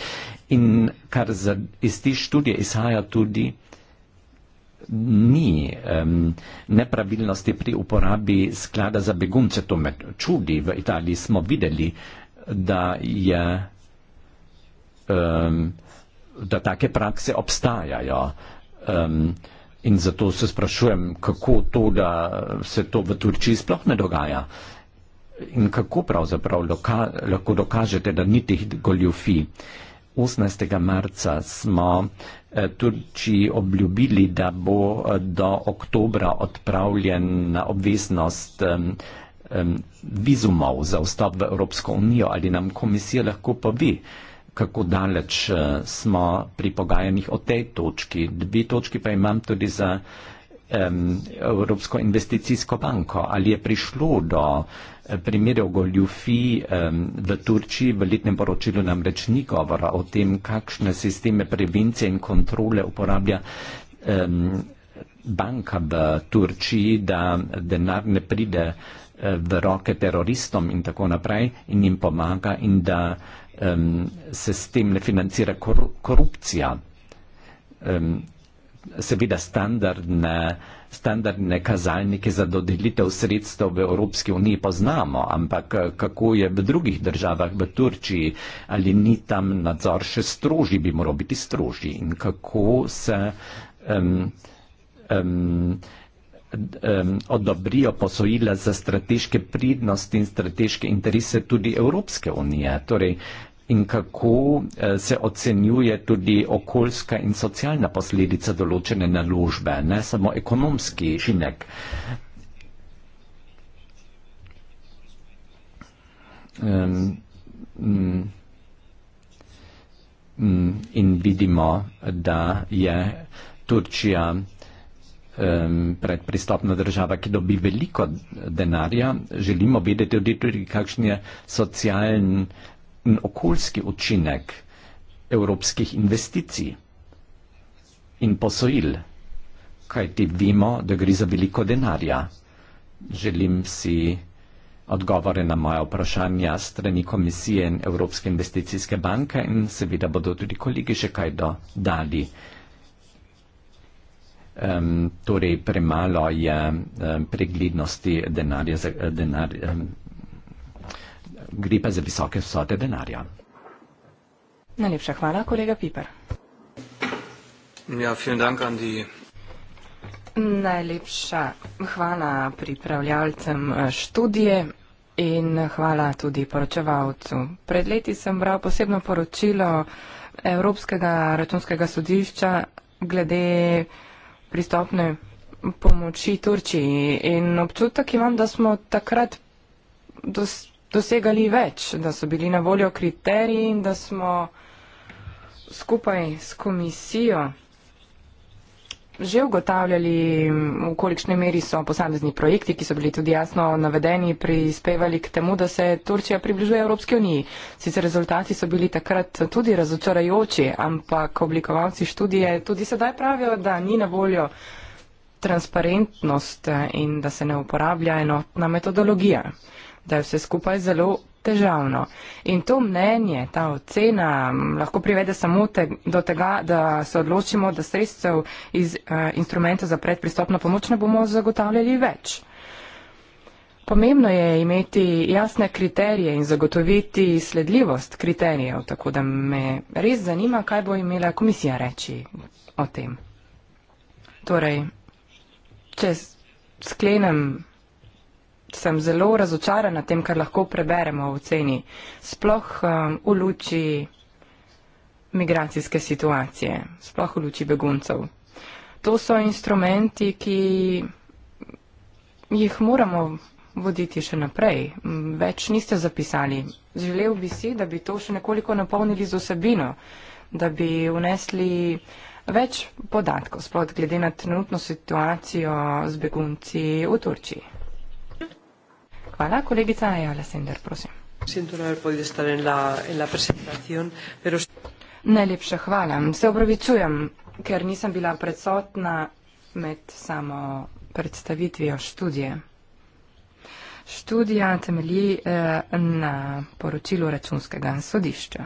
In kar za, iz te študije izhaja tudi, ni um, nepravilnosti pri uporabi sklada za begunce. To me čudi. V Italiji smo videli, da je um, da take prakse obstajajo. Um, in zato se sprašujem, kako to, da se to v Turčiji sploh ne dogaja. In kako pravzaprav doka lahko dokažete, da ni teh goljufi. 18. marca smo eh, Turčiji obljubili, da bo eh, do oktobra odpravljena obveznost eh, eh, vizumov za vstop v Evropsko unijo. Ali nam komisija lahko pove? kako daleč eh, smo pri pogajanjih o tej točki. Dve točki pa imam tudi za um, Evropsko investicijsko banko. Ali je prišlo do eh, primerov goljufi um, v Turčiji, v letnem poročilu namreč ni govora o tem, kakšne sisteme prevencije in kontrole uporablja. Um, banka v Turčiji, da denar ne pride eh, v roke teroristom in tako naprej in jim pomaga in da um, se s tem ne financira kor korupcija. Um, seveda standardne, standardne kazalnike za dodelitev sredstev v Evropski uniji poznamo, ampak kako je v drugih državah, v Turčiji, ali ni tam nadzor še strožji, bi moral biti strožji in kako se um, um, odobrijo posojila za strateške pridnosti in strateške interese tudi Evropske unije. Torej, in kako eh, se ocenjuje tudi okoljska in socialna posledica določene naložbe, ne samo ekonomski žinek. Mm, mm, in vidimo, da je Turčija pred pristopna država, ki dobi veliko denarja, želimo vedeti tudi, tudi kakšen je socialen in okoljski učinek evropskih investicij in posojil, kajti vemo, da gre za veliko denarja. Želim si odgovore na moje vprašanja strani komisije in Evropske investicijske banke in seveda bodo tudi kolegi še kaj dodali. Um, torej, premalo je um, preglednosti denarja, za, denar, um, gre pa za visoke vsote denarja. Najlepša hvala, kolega Piper. Ja, vielen dank, Andi. Najlepša hvala pripravljalcem eh, študije in hvala tudi poročevalcu. Pred leti sem bral posebno poročilo Evropskega računskega sodišča glede pristopne pomoči Turčiji in občutek imam, da smo takrat dos, dosegali več, da so bili na voljo kriteriji in da smo skupaj s komisijo že ugotavljali, v kolikšni meri so posamezni projekti, ki so bili tudi jasno navedeni, prispevali k temu, da se Turčija približuje Evropski uniji. Sicer rezultati so bili takrat tudi razočarajoči, ampak oblikovalci študije tudi sedaj pravijo, da ni na voljo transparentnost in da se ne uporablja enotna metodologija, da je vse skupaj zelo težavno. In to mnenje, ta ocena lahko privede samo te, do tega, da se odločimo, da sredstev iz uh, instrumenta za predpristopno pomoč ne bomo zagotavljali več. Pomembno je imeti jasne kriterije in zagotoviti sledljivost kriterijev, tako da me res zanima, kaj bo imela komisija reči o tem. Torej, če sklenem sem zelo razočarana tem, kar lahko preberemo v ceni, sploh um, v luči migracijske situacije, sploh v luči beguncev. To so instrumenti, ki jih moramo voditi še naprej. Več niste zapisali. Želel bi si, da bi to še nekoliko napolnili z osebino, da bi unesli več podatkov, sploh glede na trenutno situacijo z begunci v Turčiji. Hvala. Kolegica Ajala Sender, prosim. No Najlepša hvala. Se upravičujem, ker nisem bila predsotna med samo predstavitvijo študije. Študija temelji eh, na poročilu računskega sodišča.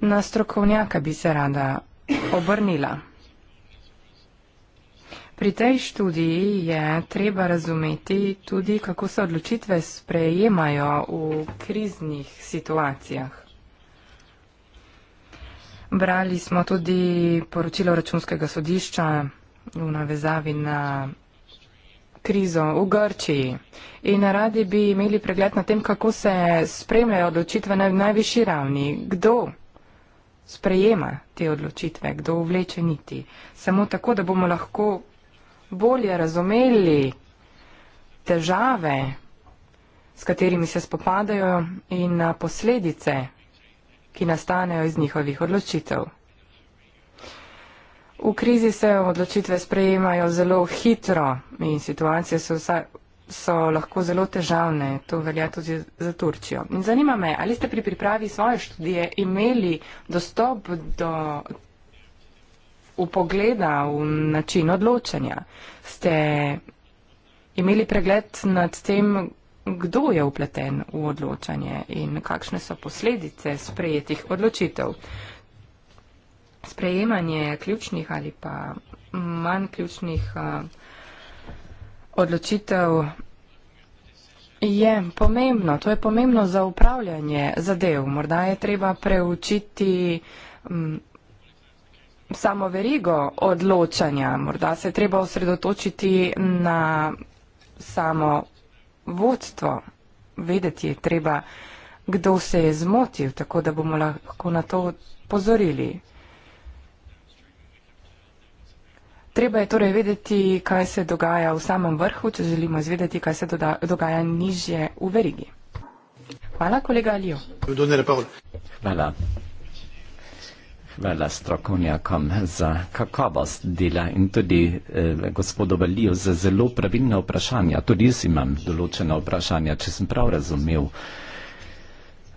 Na strokovnjaka bi se rada obrnila. Pri tej študiji je treba razumeti tudi, kako se odločitve sprejemajo v kriznih situacijah. Brali smo tudi poročilo računskega sodišča v navezavi na krizo v Grčiji in radi bi imeli pregled na tem, kako se spremljajo odločitve na najvišji ravni. Kdo sprejema te odločitve, kdo vleče niti? Samo tako, da bomo lahko bolje razumeli težave, s katerimi se spopadajo in na posledice, ki nastanejo iz njihovih odločitev. V krizi se odločitve sprejemajo zelo hitro in situacije so, vsa, so lahko zelo težavne. To velja tudi za Turčijo. In zanima me, ali ste pri pripravi svoje študije imeli dostop do upogleda v način odločanja? Ste imeli pregled nad tem, kdo je upleten v odločanje in kakšne so posledice sprejetih odločitev? Sprejemanje ključnih ali pa manj ključnih odločitev je pomembno. To je pomembno za upravljanje zadev. Morda je treba preučiti samo verigo odločanja, morda se je treba osredotočiti na samo vodstvo. Vedeti je treba, kdo se je zmotil, tako da bomo lahko na to pozorili. Treba je torej vedeti, kaj se dogaja v samem vrhu, če želimo izvedeti, kaj se doda, dogaja nižje v verigi. Hvala, kolega Alijo. Hvala. Hvala strokovnjakom za kakovost dela in tudi eh, gospodu Valiju za zelo pravilna vprašanja. Tudi jaz imam določena vprašanja, če sem prav razumel.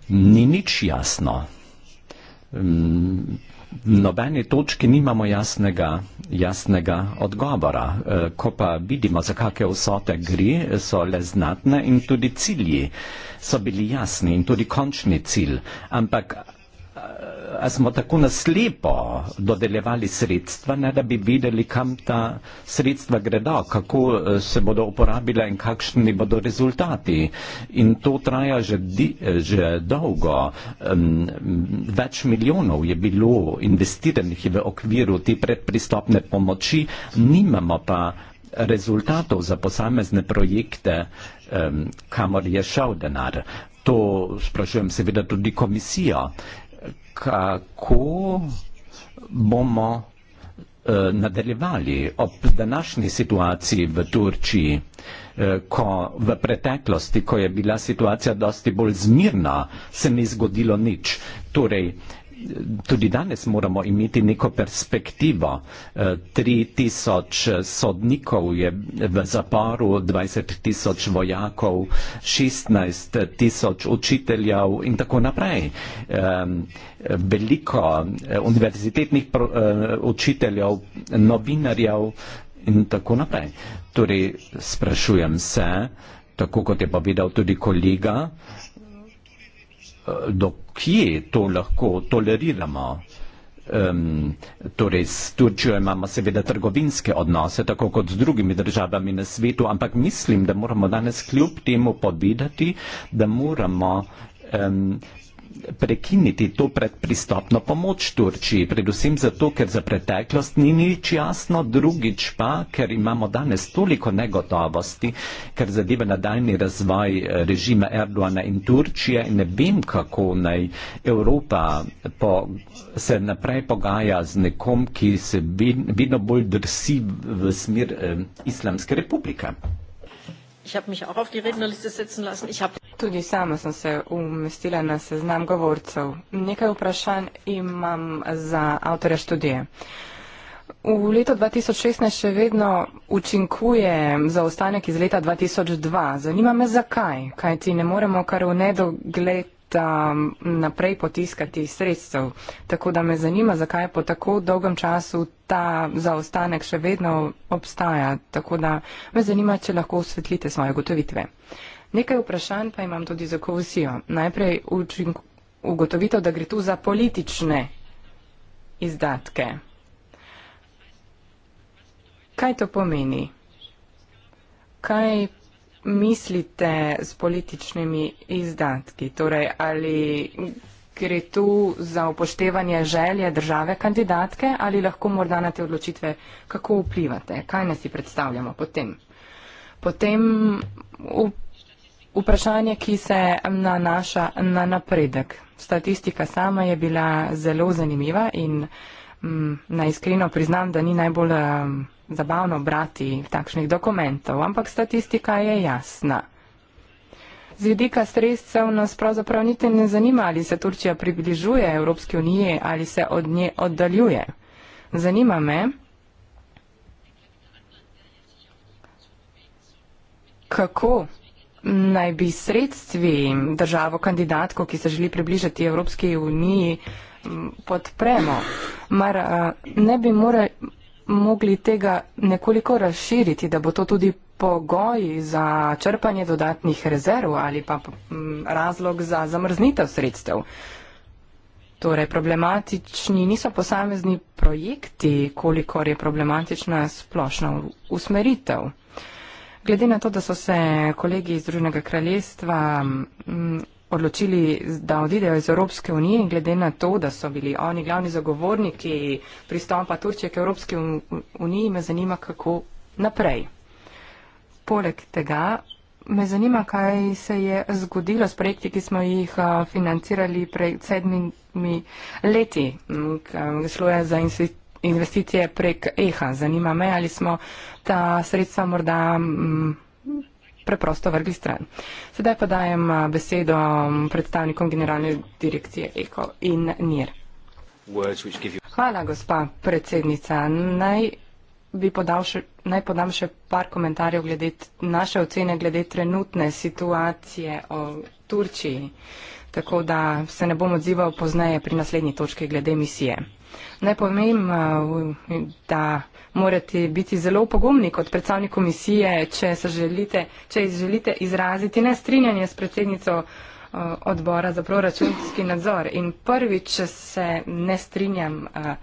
Ni nič jasno. V mm, nobeni točki nimamo jasnega, jasnega odgovora. Eh, ko pa vidimo, za kakšne vsote gre, so le znatne in tudi cilji so bili jasni in tudi končni cilj. Ampak a smo tako naslepo dodeljevali sredstva, ne da bi videli, kam ta sredstva gredo, kako eh, se bodo uporabile in kakšni bodo rezultati. In to traja že, di, že dolgo. Več milijonov je bilo investiranih v okviru te predpristopne pomoči, nimamo pa rezultatov za posamezne projekte, kamor je šel denar. To sprašujem seveda tudi komisijo kako bomo eh, nadaljevali ob današnji situaciji v Turčiji, eh, ko v preteklosti, ko je bila situacija dosti bolj zmirna, se ni zgodilo nič. Torej, tudi danes moramo imeti neko perspektivo. 3000 eh, eh, sodnikov je v zaporu, 20 tisoč vojakov, 16 tisoč učiteljev in tako naprej. Veliko eh, univerzitetnih učiteljev, novinarjev in tako naprej. Torej, sprašujem se, tako kot je povedal tudi kolega, Eh, do kje to lahko toleriramo. Um, torej, s Turčijo imamo seveda trgovinske odnose, tako kot z drugimi državami na svetu, ampak mislim, da moramo danes kljub temu povedati, da moramo um, prekiniti to predpristopno pomoč Turčiji, predvsem zato, ker za preteklost ni nič jasno, drugič pa, ker imamo danes toliko negotovosti, ker zadeva nadaljni razvoj eh, režima Erdoana in Turčije in ne vem, kako naj Evropa po, se naprej pogaja z nekom, ki se vedno bolj drsi v smer eh, Islamske republike. Tudi sama sem se umestila na seznam govorcev. Nekaj vprašanj imam za avtore študije. V letu 2016 še vedno učinkuje zaostanek iz leta 2002. Zanima me zakaj, kaj ti ne moremo kar v nedogled um, naprej potiskati sredstev. Tako da me zanima, zakaj po tako dolgem času ta zaostanek še vedno obstaja. Tako da me zanima, če lahko osvetlite svoje gotovitve. Nekaj vprašanj pa imam tudi za kovosijo. Najprej učink, ugotovitev, da gre tu za politične izdatke. Kaj to pomeni? Kaj mislite s političnimi izdatki? Torej, ali gre tu za upoštevanje želje države kandidatke ali lahko morda na te odločitve, kako vplivate, kaj nas si predstavljamo potem? Potem vprašanje, ki se nanaša na napredek. Statistika sama je bila zelo zanimiva in m, mm, na iskreno priznam, da ni najbolj. M, zabavno brati takšnih dokumentov, ampak statistika je jasna. Z vidika sredstev nas pravzaprav niti ne zanima, ali se Turčija približuje Evropski uniji ali se od nje oddaljuje. Zanima me, kako naj bi sredstvi državo kandidatko, ki se želi približati Evropski uniji, podpremo. Mar ne bi morali mogli tega nekoliko razširiti, da bo to tudi pogoj za črpanje dodatnih rezerv ali pa mm, razlog za zamrznitev sredstev. Torej, problematični niso posamezni projekti, kolikor je problematična splošna usmeritev. Glede na to, da so se kolegi iz Združenega kraljestva mm, odločili, da odidejo iz Evropske unije in glede na to, da so bili oni glavni zagovorniki pristopa Turčije k Evropski uniji, me zanima, kako naprej. Poleg tega me zanima, kaj se je zgodilo s projekti, ki smo jih financirali pred sedmimi leti. Mm, šlo je za investicije prek EHA. Zanima me, ali smo ta sredstva morda. Mm, preprosto vrgli stran. Sedaj pa dajem eh, besedo mm, predstavnikom generalne direkcije Eko in Nir. Hvala, gospa predsednica. Naj bi podal še, naj podam še par komentarjev glede naše ocene, glede trenutne situacije o Turčiji, tako da se ne bom odzival pozneje pri naslednji točki glede misije. Naj povem, eh, da morate biti zelo pogumni kot predstavnik komisije, če se želite, če želite izraziti nestrinjanje s predsednico eh, odbora za proračunski nadzor. In prvič se ne strinjam eh,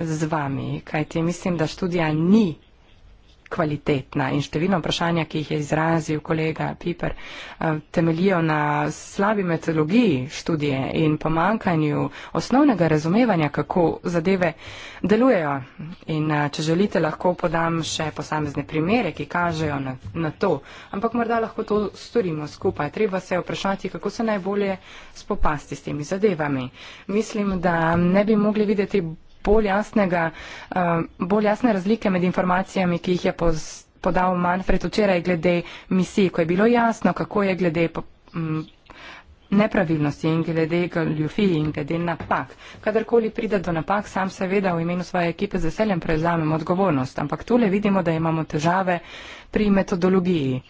z vami, kajti mislim, da študija ni kvalitetna in številno vprašanja, ki jih je izrazil kolega Piper, eh, temelijo na slabi metodologiji študije in pomankanju osnovnega razumevanja, kako zadeve delujejo. In eh, če želite, lahko podam še posamezne primere, ki kažejo na, na to, ampak morda lahko to storimo skupaj. Treba se vprašati, kako se najbolje spopasti s temi zadevami. Mislim, da ne bi mogli videti bolj, jasnega, eh, bolj jasne razlike med informacijami, ki jih je podal Manfred včeraj glede misij, ko je bilo jasno, kako je glede nepravilnosti in glede ljufiji in glede napak. Kadarkoli pride do napak, sam seveda v imenu svoje ekipe z veseljem prevzamem odgovornost, ampak tule vidimo, da imamo težave pri metodologiji.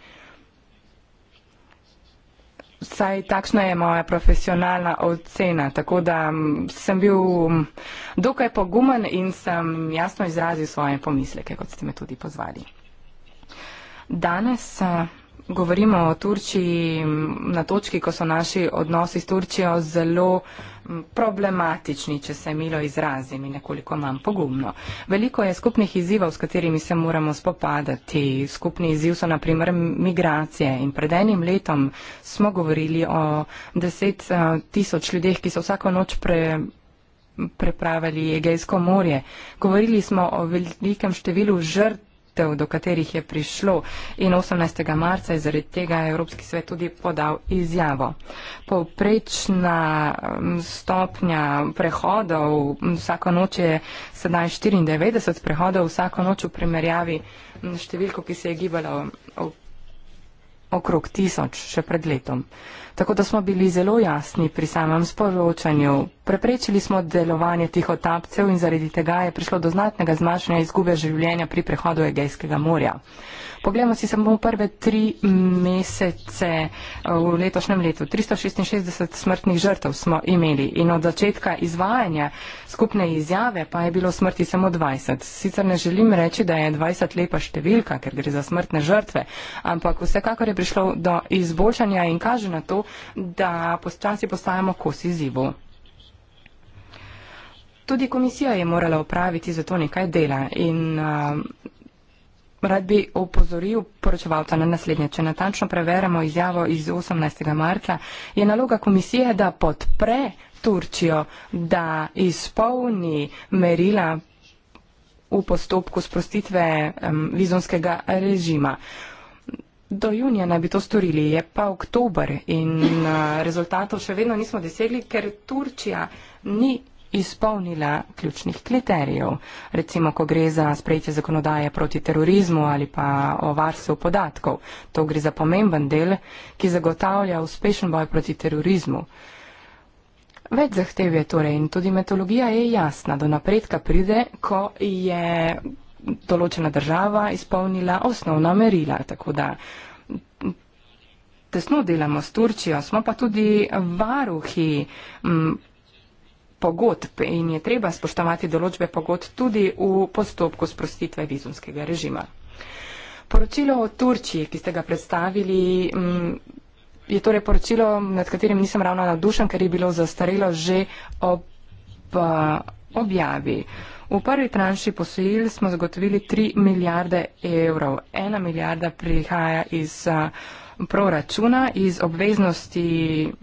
Saj takšna je moja profesionalna ocena, tako da sem bil dokaj pogumen in sem jasno izrazil svoje pomisleke, kot ste me tudi pozvali. Danes eh, govorimo o Turčiji na točki, ko so naši odnosi s Turčijo zelo problematični, če se milo izrazim in nekoliko manj pogumno. Veliko je skupnih izzivov, s katerimi se moramo spopadati. Skupni izziv so naprimer migracije in pred enim letom smo govorili o deset tisoč ljudeh, ki so vsako noč pre prepravili Egejsko morje. Govorili smo o velikem številu žrt rešitev, do katerih je prišlo in 18. marca je zaradi tega Evropski svet tudi podal izjavo. Povprečna um, stopnja prehodov um, vsako noč je sedaj 94 prehodov vsako noč v primerjavi um, številko, ki se je gibalo okrog tisoč še pred letom tako da smo bili zelo jasni pri samem sporočanju. Preprečili smo delovanje tih otapcev in zaradi tega je prišlo do znatnega zmanjšanja izgube življenja pri prehodu Egejskega morja. Poglejmo si samo prve tri mesece eh, v letošnjem letu. 366 smrtnih žrtev smo imeli in od začetka izvajanja skupne izjave pa je bilo smrti samo 20. Sicer ne želim reči, da je 20 lepa številka, ker gre za smrtne žrtve, ampak vsekakor je prišlo do izboljšanja in kaže na to, da počasi postajamo kos izzivu. Tudi komisija je morala opraviti za to nekaj dela in uh, rad bi opozoril poročevalca na naslednje. Če natančno preverjamo izjavo iz 18. marca, je naloga komisije, da podpre Turčijo, da izpolni merila v postopku sprostitve um, vizonskega režima. Uh, Do junija naj bi to storili, je pa oktober in eh, rezultatov še vedno nismo dosegli, ker Turčija ni izpolnila ključnih kriterijev. Recimo, ko gre za sprejetje zakonodaje proti terorizmu ali pa o varstvu podatkov. To gre za pomemben del, ki zagotavlja uspešen boj proti terorizmu. Več zahtev je torej in tudi metodologija je jasna, do napredka pride, ko je določena država izpolnila osnovna merila. Tako da tesno delamo s Turčijo, smo pa tudi varuhi m, mm, pogodb in je treba spoštovati določbe pogodb tudi v postopku sprostitve vizumskega režima. Poročilo o Turčiji, ki ste ga predstavili, m, mm, je torej poročilo, nad katerim nisem ravno nadušen, ker je bilo zastarelo že ob eh, objavi. V prvi tranši posojil smo zagotovili 3 milijarde evrov. Ena milijarda prihaja iz proračuna, iz obveznosti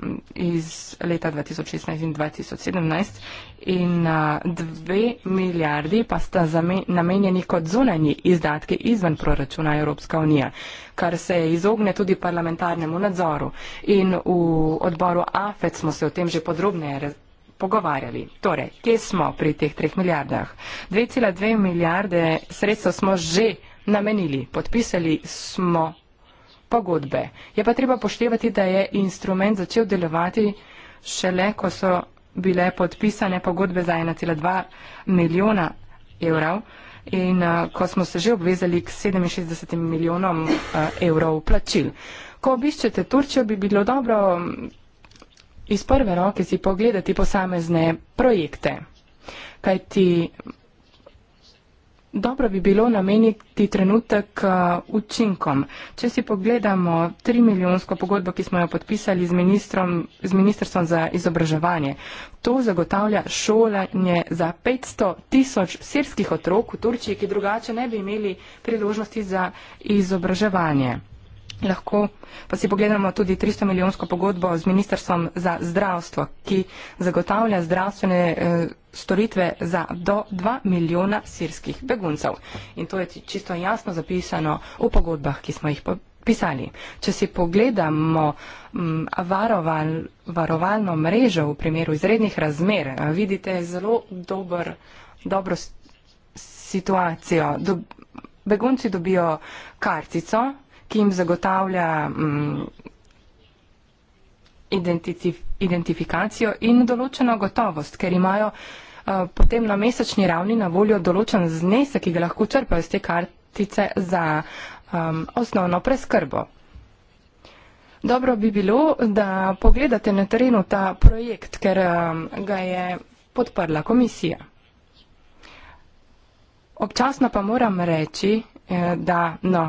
mm, iz leta 2016 in 2017 in 2 milijardi pa sta namenjeni kot zunanji izdatki izven proračuna Evropska unija, kar se izogne tudi parlamentarnemu nadzoru. In v odboru AFED smo se o tem že podrobneje razpravljali pogovarjali. Torej, kje smo pri teh 3 milijardah? 2,2 milijarde sredstva smo že namenili, podpisali smo pogodbe. Je pa treba poštevati, da je instrument začel delovati šele, ko so bile podpisane pogodbe za 1,2 milijona evrov in uh, ko smo se že obvezali k 67 milijonom uh, evrov plačil. Ko obiščete Turčijo, bi bilo dobro iz prve roke si pogledati posamezne projekte. Kaj ti dobro bi bilo nameniti trenutek eh, učinkom. Če si pogledamo tri milijonsko pogodbo, ki smo jo podpisali z, z ministrstvom za izobraževanje, to zagotavlja šolanje za 500 tisoč sirskih otrok v Turčiji, ki drugače ne bi imeli priložnosti za izobraževanje. Lahko pa si pogledamo tudi 300 milijonsko pogodbo z Ministrstvom za zdravstvo, ki zagotavlja zdravstvene eh, storitve za do 2 milijona sirskih beguncev. In to je čisto jasno zapisano v pogodbah, ki smo jih pisali. Če si pogledamo mm, varoval, varovalno mrežo v primeru izrednih razmer, eh, vidite zelo dober, dobro situacijo. Do, begunci dobijo kartico ki jim zagotavlja um, mm, identif identifikacijo in določeno gotovost, ker imajo uh, potem na mesečni ravni na voljo določen znesek, ki ga lahko črpajo iz te kartice za um, osnovno preskrbo. Dobro bi bilo, da pogledate na terenu ta projekt, ker um, ga je podprla komisija. Občasno pa moram reči, eh, da no,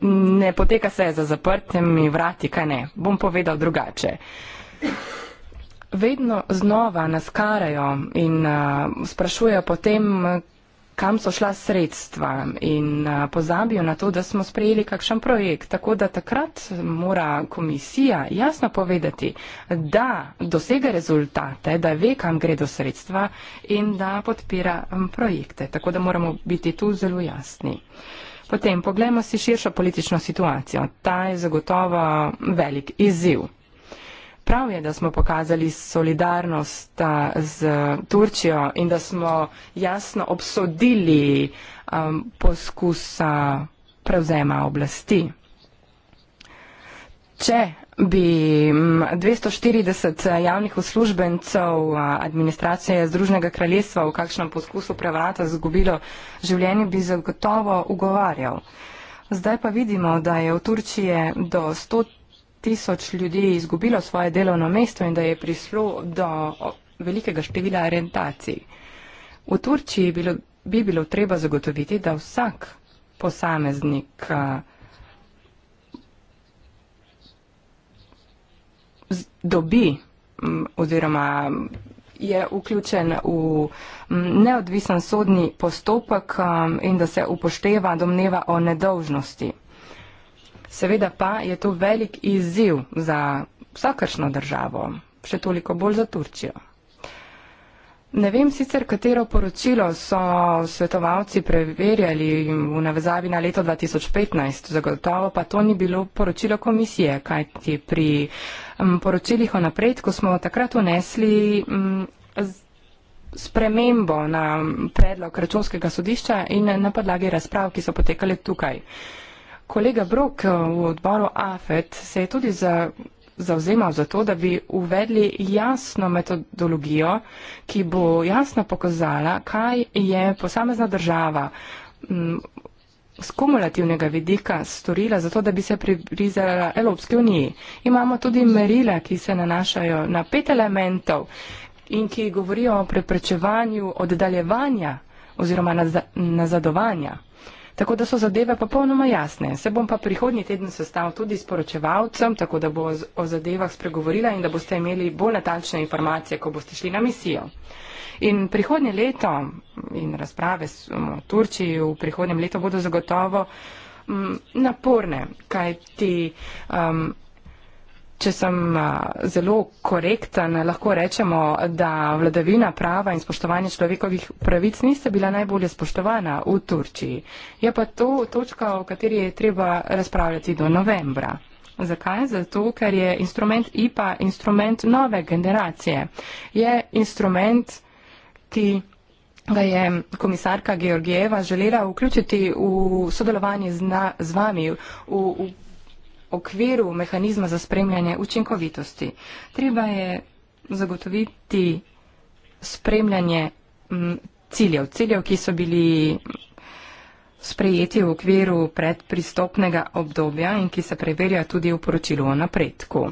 ne poteka se za zaprtimi vrati, kaj ne, bom povedal drugače. Vedno znova nas karajo in uh, sprašujejo potem, kam so šla sredstva in uh, pozabijo na to, da smo sprejeli kakšen projekt. Tako da takrat mora komisija jasno povedati, da dosega rezultate, da ve, kam gredo sredstva in da podpira um, projekte. Tako da moramo biti tu zelo jasni. Uh, Potem pogledamo si širšo politično situacijo. Ta je zagotovo velik izziv. Prav je, da smo pokazali solidarnost z Turčijo in da smo jasno obsodili um, poskusa prevzema oblasti. Če bi 240 mm, eh, javnih uslužbencev eh, administracije Združnega kraljestva v kakšnem poskusu prevrata zgubilo življenje, bi zagotovo ugovarjal. Zdaj pa vidimo, da je v Turčiji do 100 tisoč ljudi izgubilo svoje delovno mesto in da je prišlo do velikega števila orientacij. V Turčiji bilo, bi bilo treba zagotoviti, da vsak posameznik uh, dobi oziroma je vključen v neodvisen sodni postopek in da se upošteva domneva o nedolžnosti. Seveda pa je to velik izziv za vsakršno državo, še toliko bolj za Turčijo. Ne vem sicer, katero poročilo so svetovalci preverjali v navezavi na leto 2015, zagotovo pa to ni bilo poročilo komisije, kajti pri poročilih o napredku smo takrat unesli spremembo na predlog računskega sodišča in na podlagi razprav, ki so potekale tukaj. Kolega Brok eh, v odboru AFET se je tudi za zauzemal za to, da bi uvedli jasno metodologijo, ki bo jasno pokazala, kaj je posamezna država z kumulativnega vidika storila za to, da bi se pribrizala Evropske unije. Imamo tudi merila, ki se nanašajo na pet elementov in ki govorijo o preprečevanju oddaljevanja oziroma nazadovanja. Na Tako da so zadeve popolnoma jasne. Se bom pa prihodnji teden sestal tudi s poročevalcem, tako da bo o zadevah spregovorila in da boste imeli bolj natančne informacije, ko boste šli na misijo. In prihodnje leto in razprave o um, Turčiji v prihodnem letu bodo zagotovo m, mm, naporne, kaj ti. Um, Če sem zelo korektan, lahko rečemo, da vladavina prava in spoštovanje človekovih pravic niste bila najbolje spoštovana v Turčiji. Je pa to točka, o kateri je treba razpravljati do novembra. Zakaj? Zato, ker je instrument IPA instrument nove generacije. Je instrument, ki ga je komisarka Georgijeva želela vključiti v sodelovanje z, na, z vami, v, v okviru mehanizma za spremljanje učinkovitosti. Treba je zagotoviti spremljanje ciljev, ciljev, ki so bili sprejeti v okviru predpristopnega obdobja in ki se preverja tudi v poročilu o napredku.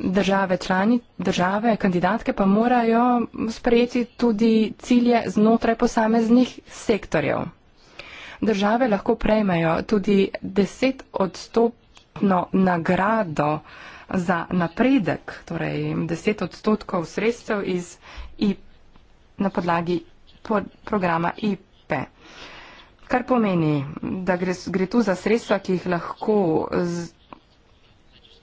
Države, člani, države, kandidatke pa morajo sprejeti tudi cilje znotraj posameznih sektorjev. Države lahko prejmejo tudi 10 odstop letno nagrado za napredek, torej 10 odstotkov sredstev iz IP na podlagi pod programa IP. Kar pomeni, da gre, gre tu za sredstva, ki jih lahko z,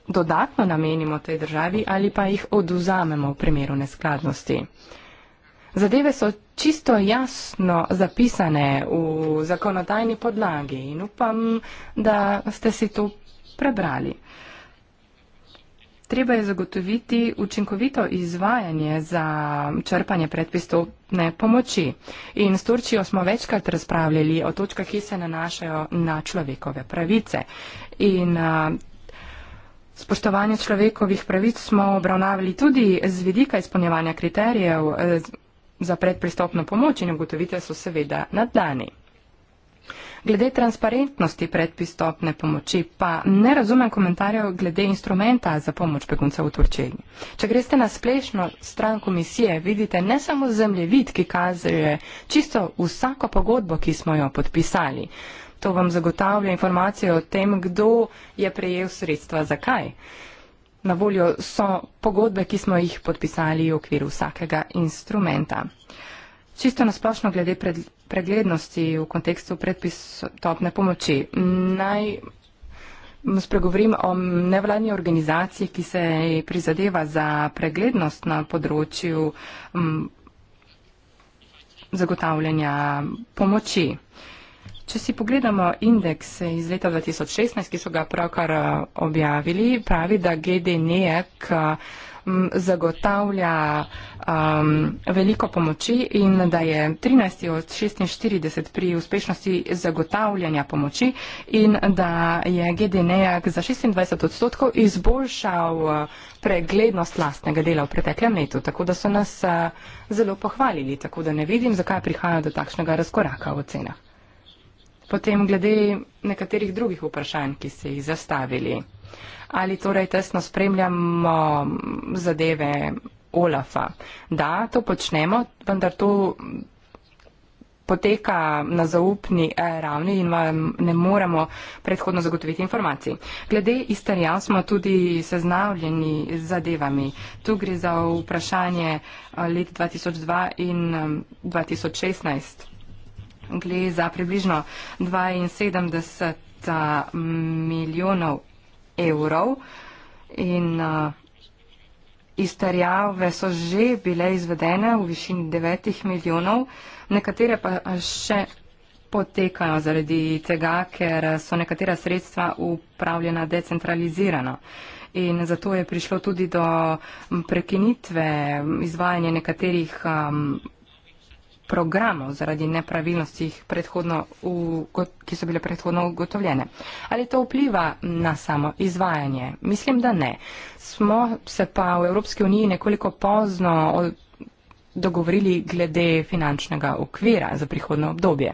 dodatno namenimo tej državi ali pa jih oduzamemo v primeru neskladnosti. Zadeve so čisto jasno zapisane v zakonodajni podlagi in upam, da ste si to prebrali. Treba je zagotoviti učinkovito izvajanje za črpanje predpristopne pomoči. In s Turčijo smo večkrat razpravljali o točkah, ki se nanašajo na človekove pravice. In spoštovanje človekovih pravic smo obravnavali tudi z vidika izpolnjevanja kriterijev e, za predpristopno pomoč in ugotovitev so seveda nadani. Glede transparentnosti predpristopne pomoči pa ne razumem komentarjev glede instrumenta za pomoč begunca v Turčiji. Če greste na splešno stran komisije, vidite ne samo zemljevid, ki kazuje čisto vsako pogodbo, ki smo jo podpisali. To vam zagotavlja informacije o tem, kdo je prejel sredstva, zakaj. Na voljo so pogodbe, ki smo jih podpisali v okviru vsakega instrumenta. Čisto nasplošno glede pred, preglednosti v kontekstu predpisotopne pomoči. Naj spregovorim o nevladni organizaciji, ki se prizadeva za preglednost na področju m, zagotavljanja pomoči. Če si pogledamo indeks iz leta 2016, ki so ga pravkar eh, objavili, pravi, da GDNEK zagotavlja um, veliko pomoči in da je 13 od 46 pri uspešnosti zagotavljanja pomoči in da je GDNEAK za 26 odstotkov izboljšal uh, preglednost lastnega dela v preteklem letu, tako da so nas uh, zelo pohvalili, tako da ne vidim, zakaj prihaja do takšnega razkoraka v cenah. Potem glede nekaterih drugih vprašanj, ki ste jih zastavili. Uh, ali torej tesno spremljamo zadeve Olafa. Da, to počnemo, vendar to poteka na zaupni eh, ravni in vam ne moremo predhodno zagotoviti informacij. Glede izterjav smo tudi seznavljeni z zadevami. Tu gre za vprašanje eh, let 2002 in 2016. Eh, gre za približno 72 milijonov evrov in uh, izterjave so že bile izvedene v višini 9 milijonov, nekatere pa še potekajo zaradi tega, ker so nekatera sredstva upravljena decentralizirano. In zato je prišlo tudi do prekinitve izvajanja nekaterih um, programov zaradi nepravilnosti, ki so bile predhodno ugotovljene. Ali to vpliva na samo izvajanje? Mislim, da ne. Smo se pa v Evropski uniji nekoliko pozno dogovorili glede finančnega okvira za prihodno obdobje.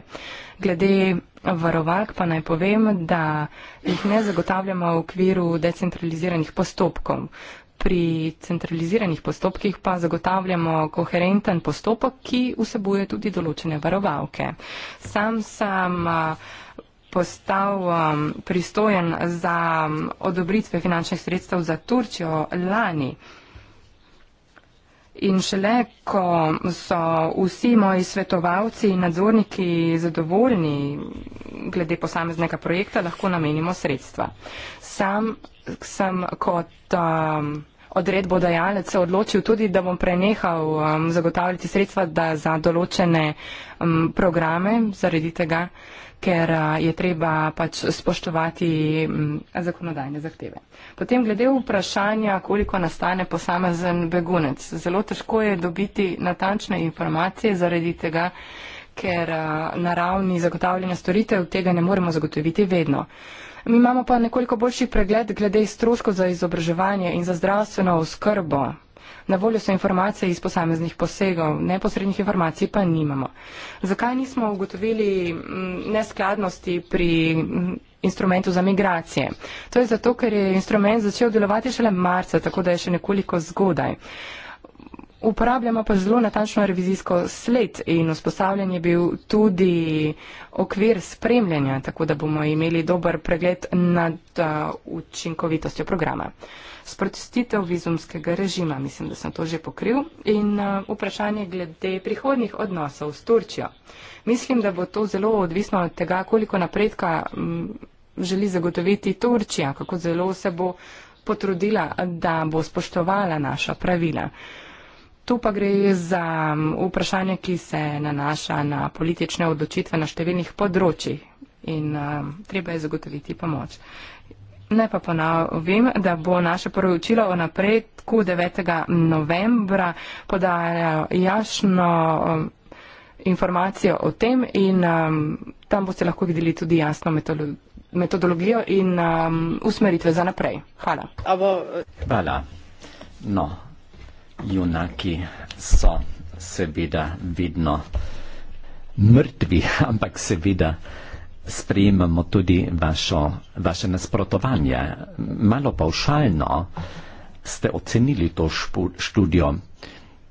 Glede varovalk pa naj povem, da jih ne zagotavljamo v okviru decentraliziranih postopkov pri centraliziranih postopkih pa zagotavljamo koherenten postopek, ki vsebuje tudi določene varovalke. Sam sam postal um, pristojen za um, odobritve finančnih sredstev za Turčjo lani. In šele, ko so vsi moji svetovalci in nadzorniki zadovoljni glede posameznega projekta, lahko namenimo sredstva. Sam sem kot um, odredbo dajalec se odločil tudi, da bom prenehal um, zagotavljati sredstva za določene um, programe zaradi tega, ker uh, je treba pač spoštovati um, zakonodajne zahteve. Potem glede vprašanja, koliko nastane posamezen begunec. Zelo težko je dobiti natančne informacije zaradi tega, ker uh, na ravni zagotavljanja storitev tega ne moremo zagotoviti vedno. Mi imamo pa nekoliko boljši pregled glede stroškov za izobraževanje in za zdravstveno oskrbo. Na voljo so informacije iz posameznih posegov, neposrednih informacij pa nimamo. Zakaj nismo ugotovili mm, neskladnosti pri mm, instrumentu za migracije? To je zato, ker je instrument začel delovati šele marca, tako da je še nekoliko zgodaj uporabljamo pa zelo natančno revizijsko sled in vzpostavljen je bil tudi okvir spremljanja, tako da bomo imeli dober pregled nad učinkovitostjo programa. Sprostitev vizumskega režima, mislim, da sem to že pokril, in vprašanje glede prihodnih odnosov s Turčijo. Mislim, da bo to zelo odvisno od tega, koliko napredka želi zagotoviti Turčija, kako zelo se bo potrudila, da bo spoštovala naša pravila. Tu pa gre za vprašanje, ki se nanaša na politične odločitve na številnih področjih in um, treba je zagotoviti pomoč. Naj pa ponovim, da bo naše poročilo o napredku 9. novembra podajalo jasno um, informacijo o tem in um, tam boste lahko videli tudi jasno metolo- metodologijo in um, usmeritve za naprej. Hvala. E Hvala. No junaki so seveda vedno mrtvi, ampak seveda sprejemamo tudi vašo, vaše nasprotovanje. Malo paušalno ste ocenili to študijo,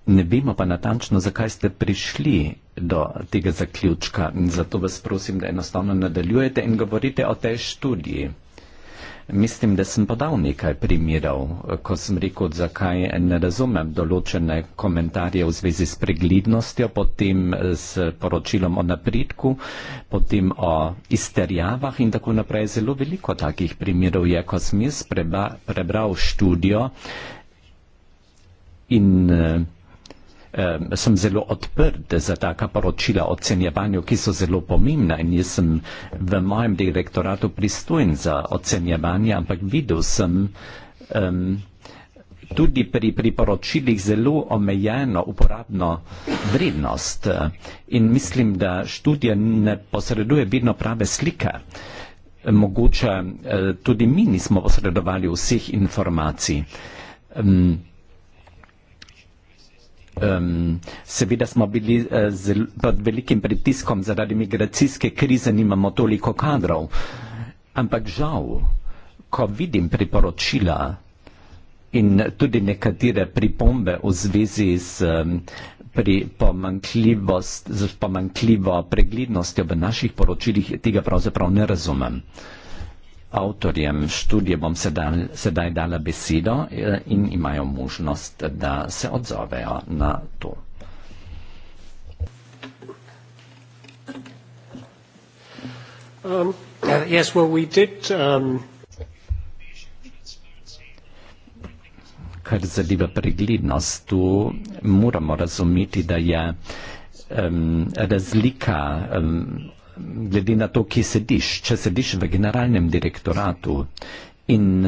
ne vemo pa natančno, zakaj ste prišli do tega zaključka. Zato vas prosim, da enostavno nadaljujete in govorite o tej študiji. Mislim, da sem podal nekaj primerov, ko sem rekel, zakaj ne razumem določene komentarje v zvezi s preglednostjo, potem s poročilom o napredku, potem o izterjavah in tako naprej. Zelo veliko takih primerov je, ko sem jaz preba, prebral študijo in uh, sem zelo odprt za taka poročila o ocenjevanju, ki so zelo pomembna in jaz sem v mojem direktoratu pristojen za ocenjevanje, ampak videl sem um, tudi pri priporočilih zelo omejeno uporabno vrednost in mislim, da študija ne posreduje vedno prave slike. Mogoče eh, tudi mi nismo posredovali vseh informacij. Um, um, seveda smo bili uh, eh, zel, pod velikim pritiskom zaradi migracijske krize, nimamo toliko kadrov. Ampak žal, ko vidim priporočila in tudi nekatere pripombe v zvezi z um, ehm, pomankljivostjo, pomankljivo preglednostjo v naših poročilih, tega pravzaprav ne razumem avtorjem študije bom sedaj, sedaj dala besedo eh, in imajo možnost, da se odzovejo na to. Um, yes, well, we did, um... Kar zadeva preglednost, tu moramo razumeti, da je um, razlika um, glede na to, kje sediš. Če sediš v generalnem direktoratu in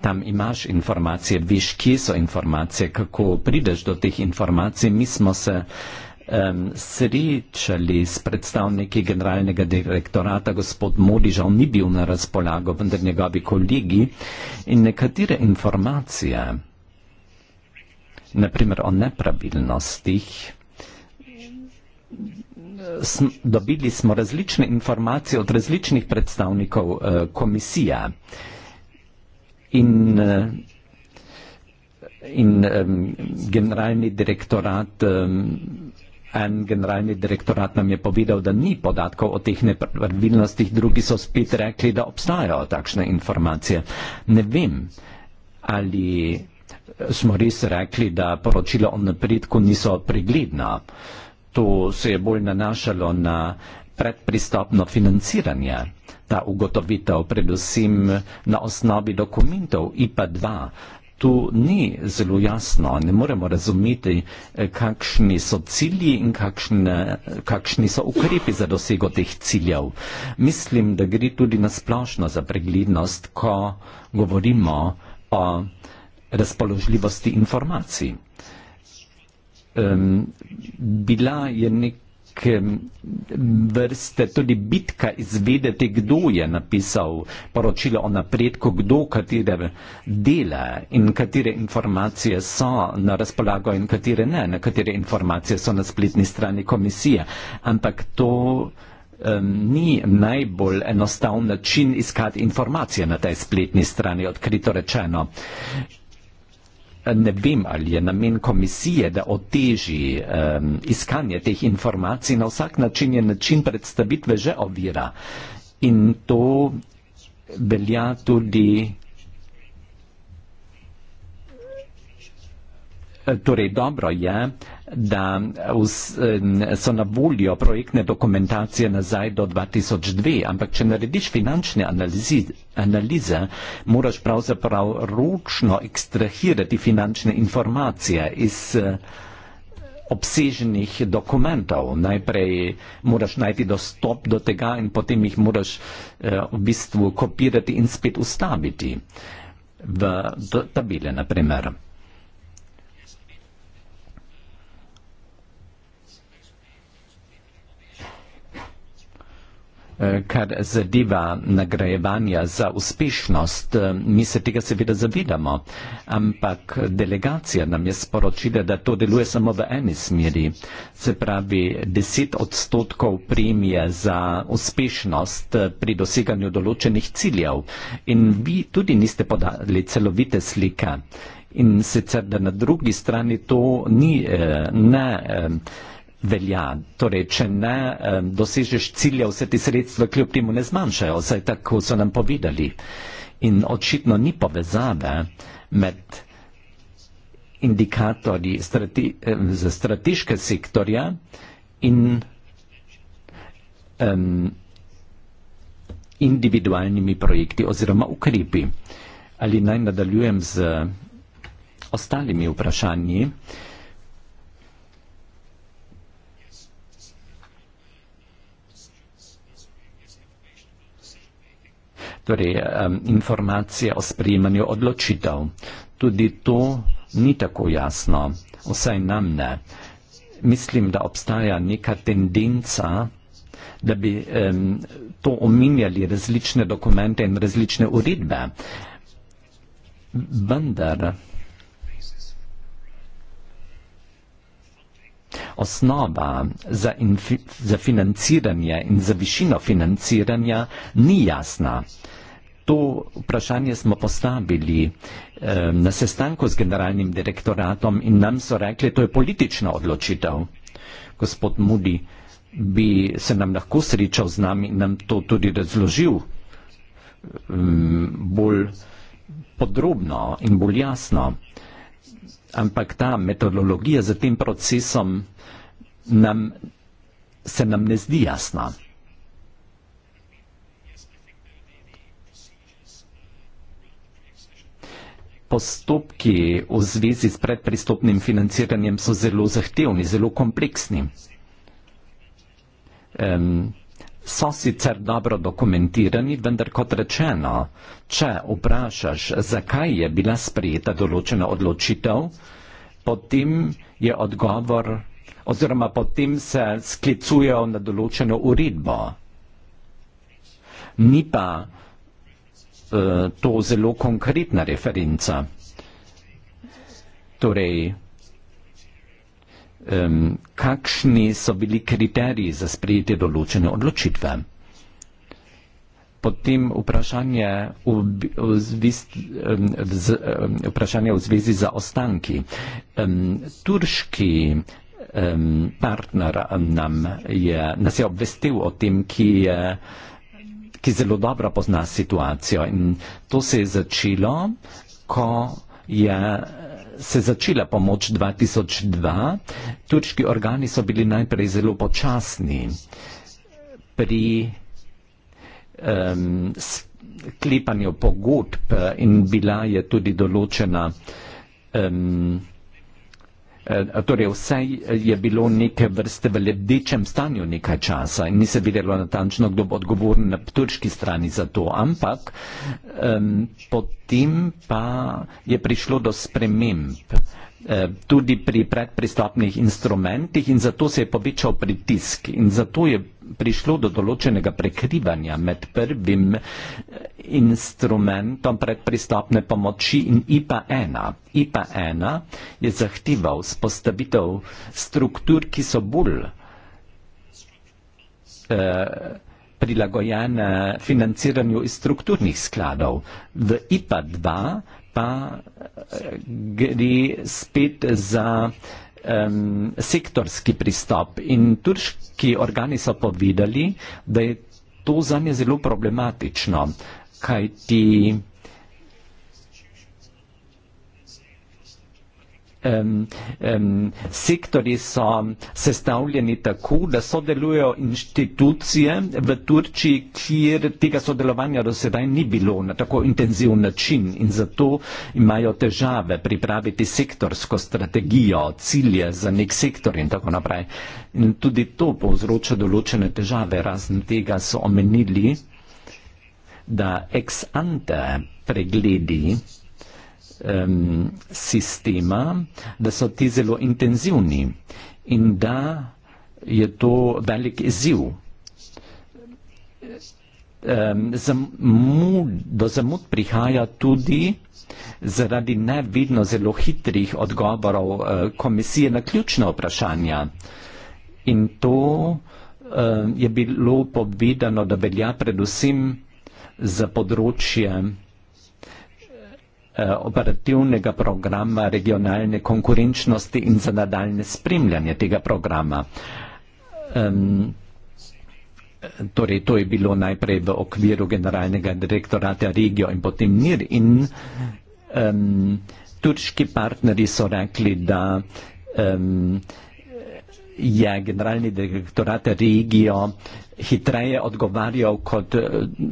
tam imaš informacije, veš, kje so informacije, kako prideš do teh informacij, mi smo se um, srečali s predstavniki generalnega direktorata, gospod Modi žal ni bil na razpolago, vendar njegovi kolegi in nekatere informacije, naprimer o nepravilnostih, dobili smo različne informacije od različnih predstavnikov eh, komisija in, eh, in generalni direktorat en generalni direktorat nam je povedal, da ni podatkov o teh nepravilnostih, drugi so spet rekli, da obstajajo takšne informacije. Ne vem, ali eh, smo res rekli, da poročila o napredku niso pregledna. Uh, to se je bolj nanašalo na predpristopno financiranje. Ta ugotovitev, predvsem na osnovi dokumentov IPA-2, tu ni zelo jasno, ne moremo razumeti, kakšni so cilji in kakšne, kakšni so ukrepi za dosego teh ciljev. Mislim, da gre tudi nasplošno za preglednost, ko govorimo o razpoložljivosti informacij um, bila je nek vrste tudi bitka izvedeti, kdo je napisal poročilo o napredku, kdo katere dele in katere informacije so na razpolago in katere ne, na katere informacije so na spletni strani komisije. Ampak to ni najbolj enostaven način iskati informacije na tej spletni strani, odkrito rečeno ne vem, ali je namen komisije, da oteži um, iskanje teh informacij, na vsak način je način predstavitve že ovira. In to velja tudi Torej, dobro je, da so na voljo projektne dokumentacije nazaj do 2002, ampak če narediš finančne analizi, analize, moraš pravzaprav ročno ekstrahirati finančne informacije iz obsežnih dokumentov. Najprej moraš najti dostop do tega in potem jih moraš eh, v bistvu kopirati in spet ustaviti v tabele, na primer. Eh, kar zadeva nagrajevanja za uspešnost, eh, mi se tega seveda zavedamo, ampak delegacija nam je sporočila, da to deluje samo v eni smeri. Se pravi, deset odstotkov premije za uspešnost eh, pri doseganju določenih ciljev in vi tudi niste podali celovite slike. In sicer, da na drugi strani to ni, ne, ne velja. Torej, če ne um, dosežeš cilja, vse ti sredstva kljub temu ne zmanjšajo, vsaj tako so nam povedali. In očitno ni povezave med indikatorji strati, za strateške sektorja in um, individualnimi projekti oziroma ukrepi. Ali naj nadaljujem z ostalimi vprašanji? torej, um, informacije o sprejemanju odločitev. Tudi to ni tako jasno, vsaj nam ne. Mislim, da obstaja neka tendenca, da bi um, to omenjali različne dokumente in različne uredbe. Vendar osnova za, za financiranje in za višino financiranja ni jasna. To vprašanje smo postavili eh, na sestanku s generalnim direktoratom in nam so rekli, to je politična odločitev. Gospod Mudi bi se nam lahko srečal z nami in nam to tudi razložil eh, bolj podrobno in bolj jasno. Ampak ta metodologija za tem procesom nam, se nam ne zdi jasna. Postopki v zvezi s predpristopnim financiranjem so zelo zahtevni, zelo kompleksni. Um, so sicer dobro dokumentirani, vendar kot rečeno, če vprašaš, zakaj je bila sprejeta določena odločitev, potem je odgovor oziroma potem se sklicujejo na določeno uredbo. Ni pa eh, to zelo konkretna referenca. Torej, kakšni so bili kriteriji za sprejetje določene odločitve? Potem vprašanje v zvezi za ostanki. Turški um, partner nam je, nas je obvestil o tem, ki, je, ki zelo dobro pozna situacijo. In to se je začelo, ko je se začela pomoč 2002. Turški organi so bili najprej zelo počasni pri um, sklepanju pogodb in bila je tudi določena um, Eh, torej vse je bilo neke vrste v lebdečem stanju nekaj časa in ni se vedelo natančno, kdo bo odgovoren na turški strani za to, ampak um, potem pa je prišlo do sprememb. Eh, tudi pri predpristopnih instrumentih in zato se je povečal pritisk in zato je prišlo do določenega prekrivanja med prvim eh, instrumentom predpristopne pomoči in IPA-1. IPA-1 je zahteval spostavitev struktur, ki so bolj eh, prilagojene financiranju iz strukturnih skladov. V IPA-2 pa eh, gre spet za um, sektorski pristop. In turški organi so povedali, da je to zanje zelo problematično, kajti um, um, sektori so sestavljeni tako, da sodelujejo inštitucije v Turčiji, kjer tega sodelovanja do sedaj ni bilo na tako intenziv način in zato imajo težave pripraviti sektorsko strategijo, cilje za nek sektor in tako naprej. In tudi to povzroča določene težave, razen tega so omenili, da ex ante pregledi um, sistema, da so ti zelo intenzivni in da je to velik izziv. Um, zamud, do zamud prihaja tudi zaradi nevidno zelo hitrih odgovorov uh, komisije na ključna vprašanja. In to uh, je bilo povedano, da velja predvsem za področje Eh, operativnega programa regionalne konkurenčnosti in za nadaljne spremljanje tega programa. Um, torej, to je bilo najprej v okviru generalnega direktorata regijo in potem mir in um, turški partneri so rekli, da um, je generalni direktorat regijo hitreje odgovarjal kot eh,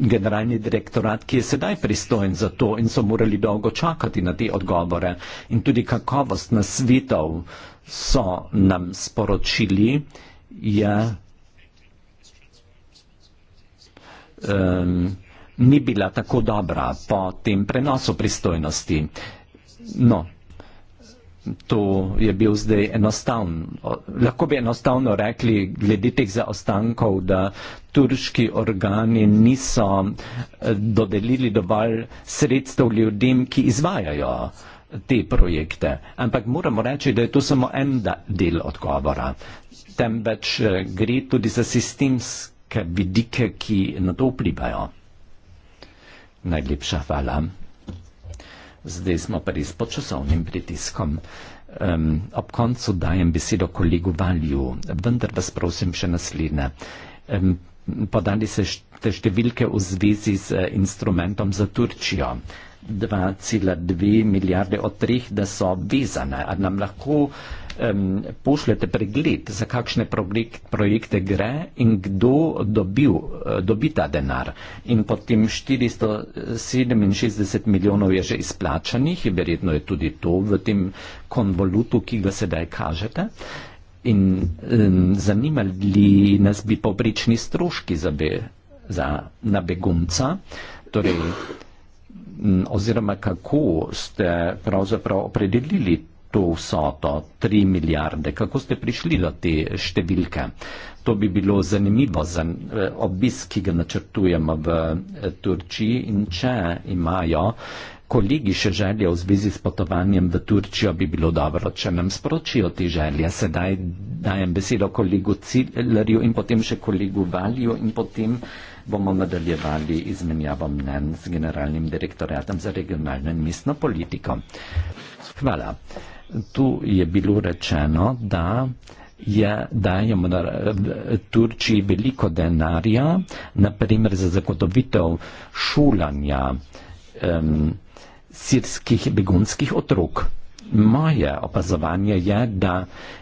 generalni direktorat, ki je sedaj pristojen za to in so morali dolgo čakati na te odgovore. In tudi kakovost nasvetov so nam sporočili, je um, ni bila tako dobra po tem prenosu pristojnosti. No, to je bil zdaj enostaven. Lahko bi enostavno rekli glede teh zaostankov, da turški organi niso eh, dodelili dovolj sredstev ljudem, ki izvajajo te projekte. Ampak moramo reči, da je to samo en del odgovora. Temveč eh, gre tudi za sistemske vidike, ki na to vplivajo. Najlepša hvala. Zdaj smo pa res pod časovnim pritiskom. Um, ob koncu dajem besedo kolegu Valju, vendar vas prosim še naslednje. Um, podali ste številke v zvezi z eh, instrumentom za Turčijo. 2,2 milijarde, od teh, da so vezane. Ali nam lahko um, pošljete pregled, za kakšne projekte gre in kdo dobil, eh, dobi ta denar? In potem 467 milijonov je že izplačanih, verjetno je tudi to v tem konvolutu, ki ga sedaj kažete. In um, zanimali nas bi poprični stroški za, be, za na begunca. Torej, Mm, oziroma kako ste pravzaprav opredelili to vsoto, 3 milijarde, kako ste prišli do te številke. To bi bilo zanimivo za eh, obisk, ki ga načrtujemo v eh, Turčiji in če imajo kolegi še želje v zvezi s potovanjem v Turčijo, bi bilo dobro, če nam sporočijo te želje. Sedaj dajem besedo kolegu Cilerju in potem še kolegu Valju in potem bomo nadaljevali izmenjavo mnenj z generalnim direktoratom za regionalno in mestno politiko. Hvala. Tu je bilo rečeno, da je, dajemo Turčiji veliko denarja, naprimer za zagotovitev šulanja um, sirskih begunskih otrok. Moje opazovanje je, da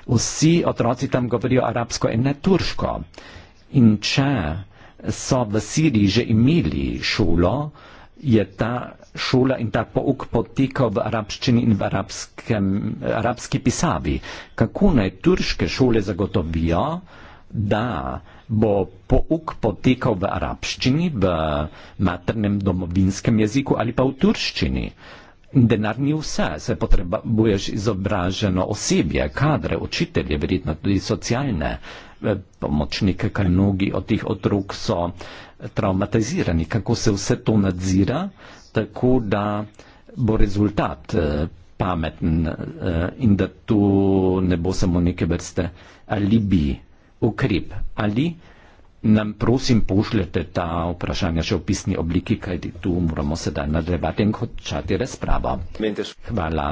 vsi otroci tam govorijo arabsko in ne turško. In če so v Siriji že imeli šolo, je ta šola in ta pouk potekal v arabščini in v arabskem, arabski pisavi. Kako naj turške šole zagotovijo, da bo pouk potekal v arabščini, v maternem domovinskem jeziku ali pa v turščini? Denar ni vse, se potrebuješ izobraženo osebje, kadre, učitelje, verjetno tudi socialne. Uh, Eh, pomočnike, kaj mnogi od teh otrok so traumatizirani, kako se vse to nadzira, tako da bo rezultat eh, pameten eh, in da to ne bo samo neke vrste alibi ukrep. Ali nam prosim pošljete ta vprašanja še v pisni obliki, kajti tu moramo sedaj nadaljevati in končati razpravo. Hvala.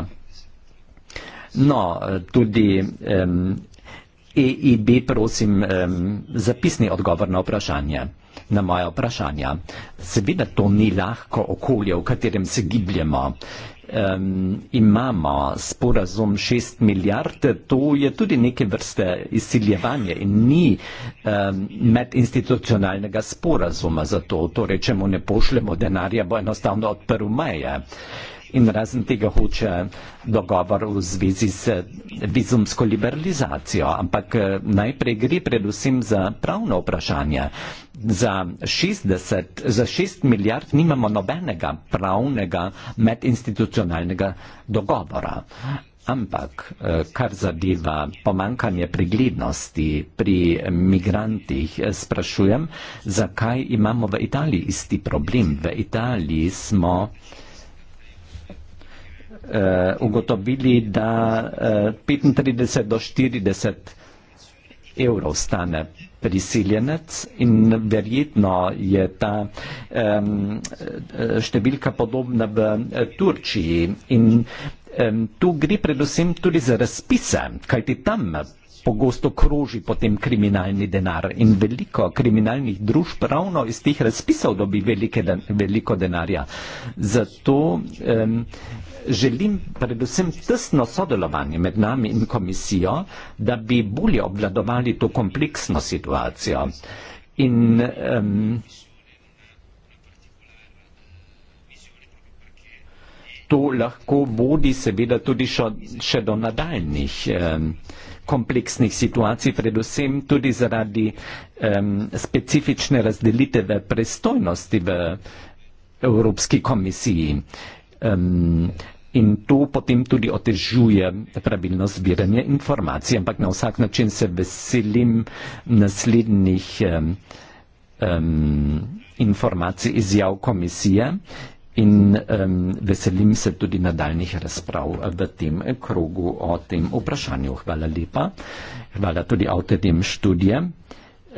No, tudi um, EIB, prosim, zapisni odgovor na vprašanje, na moja vprašanja. Seveda to ni lahko okolje, v katerem se gibljemo. Um, imamo sporazum 6 milijard, to je tudi neke vrste izsiljevanje in ni um, medinstitucionalnega sporazuma za to. Torej, če mu ne pošljemo denarja, bo enostavno odprl meje. Uh, in razen tega hoče dogovor v zvezi z vizumsko liberalizacijo. Ampak eh, najprej gre predvsem za pravno vprašanje. Za 60, za 6 milijard nimamo nobenega pravnega medinstitucionalnega dogovora. Ampak, eh, kar zadeva pomankanje preglednosti pri migrantih, eh, sprašujem, zakaj imamo v Italiji isti problem. V Italiji smo uh, ugotovili, da uh, eh, 35 do 40 evrov stane prisiljenec in verjetno je ta um, številka podobna v Turčiji. In um, tu gre predvsem tudi za razpise, kajti tam pogosto kroži potem kriminalni denar in veliko kriminalnih družb ravno iz teh razpisov dobi velike, veliko denarja. Zato um, želim predvsem tesno sodelovanje med nami in komisijo, da bi bolje obvladovali to kompleksno situacijo. In, um, To lahko vodi seveda tudi šo, še do nadaljnih. Eh, kompleksnih situacij, predvsem tudi zaradi um, specifične razdelitve prestojnosti v Evropski komisiji. Um, in to potem tudi otežuje pravilno zbiranje informacij, ampak na vsak način se veselim naslednjih um, um, informacij izjav komisije. In um, veselim se tudi nadaljnih razprav v tem krogu o tem vprašanju. Hvala lepa. Hvala tudi avtorjem študije,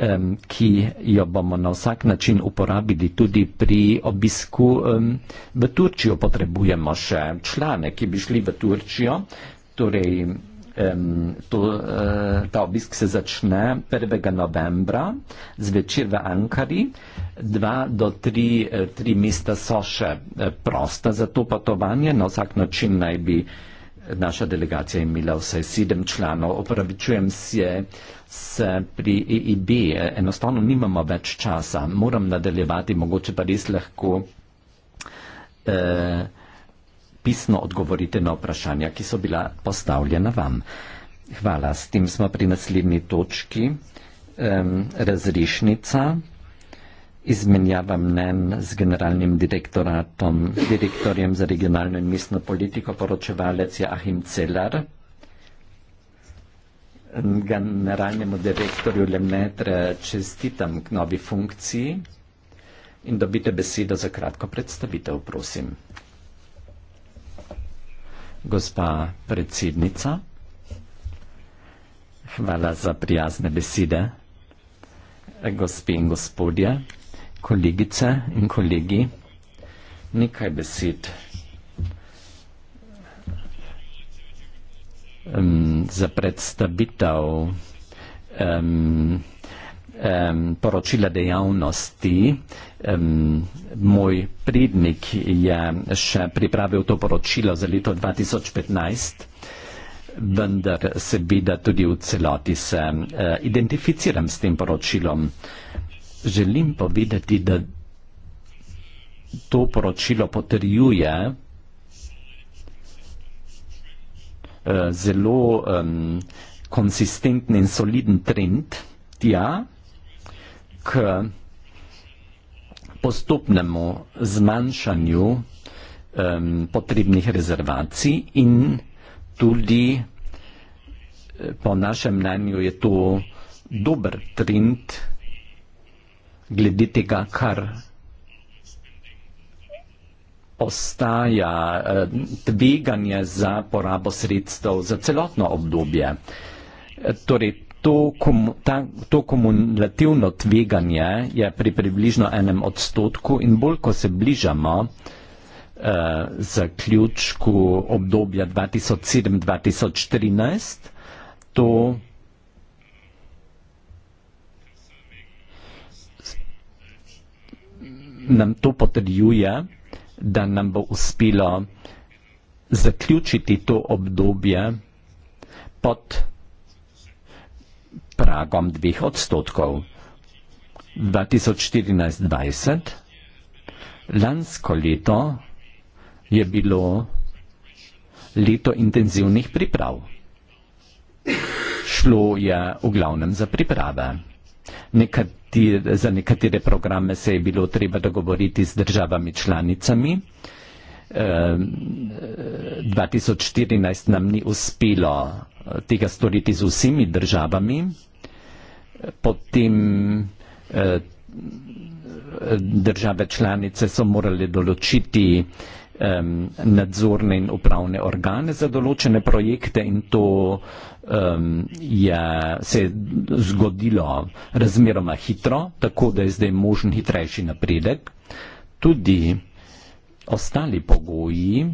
um, ki jo bomo na vsak način uporabili tudi pri obisku um, v Turčijo. Potrebujemo še člane, ki bi šli v Turčijo. Torej, to, eh, ta obisk se začne 1. novembra zvečer v Ankari. Dva do tri, eh, tri mesta so še eh, prosta za to potovanje. Na vsak način naj bi naša delegacija imela vsaj sedem članov. Opravičujem se, se pri EIB. Enostavno nimamo več časa. Moram nadaljevati, mogoče pa res lahko. Eh, pisno odgovorite na vprašanja, ki so bila postavljena vam. Hvala, s tem smo pri naslednji točki. Um, razrešnica, izmenjava mnen z generalnim direktoratom, direktorjem za regionalno in mestno politiko, poročevalec je Ahim Celar. Generalnemu direktorju Lemnetre čestitam k novi funkciji in dobite besedo za kratko predstavitev, prosim gospa predsednica. Hvala za prijazne besede, gospe in gospodje, kolegice in kolegi. Nekaj besed um, za predstavitev um, um, poročila dejavnosti. Um, moj prednik je še pripravil to poročilo za leto 2015, vendar seveda tudi v celoti se uh, identificiram s tem poročilom. Želim povedati, da to poročilo potrjuje uh, zelo um, konsistentni in soliden trend tja, k postopnemu zmanjšanju um, potrebnih rezervacij in tudi, eh, po našem mnenju, je to dober trend glede tega, kar postaja eh, tveganje za porabo sredstev za celotno obdobje. Eh, torej, To, kom, ta, to kumulativno tveganje je pri približno enem odstotku in bolj, ko se bližamo eh, zaključku obdobja 2007-2013, to nam to potrjuje, da nam bo uspelo zaključiti to obdobje pod pragom dveh odstotkov. 2014-2020, lansko leto je bilo leto intenzivnih priprav. Šlo je v glavnem za priprave. Nekatir, za nekatere programe se je bilo treba dogovoriti z državami članicami. E, ehm, 2014 nam ni uspelo tega storiti z vsemi državami pod tem eh, države članice so morali določiti um, nadzorne in upravne organe za določene projekte in to um, je, se je zgodilo razmeroma hitro, tako da je zdaj možen hitrejši napredek. Tudi ostali pogoji,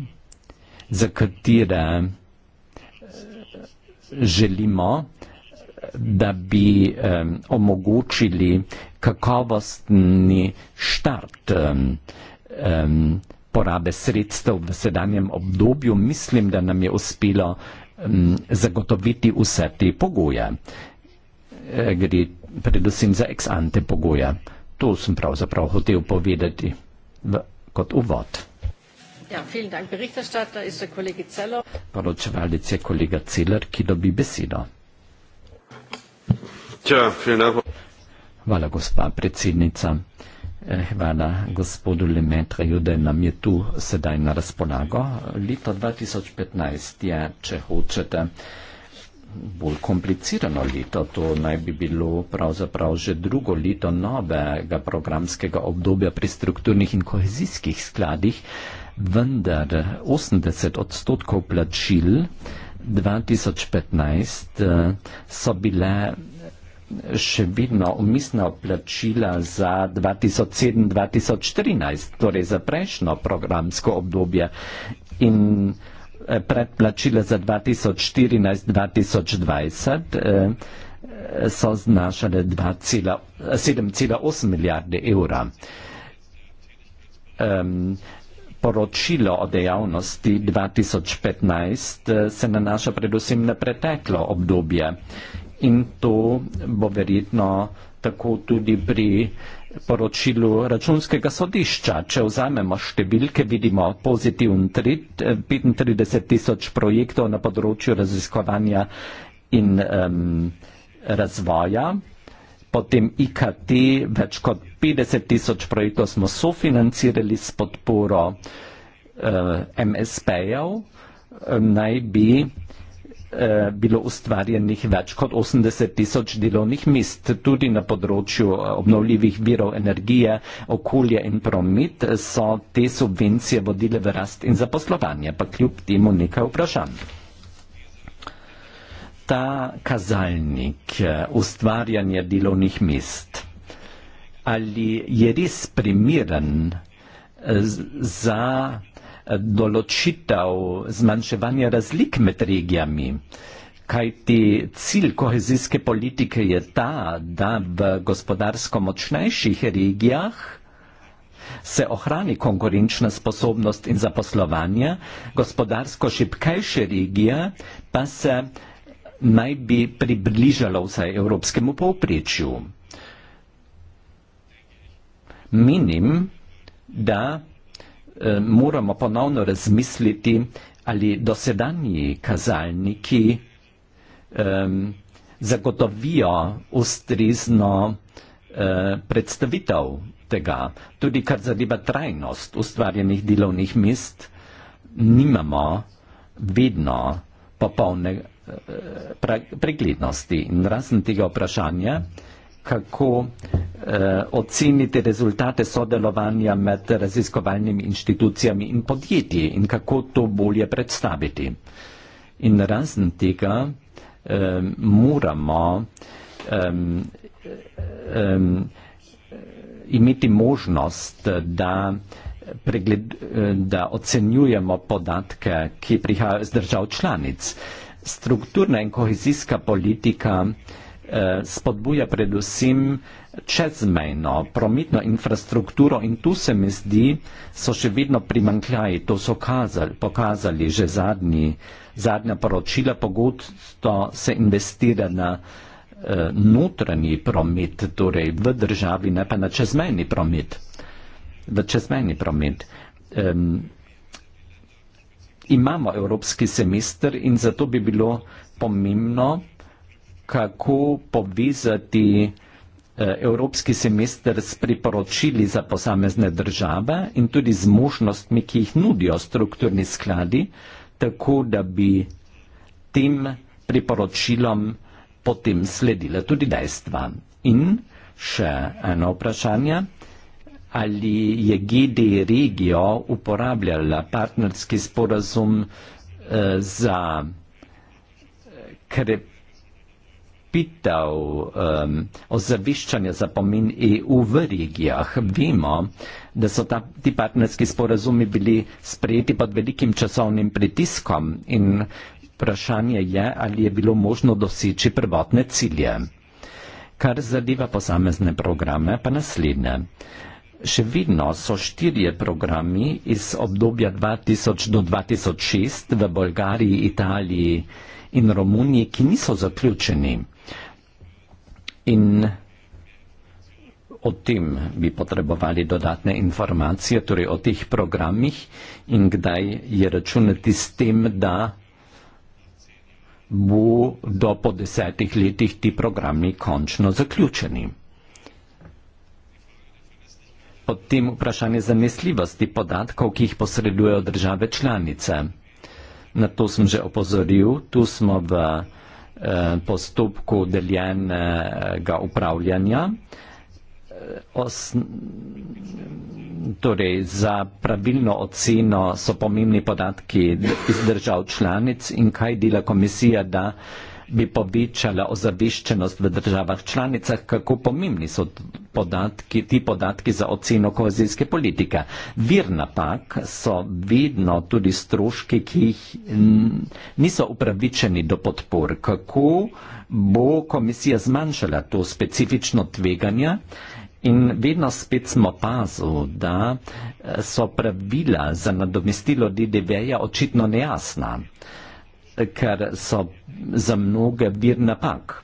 za katere eh, želimo, da bi um, omogočili kakovostni štart um, um, porabe sredstev v sedanjem obdobju. Mislim, da nam je uspelo um, zagotoviti vse te pogoje. E, gre predvsem za ex ante pogoje. To sem pravzaprav hotel povedati v, kot uvod. Ja, Poročevalec je kolega Celer, ki dobi besedo. Ja, hvala, gospa predsednica. Eh, hvala gospodu Lemetraju, da nam je tu sedaj na razpolago. Leto 2015 je, če hočete, bolj komplicirano leto. To naj bi bilo pravzaprav že drugo leto novega programskega obdobja pri strukturnih in kohezijskih skladih, vendar 80 odstotkov plačil 2015 eh, so bile še vidno umisna oplačila za 2007-2013, torej za prejšnjo programsko obdobje in eh, predplačila za 2014-2020 eh, so znašale 7,8 milijarde evra poročilo o dejavnosti 2015 eh, se nanaša predvsem na preteklo obdobje in to bo verjetno tako tudi pri poročilu računskega sodišča. Če vzamemo številke, vidimo pozitiven 35 eh, tisoč projektov na področju raziskovanja in um, razvoja potem IKT, več kot 50 tisoč projektov smo sofinancirali s podporo uh, eh, MSP-jev, eh, naj bi eh, bilo ustvarjenih več kot 80 tisoč delovnih mest. Tudi na področju obnovljivih virov energije, okolja in promet so te subvencije vodile v rast in zaposlovanje, pa kljub temu nekaj vprašanj ta kazalnik eh, ustvarjanja delovnih mest, ali je res primiren eh, za eh, določitev zmanjševanja razlik med regijami? Kaj ti cilj kohezijske politike je ta, da v gospodarsko močnejših regijah se ohrani konkurenčna sposobnost in zaposlovanje, gospodarsko šipkejše regije pa se naj bi približalo vsaj evropskemu povprečju. Menim, da e, moramo ponovno razmisliti, ali dosedanji kazalniki e, zagotovijo ustrezno e, predstavitev tega. Tudi kar zadeva trajnost ustvarjenih delovnih mest, nimamo vedno popolne preglednosti. In razen tega vprašanja, kako eh, oceniti rezultate sodelovanja med raziskovalnimi inštitucijami in podjetji in kako to bolje predstaviti. In razen tega eh, moramo eh, eh, imeti možnost, da eh, da ocenjujemo podatke, ki prihajajo iz držav članic. Eh, strukturna in kohezijska politika eh, spodbuja predvsem čezmejno prometno infrastrukturo in tu se mi zdi, so še vedno primankljaji, to so kazali, pokazali že zadnji, zadnja poročila, pogosto se investira na eh, notranji promet, torej v državi, ne pa na čezmejni promet. V čezmejni promet. Eh, imamo evropski semester in zato bi bilo pomembno, kako povezati eh, evropski semester s priporočili za posamezne države in tudi z možnostmi, ki jih nudijo strukturni skladi, tako da bi tem priporočilom potem sledile tudi dejstva. In še eno vprašanje ali je GD regijo uporabljala partnerski sporazum eh, za krepitev eh, ozaviščanja za pomen EU v regijah. Vemo, da so ta, ti partnerski sporazumi bili sprejeti pod velikim časovnim pritiskom in vprašanje je, ali je bilo možno doseči prvotne cilje. Kar zadeva posamezne programe, pa naslednje. Še vedno so štirje programi iz obdobja 2000 do 2006 v Bolgariji, Italiji in Romuniji, ki niso zaključeni. In o tem bi potrebovali dodatne informacije, torej o teh programih in kdaj je računati s tem, da bo do po desetih letih ti programi končno zaključeni pod tem vprašanje zanesljivosti podatkov, ki jih posredujejo države članice. Na to sem že opozoril, tu smo v eh, postopku deljenega upravljanja. Eh, os, torej, za pravilno oceno so pomembni podatki iz držav članic in kaj dela komisija, da uh, bi povečala ozaveščenost v državah članicah, kako pomembni so podatki, ti podatki za oceno kohezijske politike. Vir napak so vedno tudi stroški, ki jih niso upravičeni do podpor. Kako bo komisija zmanjšala to specifično tveganje? In vedno spet smo pazili, da eh, so pravila za nadomestilo DDV-ja očitno nejasna ker so za mnoge vir napak.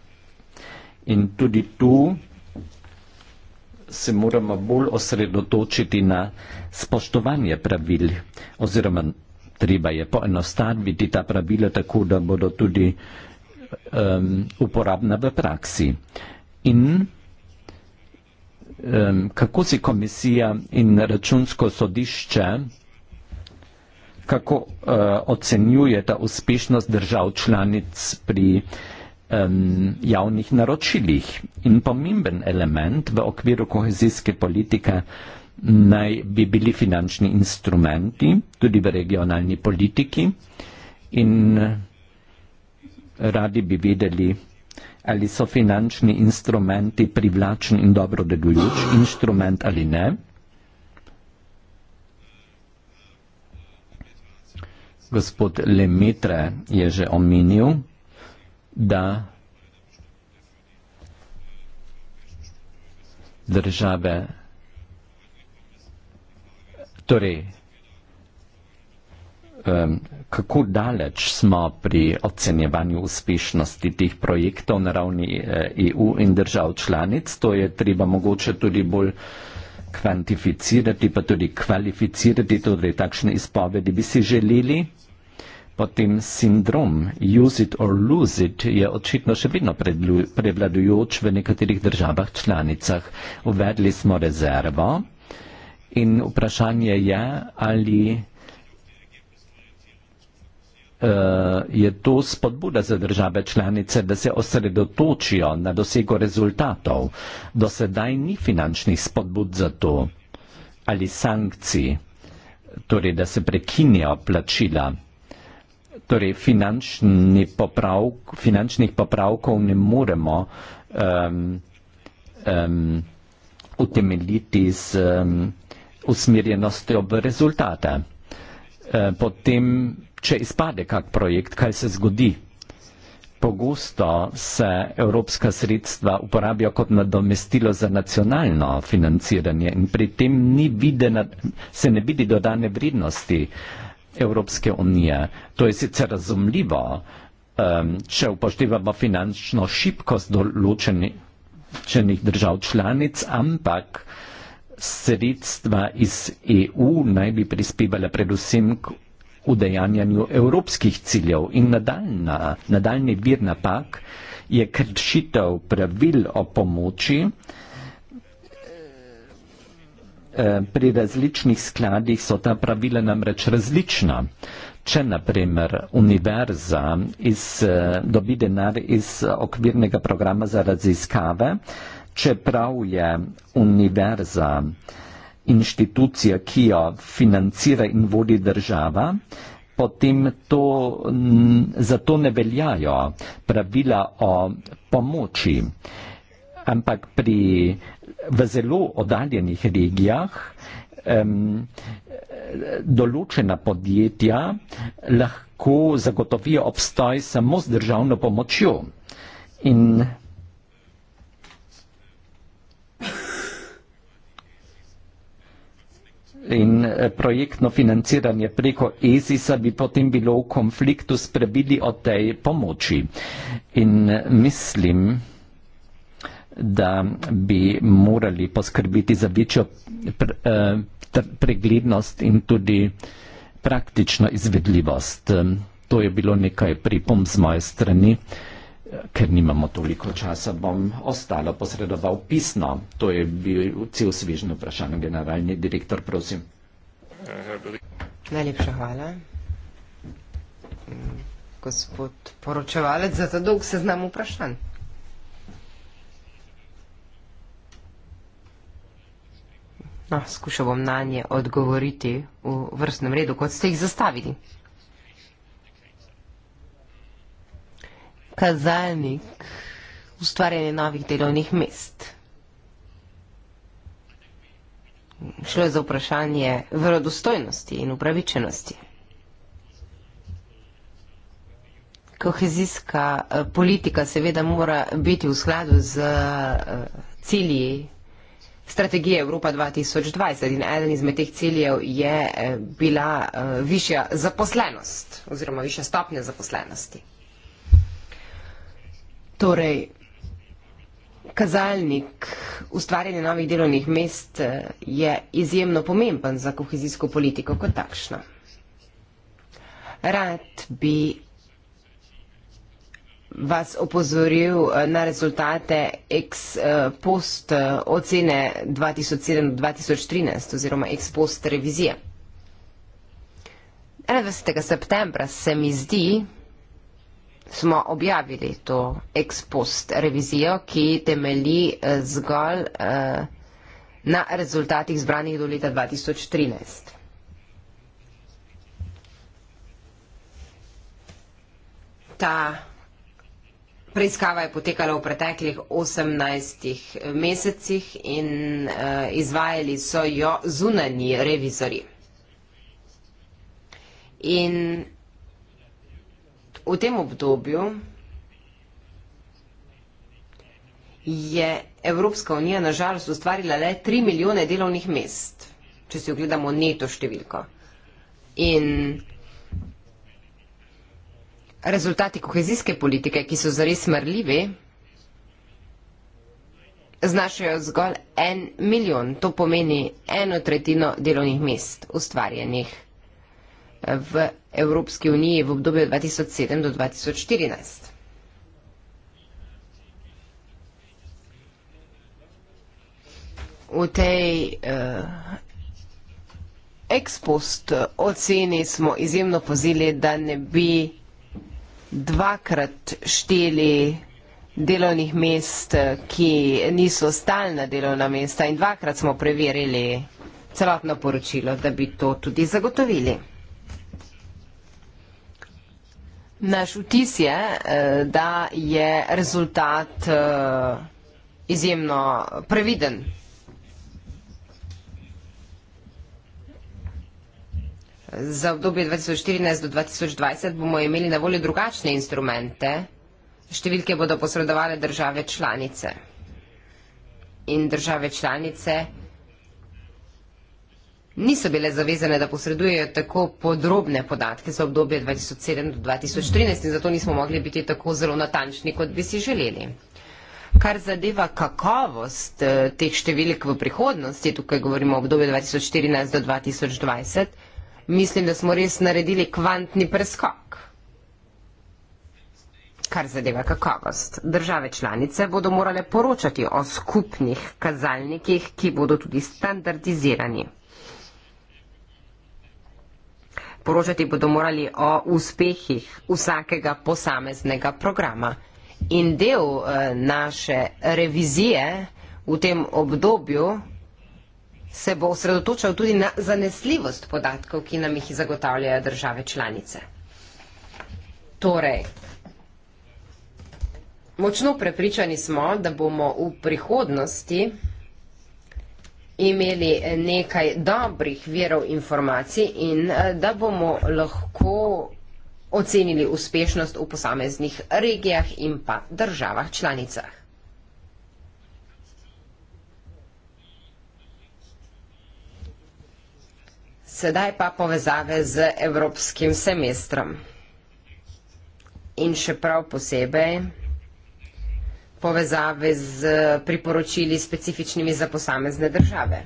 In tudi tu se moramo bolj osredotočiti na spoštovanje pravil oziroma treba je poenostaviti ta pravila tako, da bodo tudi um, uporabna v praksi. In um, kako si komisija in računsko sodišče kako uh, eh, ocenjujete uspešnost držav članic pri um, javnih naročilih. In pomemben element v okviru kohezijske politike naj bi bili finančni instrumenti, tudi v regionalni politiki. In radi bi vedeli, ali so finančni instrumenti privlačen in dobro delujoč inštrument ali ne. gospod Lemetre je že omenil, da države, torej, um, kako daleč smo pri ocenjevanju uspešnosti teh projektov na ravni EU eh, e in držav članic, to je treba mogoče tudi bolj uh, kvantificirati, pa tudi kvalificirati, torej takšne izpovedi bi si želeli. Potem sindrom use it or lose it je očitno še vedno prevladujoč v nekaterih državah članicah. Uvedli smo rezervo in vprašanje je, ali Eh, je to spodbuda za države članice, da se osredotočijo na dosego rezultatov. Do sedaj ni finančnih spodbud za to ali sankcij, torej da se prekinjajo plačila. Torej finančni popravk, finančnih popravkov ne moremo um, um, utemeljiti z um, usmerjenostjo v rezultate. Uh, potem če izpade kak projekt, kaj se zgodi? Pogosto se evropska sredstva uporabijo kot nadomestilo za nacionalno financiranje in pri tem videna, se ne vidi dodane vrednosti Evropske unije. To je sicer razumljivo, če upoštevamo finančno šibkost določenih držav članic, ampak sredstva iz EU naj bi prispevala predvsem k udejanjanju evropskih ciljev in nadaljna, nadaljni vir napak je kršitev pravil o pomoči eh, pri različnih skladih so ta pravila namreč različna. Če naprimer univerza iz, eh, dobi denar iz okvirnega programa za raziskave, čeprav je univerza eh, inštitucija, ki jo financira in vodi država, potem to, zato ne veljajo pravila o pomoči. Ampak pri, v zelo oddaljenih regijah um, določena podjetja lahko zagotovijo obstoj samo z državno pomočjo. In in eh, projektno financiranje preko ESIS-a bi potem bilo v konfliktu s prebili o tej pomoči. In eh, mislim, da bi morali poskrbiti za večjo pre, eh, pre, preglednost in tudi praktično izvedljivost. To je bilo nekaj pripom z moje strani ker nimamo toliko časa, bom ostalo posredoval pisno. To je bil cel svežen vprašanj, generalni direktor, prosim. Najlepša hvala. Mm, gospod poročevalec, za ta dolg seznam vprašanj. No, skušal bom na nje odgovoriti v vrstnem redu, kot ste jih zastavili. kazalnik ustvarjanja novih delovnih mest. Šlo je za vprašanje verodostojnosti in upravičenosti. Kohezijska eh, politika seveda mora biti v skladu z eh, cilji strategije Evropa 2020 in eden izmed teh ciljev je eh, bila višja zaposlenost oziroma višja stopnja zaposlenosti. Torej, kazalnik ustvarjanja novih delovnih mest eh, je izjemno pomemben za kohezijsko politiko kot takšno. Rad bi vas opozoril eh, na rezultate ex eh, post ocene 2007-2013 oziroma ex post revizije. 21. septembra se mi zdi, smo objavili to ekspost revizijo, ki temelji eh, zgolj eh, na rezultatih zbranih do leta 2013. Ta preiskava je potekala v preteklih 18 eh, mesecih in izvajali so jo zunani revizori. In V tem obdobju je Evropska unija nažalost ustvarila le 3 milijone delovnih mest, če si ogledamo neto številko. In rezultati kohezijske politike, ki so zares smrljivi, znašajo zgolj en milijon. To pomeni eno tretjino delovnih mest ustvarjenih v Evropski uniji v obdobju 2007 do 2014. V tej eh, ekspost oceni smo izjemno pozili, da ne bi dvakrat šteli delovnih mest, ki niso stalna delovna mesta in dvakrat smo preverili celotno poročilo, da bi to tudi zagotovili. Naš vtis je, eh, da je rezultat eh, izjemno previden. Za obdobje 2014 do 2020 bomo imeli na voljo drugačne instrumente, številke bodo posredovale države članice. In države članice niso bile zavezane, da posredujejo tako podrobne podatke za obdobje 2007 do 2013 in zato nismo mogli biti tako zelo natančni, kot bi si želeli. Kar zadeva kakovost eh, teh številk v prihodnosti, tukaj govorimo o obdobju 2014 do 2020, mislim, da smo res naredili kvantni preskok. Kar zadeva kakovost. Države članice bodo morale poročati o skupnih kazalnikih, ki bodo tudi standardizirani. poročati bodo morali o uspehih vsakega posameznega programa. In del eh, naše revizije v tem obdobju se bo osredotočal tudi na zanesljivost podatkov, ki nam jih zagotavljajo države članice. Torej, močno prepričani smo, da bomo v prihodnosti imeli eh, nekaj dobrih verov informacij in eh, da bomo lahko ocenili uspešnost v posameznih regijah in pa državah članicah. Sedaj pa povezave z evropskim semestrom. In še prav posebej, povezave z priporočili specifičnimi za posamezne države.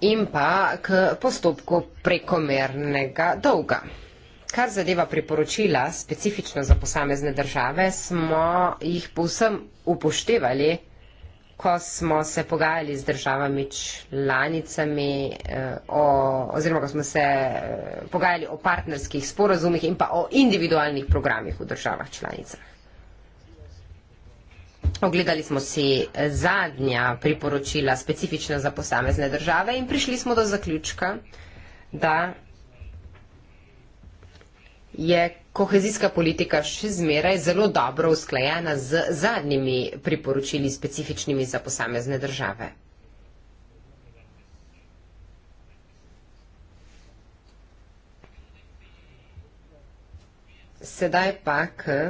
In pa k postopku prekomernega dolga. Kar zadeva priporočila specifično za posamezne države, smo jih povsem upoštevali, ko smo se pogajali z državami članicami eh, o, oziroma ko smo se eh, pogajali o partnerskih sporazumih in pa o individualnih programih v državah članicah. Ogledali smo si zadnja priporočila, specifična za posamezne države in prišli smo do zaključka, da je kohezijska politika še zmeraj zelo dobro usklajena z zadnjimi priporočili, specifičnimi za posamezne države. Sedaj pa k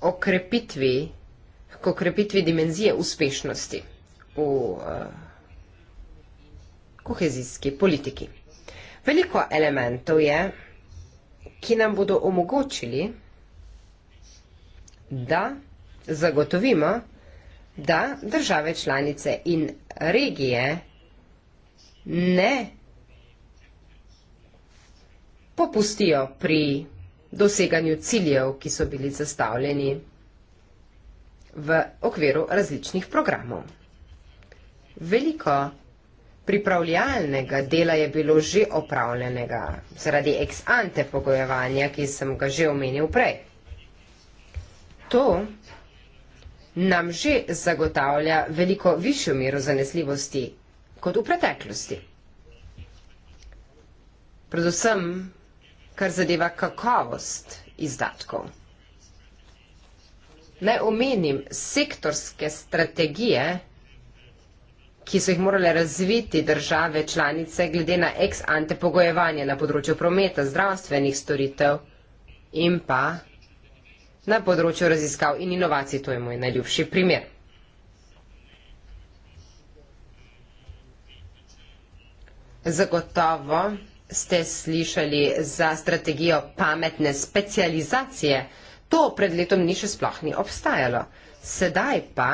okrepitvi, k okrepitvi dimenzije uspešnosti v eh, kohezijski politiki. Veliko elementov je, ki nam bodo omogočili, da zagotovimo, da države članice in regije ne popustijo pri vsega, doseganju ciljev, ki so bili zastavljeni v okviru različnih programov. Veliko pripravljalnega dela je bilo že opravljenega zaradi ex ante pogojevanja, ki sem ga že omenil prej. To nam že zagotavlja veliko višjo mero zanesljivosti kot v preteklosti. Predvsem kar zadeva kakovost izdatkov. Naj omenim sektorske strategije, ki so jih morale razviti države članice glede na ex ante pogojevanje na področju prometa, zdravstvenih storitev in pa na področju raziskav in inovacij. To je moj najljubši primer. Zagotovo ste slišali za strategijo pametne specializacije. To pred letom ni še sploh ni obstajalo. Sedaj pa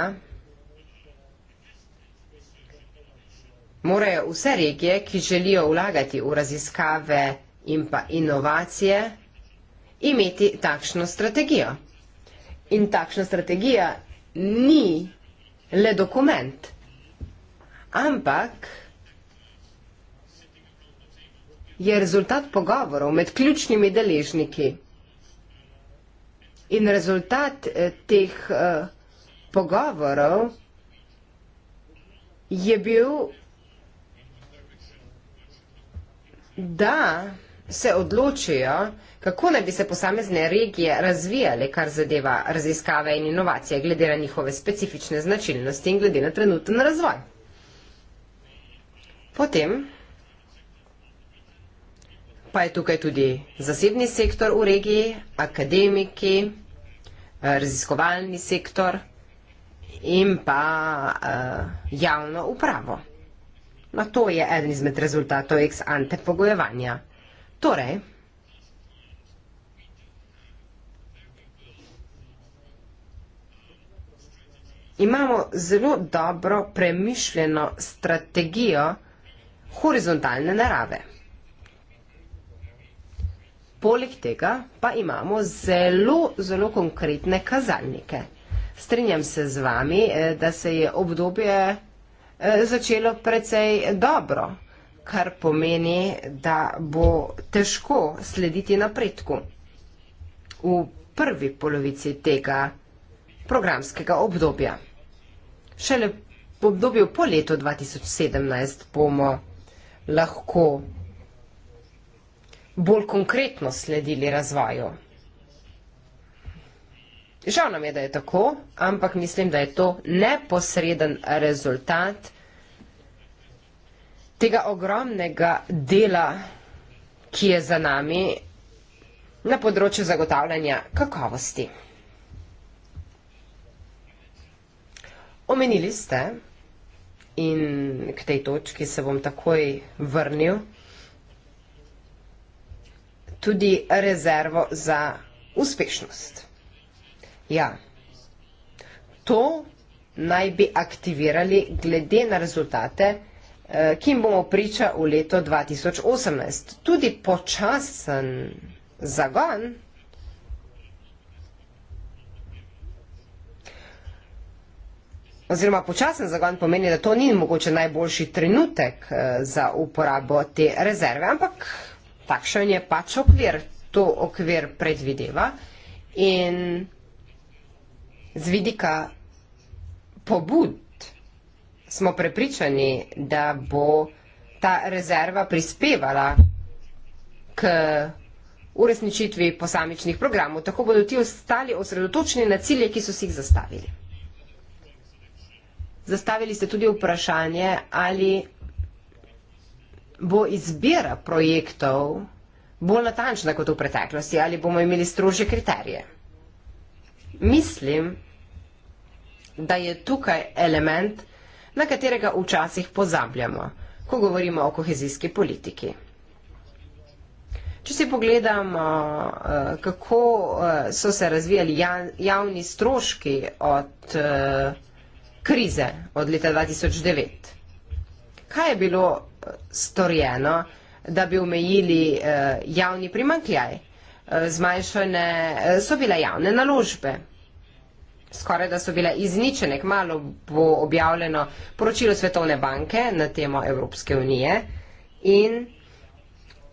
morajo vse regije, ki želijo vlagati v raziskave in pa inovacije, imeti takšno strategijo. In takšna strategija ni le dokument, ampak je rezultat pogovorov med ključnimi deležniki. In rezultat eh, teh eh, pogovorov je bil, da se odločijo, kako naj bi se posamezne regije razvijale, kar zadeva raziskave in inovacije, glede na njihove specifične značilnosti in glede na trenuten razvoj. Potem pa je tukaj tudi zasebni sektor v regiji, akademiki, eh, raziskovalni sektor in pa eh, javno upravo. No, to je eden izmed rezultatov ex ante pogojevanja. Torej, imamo zelo dobro premišljeno strategijo horizontalne narave. Poleg tega pa imamo zelo, zelo konkretne kazalnike. Strinjam se z vami, eh, da se je obdobje eh, začelo precej dobro, kar pomeni, da bo težko slediti napredku. V prvi polovici tega programskega obdobja. Šele v obdobju po letu 2017 bomo lahko bolj konkretno sledili razvoju. Žal nam je, da je tako, ampak mislim, da je to neposreden rezultat tega ogromnega dela, ki je za nami na področju zagotavljanja kakovosti. Omenili ste in k tej točki se bom takoj vrnil tudi rezervo za uspešnost. Ja, to naj bi aktivirali glede na rezultate, eh, ki jim bomo priča v leto 2018. Tudi počasen zagon oziroma počasen zagon pomeni, da to ni mogoče najboljši trenutek eh, za uporabo te rezerve, ampak takšen je pač okvir, to okvir predvideva in z vidika pobud smo prepričani, da bo ta rezerva prispevala k uresničitvi posamičnih programov, tako bodo ti ostali osredotočeni na cilje, ki so si jih zastavili. Zastavili ste tudi vprašanje, ali bo izbira projektov bolj natančna kot v preteklosti ali bomo imeli strožje kriterije. Mislim, da je tukaj element, na katerega včasih pozabljamo, ko govorimo o kohezijski politiki. Če si pogledamo, eh, kako eh, so se razvijali javni stroški od eh, krize od leta 2009, kaj je bilo storjeno, da bi omejili eh, javni primankljaj. Eh, zmanjšane eh, so bile javne naložbe. Skoraj da so bile izničene, kmalo bo objavljeno poročilo Svetovne banke na temo Evropske unije in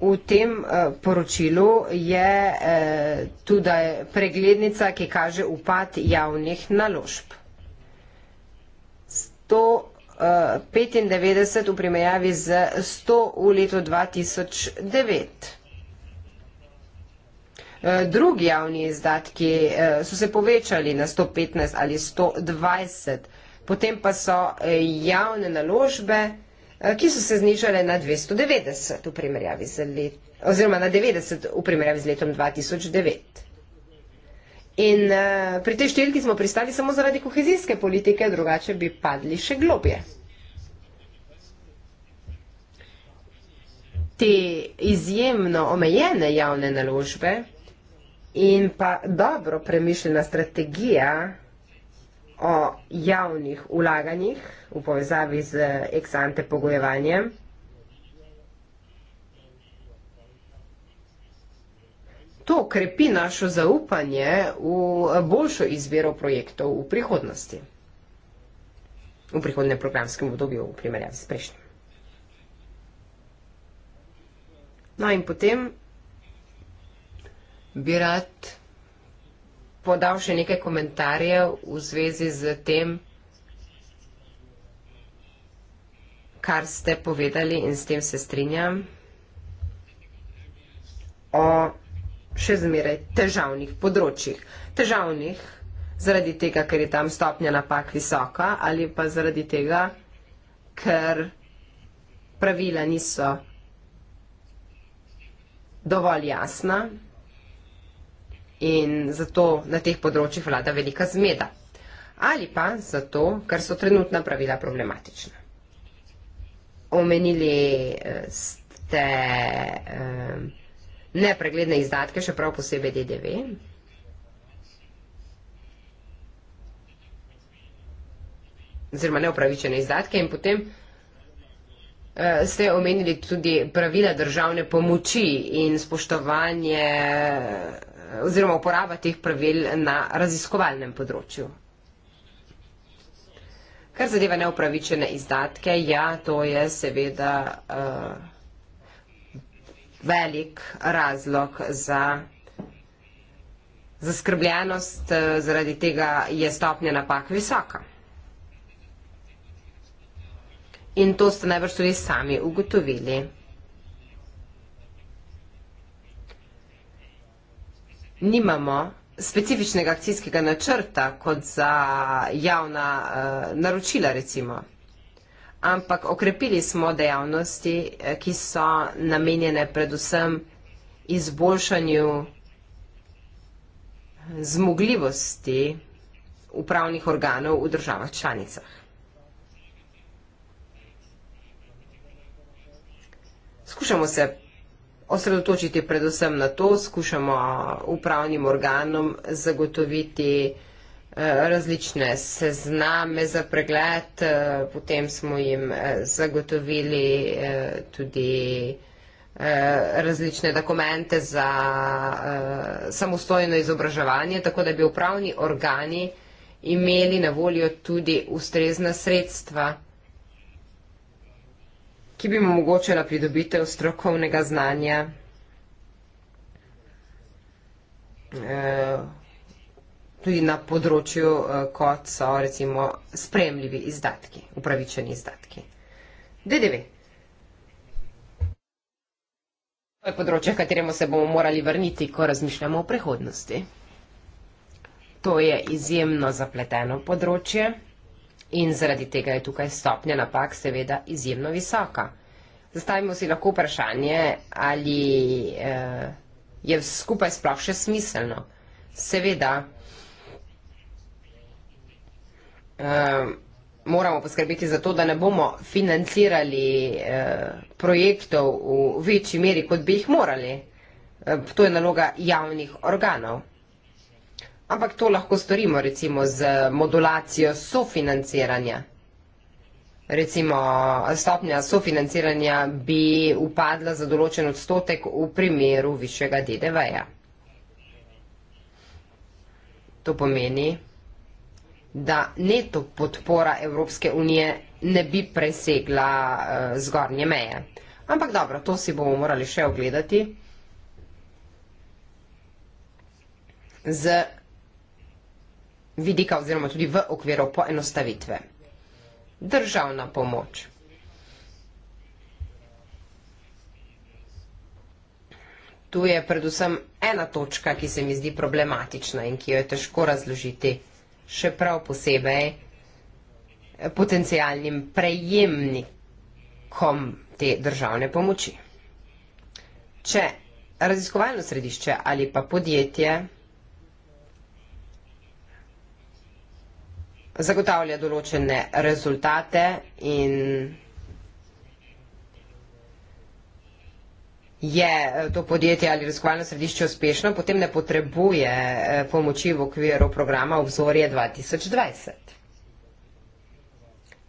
v tem poročilu je tudi preglednica, ki kaže upad javnih naložb. 100 95 v primerjavi z 100 v letu 2009. E, drugi javni izdatki e, so se povečali na 115 ali 120, potem pa so e, javne naložbe, ki so se znižale na 290 v primerjavi z, let, na 90 v primerjavi z letom 2009. In uh, pri tej številki smo pristali samo zaradi kohezijske politike, drugače bi padli še globje. Te izjemno omejene javne naložbe in pa dobro premišljena strategija o javnih ulaganjih v povezavi z ex ante pogojevanjem, to krepi našo zaupanje v boljšo izbiro projektov v prihodnosti. V prihodnem programskem obdobju, v primerjavi s prejšnjim. No in potem bi rad podal še nekaj komentarjev v zvezi z tem, kar ste povedali in s tem se strinjam, o še zmeraj težavnih področjih. Težavnih zaradi tega, ker je tam stopnja napak visoka ali pa zaradi tega, ker pravila niso dovolj jasna in zato na teh področjih vlada velika zmeda. Ali pa zato, ker so trenutna pravila problematična. Omenili eh, ste. Um, nepregledne izdatke, še prav posebej DDV. oziroma neopravičene izdatke in potem eh, ste omenili tudi pravila državne pomoči in spoštovanje eh, oziroma uporaba teh pravil na raziskovalnem področju. Kar zadeva neopravičene izdatke, ja, to je seveda uh, velik razlog za zaskrbljenost, eh, zaradi tega je stopnja napak visoka. In to ste najbrž tudi sami ugotovili. Nimamo specifičnega akcijskega načrta kot za javna eh, naročila recimo ampak okrepili smo dejavnosti, eh, ki so namenjene predvsem izboljšanju zmogljivosti upravnih organov v državah članicah. Skušamo se osredotočiti predvsem na to, skušamo upravnim organom zagotoviti, Eh, različne sezname za pregled, eh, potem smo jim eh, zagotovili tudi različne dokumente za samostojno izobraževanje, tako da bi upravni organi imeli na voljo tudi ustrezna sredstva, ki bi mu omogočila pridobitev strokovnega znanja tudi na področju, eh, kot so recimo spremljivi izdatki, upravičeni izdatki. DDV. To je področje, kateremu se bomo morali vrniti, ko razmišljamo o prihodnosti. To je izjemno zapleteno področje in zaradi tega je tukaj stopnja napak seveda izjemno visoka. Zastavimo si lahko vprašanje, ali eh, je skupaj sploh še smiselno. Seveda, Eh, moramo poskrbeti za to, da ne bomo financirali eh, projektov v večji meri, kot bi jih morali. Eh, to je naloga javnih organov. Ampak to lahko storimo recimo z modulacijo sofinanciranja. Recimo stopnja sofinanciranja bi upadla za določen odstotek v primeru višjega DDV-ja. To pomeni, da neto podpora Evropske unije ne bi presegla uh, zgornje meje. Ampak dobro, to si bomo morali še ogledati z vidika oziroma tudi v okviru poenostavitve. Državna pomoč. Tu je predvsem ena točka, ki se mi zdi problematična in ki jo je težko razložiti še prav posebej eh, potencijalnim prejemnikom te državne pomoči. Če raziskovalno središče ali pa podjetje zagotavlja določene rezultate in je eh, to podjetje ali raziskovalno središče uspešno, potem ne potrebuje eh, pomoči v okviru programa Obzorje 2020.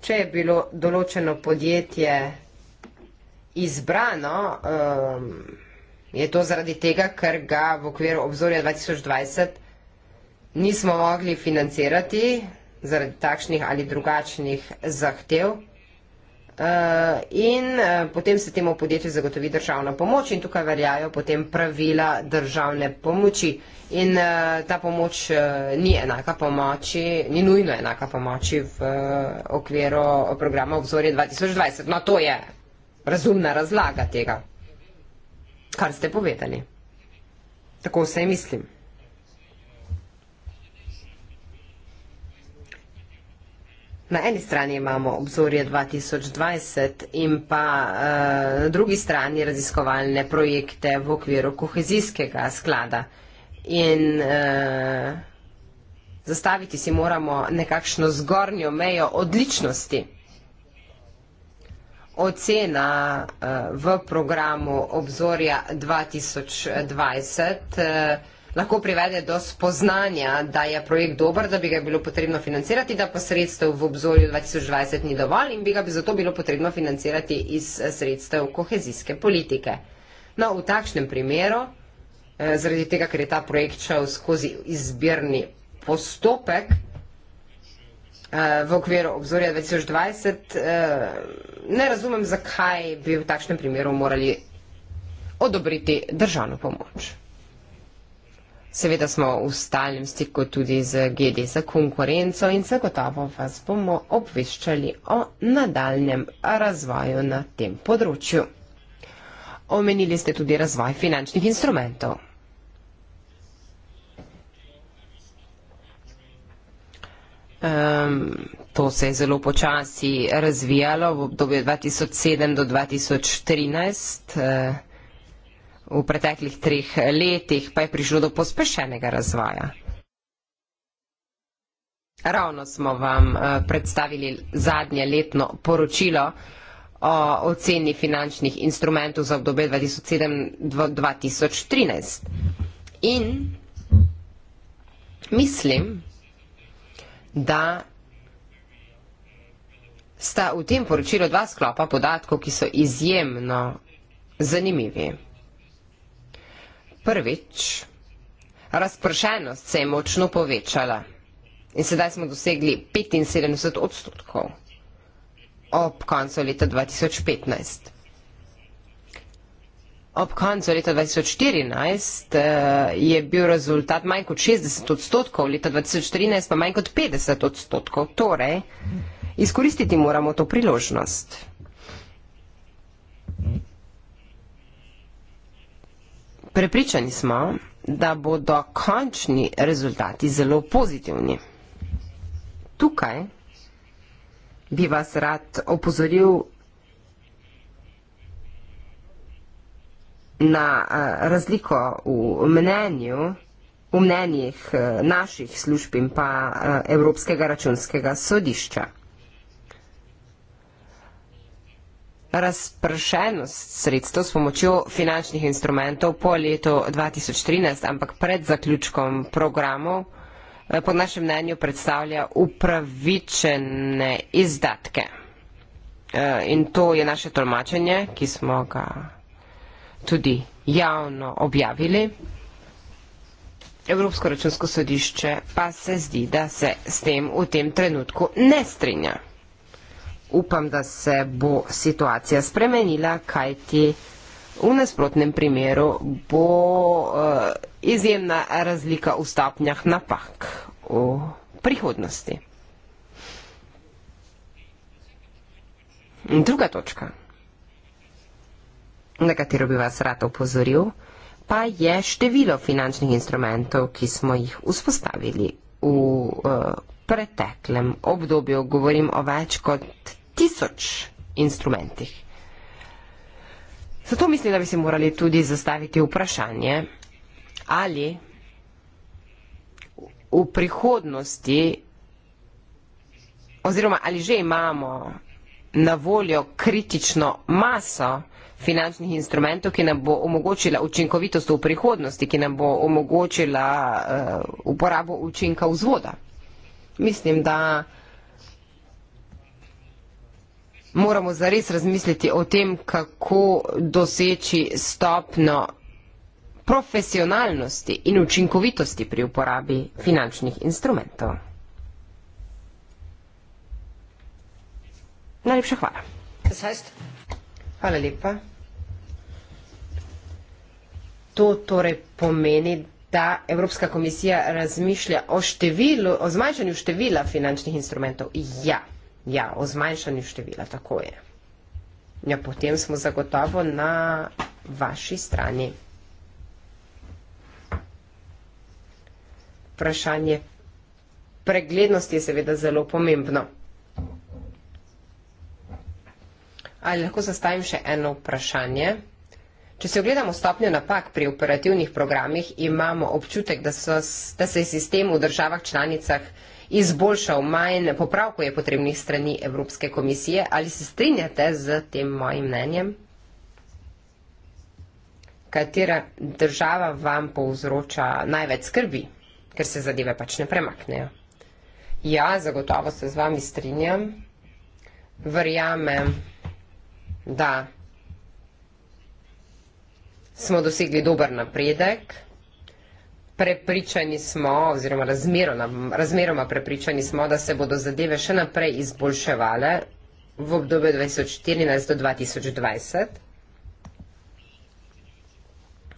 Če je bilo določeno podjetje izbrano, ehm, je to zaradi tega, ker ga v okviru Obzorja 2020 nismo mogli financirati zaradi takšnih ali drugačnih zahtev. Eh, in eh, potem se temu podjetju zagotovi državna pomoč in tukaj verjajo potem pravila državne pomoči. In eh, ta pomoč ni enaka pomoči, ni nujno enaka pomoči v okviru programa obzorje 2020. No, to je razumna razlaga tega, kar ste povedali. Tako vse mislim. Na eni strani imamo obzorje 2020 in pa na uh, eh, drugi strani raziskovalne projekte v okviru kohezijskega sklada. In uh, zastaviti si moramo nekakšno zgornjo mejo odličnosti. Ocena uh, v programu obzorja 2020. Uh, lahko privede do spoznanja, da je projekt dober, da bi ga bilo potrebno financirati, da pa sredstev v obzorju 2020 ni dovolj in bi ga bi zato bilo potrebno financirati iz eh, sredstev kohezijske politike. No, v takšnem primeru, eh, zaradi tega, ker je ta projekt šel skozi izbirni postopek, eh, v okviru obzorja 2020, ne razumem, zakaj bi v takšnem primeru morali odobriti državno pomoč. Seveda smo v stalnem stiku tudi z GD za konkurenco in zagotovo vas bomo obveščali o nadaljem razvoju na tem področju. Omenili ste tudi razvoj finančnih instrumentov. Um, to se je zelo počasi razvijalo v obdobju 2007 do 2013. Uh, v preteklih treh letih pa je prišlo do pospešenega razvoja. Ravno smo vam eh, predstavili zadnje letno poročilo o oceni finančnih instrumentov za obdobje 2007-2013. In mislim, da sta v tem poročilu dva sklopa podatkov, ki so izjemno zanimivi. Prvič, razpršenost se je močno povečala in sedaj smo dosegli 75 odstotkov ob koncu leta 2015. Ob koncu leta 2014 eh, je bil rezultat manj kot 60 odstotkov, leta 2014 pa manj kot 50 odstotkov. Torej, izkoristiti moramo to priložnost. Prepričani smo, da bodo končni rezultati zelo pozitivni. Tukaj bi vas rad opozoril na eh, razliko v mnenju, v mnenjih eh, naših služb in pa eh, Evropskega računskega sodišča. razpršenost sredstev s pomočjo finančnih instrumentov po letu 2013, ampak pred zaključkom programov, eh, po našem mnenju predstavlja upravičene izdatke. Eh, in to je naše tolmačenje, ki smo ga tudi javno objavili. Evropsko računsko sodišče pa se zdi, da se s tem v tem trenutku ne strinja upam, da se bo situacija spremenila, kajti v nasprotnem primeru bo eh, izjemna razlika v stopnjah napak v prihodnosti. Druga točka, na katero bi vas rad opozoril, pa je število finančnih instrumentov, ki smo jih vzpostavili v uh, preteklem obdobju. Govorim o več kot tisoč instrumentih. Zato mislim, da bi se morali tudi zastaviti vprašanje, ali v prihodnosti oziroma ali že imamo na voljo kritično maso finančnih instrumentov, ki nam bo omogočila učinkovitost v prihodnosti, ki nam bo omogočila uh, uporabo učinka vzvoda. Mislim, da uh, moramo zares razmisliti o tem, kako doseči stopno profesionalnosti in učinkovitosti pri uporabi finančnih instrumentov. Najlepša hvala. Hvala lepa. To torej pomeni, da Evropska komisija razmišlja o, številu, o zmanjšanju števila finančnih instrumentov. Ja. Ja, o zmanjšanju števila, tako je. Ja, potem smo zagotovo na vaši strani. Vprašanje preglednosti je seveda zelo pomembno. Ali lahko zastavim še eno vprašanje? Če se ogledamo stopnjo napak pri operativnih programih, imamo občutek, da, so, da se je sistem v državah članicah izboljšal, manj popravkov je potrebnih strani Evropske komisije. Ali se strinjate z tem mojim mnenjem? Katera država vam povzroča največ skrbi, ker se zadeve pač ne premaknejo? Ja, zagotovo se z vami strinjam. Verjamem, da smo dosegli dober napredek prepričani smo, oziroma razmeroma, razmeroma prepričani smo, da se bodo zadeve še naprej izboljševale v obdobju 2014 do 2020.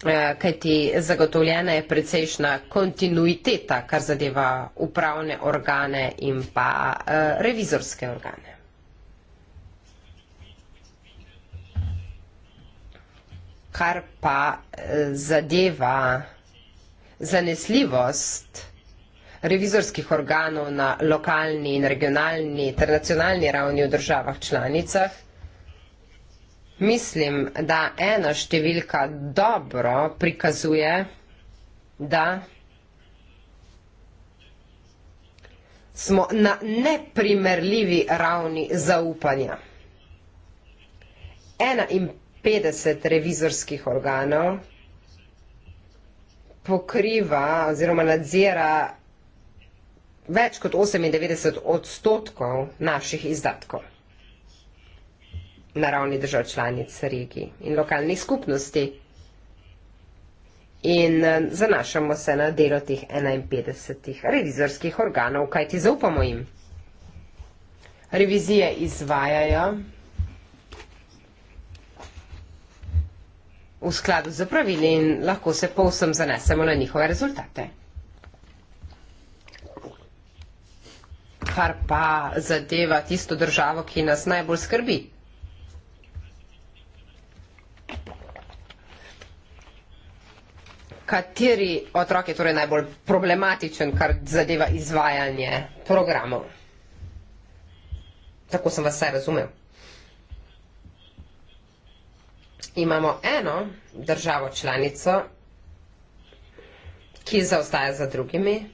Eh, kajti zagotovljena je precejšna kontinuiteta, kar zadeva upravne organe in pa eh, revizorske organe. Kar pa eh, zadeva zanesljivost revizorskih organov na lokalni in regionalni ter nacionalni ravni v državah članicah, mislim, da ena številka dobro prikazuje, da smo na neprimerljivi ravni zaupanja. 51 revizorskih organov pokriva oziroma nadzira več kot 98 odstotkov naših izdatkov na ravni držav članic regij in lokalnih skupnosti. In eh, zanašamo se na delo teh 51 revizorskih organov, kajti zaupamo jim. Revizije izvajajo v skladu z pravili in lahko se povsem zanesemo na njihove rezultate. Kar pa zadeva tisto državo, ki nas najbolj skrbi. Kateri otrok je torej najbolj problematičen, kar zadeva izvajanje programov? Tako sem vas vse razumel. imamo eno državo članico, ki zaostaja za drugimi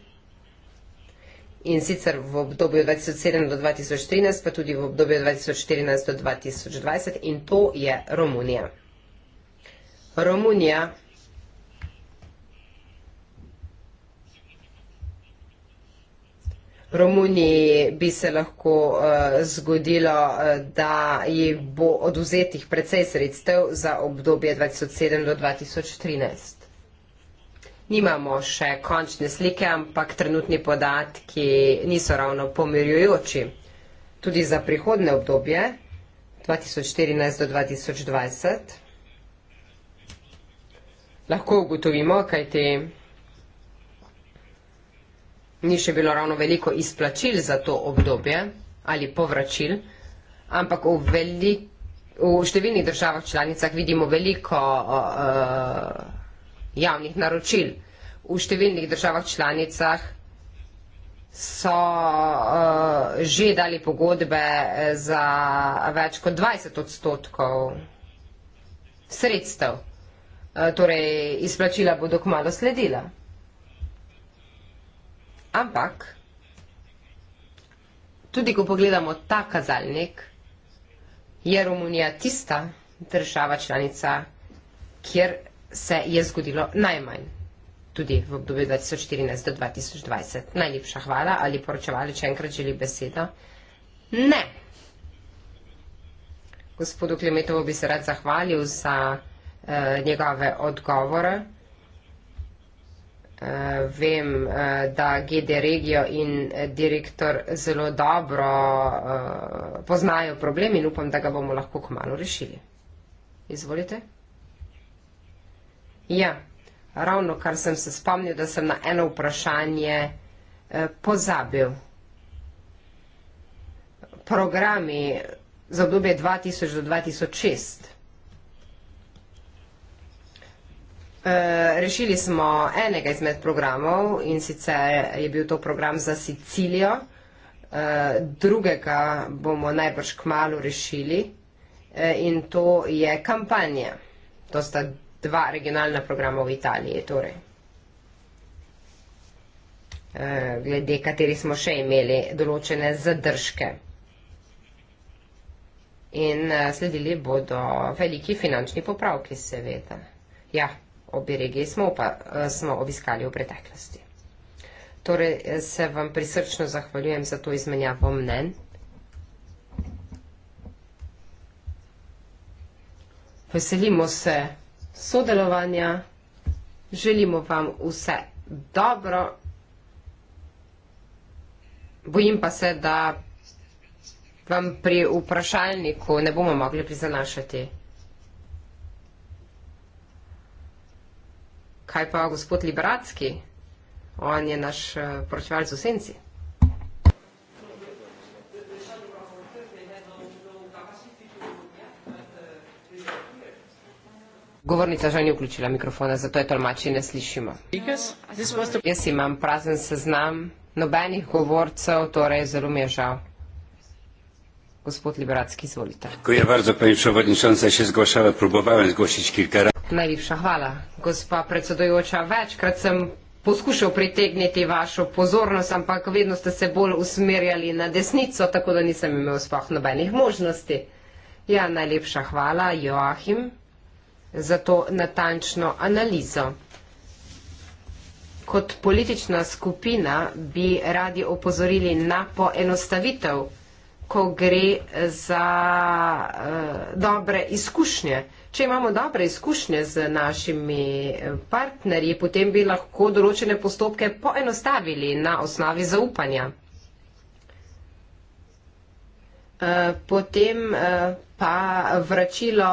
in sicer v obdobju 2007 do 2013, pa tudi v obdobju 2014 do 2020 in to je Romunija. Romunija Romuniji bi se lahko uh, zgodilo, eh, da ji bo oduzetih precej sredstev za obdobje 2007 do 2013. Nimamo še končne slike, ampak trenutni podatki niso ravno pomirjujoči. Tudi za prihodne obdobje 2014 do 2020 lahko ugotovimo, kaj te ni še bilo ravno veliko izplačil za to obdobje ali povračil, ampak v, velik, v številnih državah članicah vidimo veliko uh, javnih naročil. V številnih državah članicah so uh, že dali pogodbe e, za več kot 20 odstotkov sredstev. Uh, torej, izplačila bodo kmalo sledila. Ampak, tudi ko pogledamo ta kazalnik, je Romunija tista država članica, kjer se je zgodilo najmanj tudi v obdobju 2014 do 2020. Najlepša hvala ali poročevali, če enkrat želi besedo. Ne. Gospodu Klemetovu bi se rad zahvalil za uh, njegove odgovore uh, vem, uh, da GD regijo in eh, direktor zelo dobro uh, poznajo problem in upam, da ga bomo lahko k malu rešili. Izvolite. Ja, ravno kar sem se spomnil, da sem na eno vprašanje eh, pozabil. Programi za obdobje 2000 do 2006. Eh, rešili smo enega izmed programov in sicer je bil to program za Sicilijo. Eh, drugega bomo najbrž k malu rešili eh, in to je kampanja. To sta dva regionalna programa v Italiji. Torej. Glede kateri smo še imeli določene zadržke. In sledili bodo veliki finančni popravki, seveda. Ja obi regiji smo, pa, eh, smo obiskali v preteklosti. Torej eh, se vam prisrčno zahvaljujem za to izmenjavo mnen. Veselimo se sodelovanja, želimo vam vse dobro. Bojim pa se, da vam pri vprašalniku ne bomo mogli prizanašati. kaj pa gospod Liberacki? On je naš eh, poročevalc v senci. Govornica že ni vključila mikrofona, zato je tolmači ne slišimo. Jaz imam prazen seznam nobenih govorcev, torej zelo mi je žal. Gospod Liberacki, izvolite. Ko je bardzo, pani przewodnicząca, ja się zgłaszała, próbowałem zgłosić kilka razy. Najlepša hvala, gospa predsedujoča. Večkrat sem poskušal pritegniti vašo pozornost, ampak vedno ste se bolj usmerjali na desnico, tako da nisem imel sploh nobenih možnosti. Ja, najlepša hvala, Joachim, za to natančno analizo. Kot politična skupina bi radi opozorili na poenostavitev, ko gre za uh, dobre izkušnje. Če imamo dobre izkušnje z našimi eh, partnerji, potem bi lahko določene postopke poenostavili na osnovi zaupanja. Eh, potem eh, pa vračilo